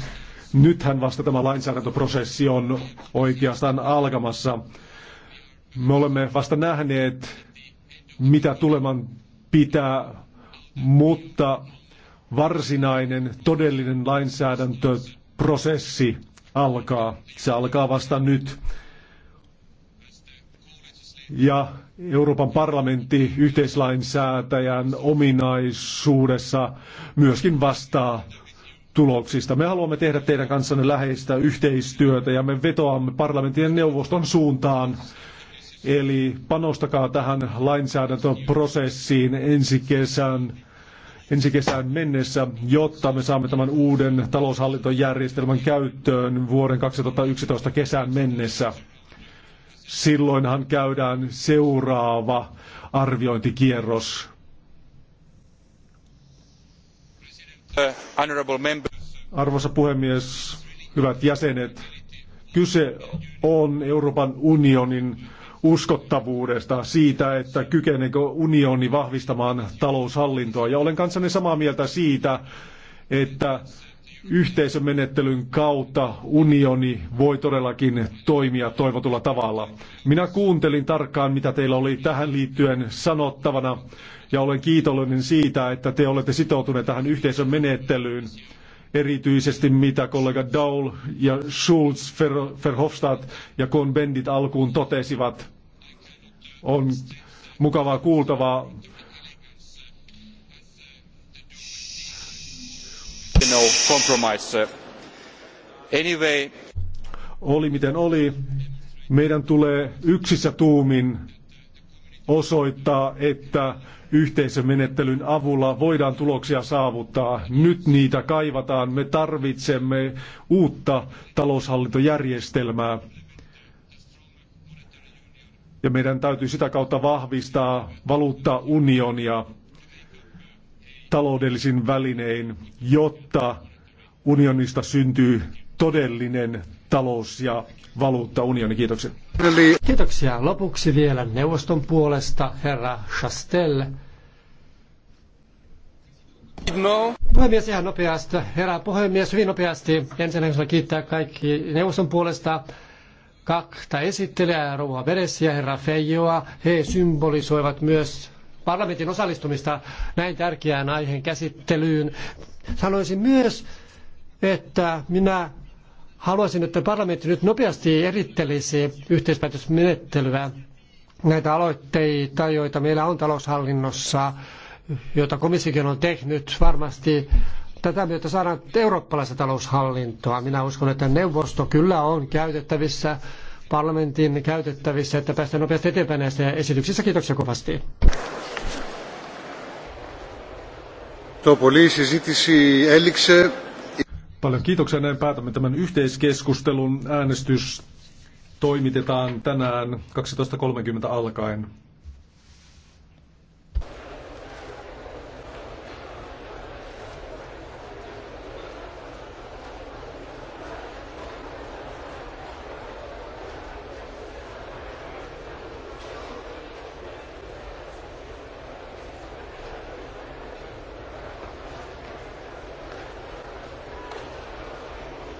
nythän vasta tämä lainsäädäntöprosessi on oikeastaan alkamassa. Me olemme vasta nähneet mitä tuleman pitää, mutta varsinainen todellinen lainsäädäntöprosessi alkaa. Se alkaa vasta nyt. Ja Euroopan parlamentti yhteislainsäätäjän ominaisuudessa myöskin vastaa tuloksista. Me haluamme tehdä teidän kanssanne läheistä yhteistyötä ja me vetoamme parlamentin ja neuvoston suuntaan Eli panostakaa tähän lainsäädäntöprosessiin ensi kesän, ensi kesään mennessä, jotta me saamme tämän uuden taloushallintojärjestelmän käyttöön vuoden 2011 kesään mennessä. Silloinhan käydään seuraava arviointikierros. Arvoisa puhemies, hyvät jäsenet, kyse on Euroopan unionin uskottavuudesta, siitä, että kykeneekö unioni vahvistamaan taloushallintoa. Ja olen kanssanne samaa mieltä siitä, että yhteisömenettelyn kautta unioni voi todellakin toimia toivotulla tavalla. Minä kuuntelin tarkkaan, mitä teillä oli tähän liittyen sanottavana, ja olen kiitollinen siitä, että te olette sitoutuneet tähän yhteisömenettelyyn. menettelyyn erityisesti mitä kollega Daul ja Schulz, Verhofstadt ja Kohn-Bendit alkuun totesivat. On mukavaa kuultavaa. No compromise. Anyway. Oli miten oli, meidän tulee yksissä tuumin osoittaa, että Yhteisömenettelyn avulla voidaan tuloksia saavuttaa. Nyt niitä kaivataan. Me tarvitsemme uutta taloushallintojärjestelmää. Ja meidän täytyy sitä kautta vahvistaa valuuttaunionia taloudellisin välinein, jotta unionista syntyy todellinen talous- ja valuuttaunioni. Kiitoksia. Eli... Kiitoksia. Lopuksi vielä neuvoston puolesta herra Chastel. No. Puhemies ihan nopeasti. Herra puhemies, hyvin nopeasti. Ensinnäkin haluan kiittää kaikki neuvoston puolesta Kakta esittelijää, Rouva Beres ja herra Feijoa. He symbolisoivat myös parlamentin osallistumista näin tärkeään aiheen käsittelyyn. Sanoisin myös, että minä Haluaisin, että parlamentti nyt nopeasti erittelisi yhteispäätösmenettelyä näitä aloitteita, joita meillä on taloushallinnossa, joita komissiokin on tehnyt varmasti tätä myötä saadaan eurooppalaista taloushallintoa. Minä uskon, että neuvosto kyllä on käytettävissä, parlamentin käytettävissä, että päästään nopeasti eteenpäin näistä esityksistä. Kiitoksia kovasti. Το πολύ συζήτηση έληξε. Paljon kiitoksia. Näin päätämme tämän yhteiskeskustelun. Äänestys toimitetaan tänään 12.30 alkaen.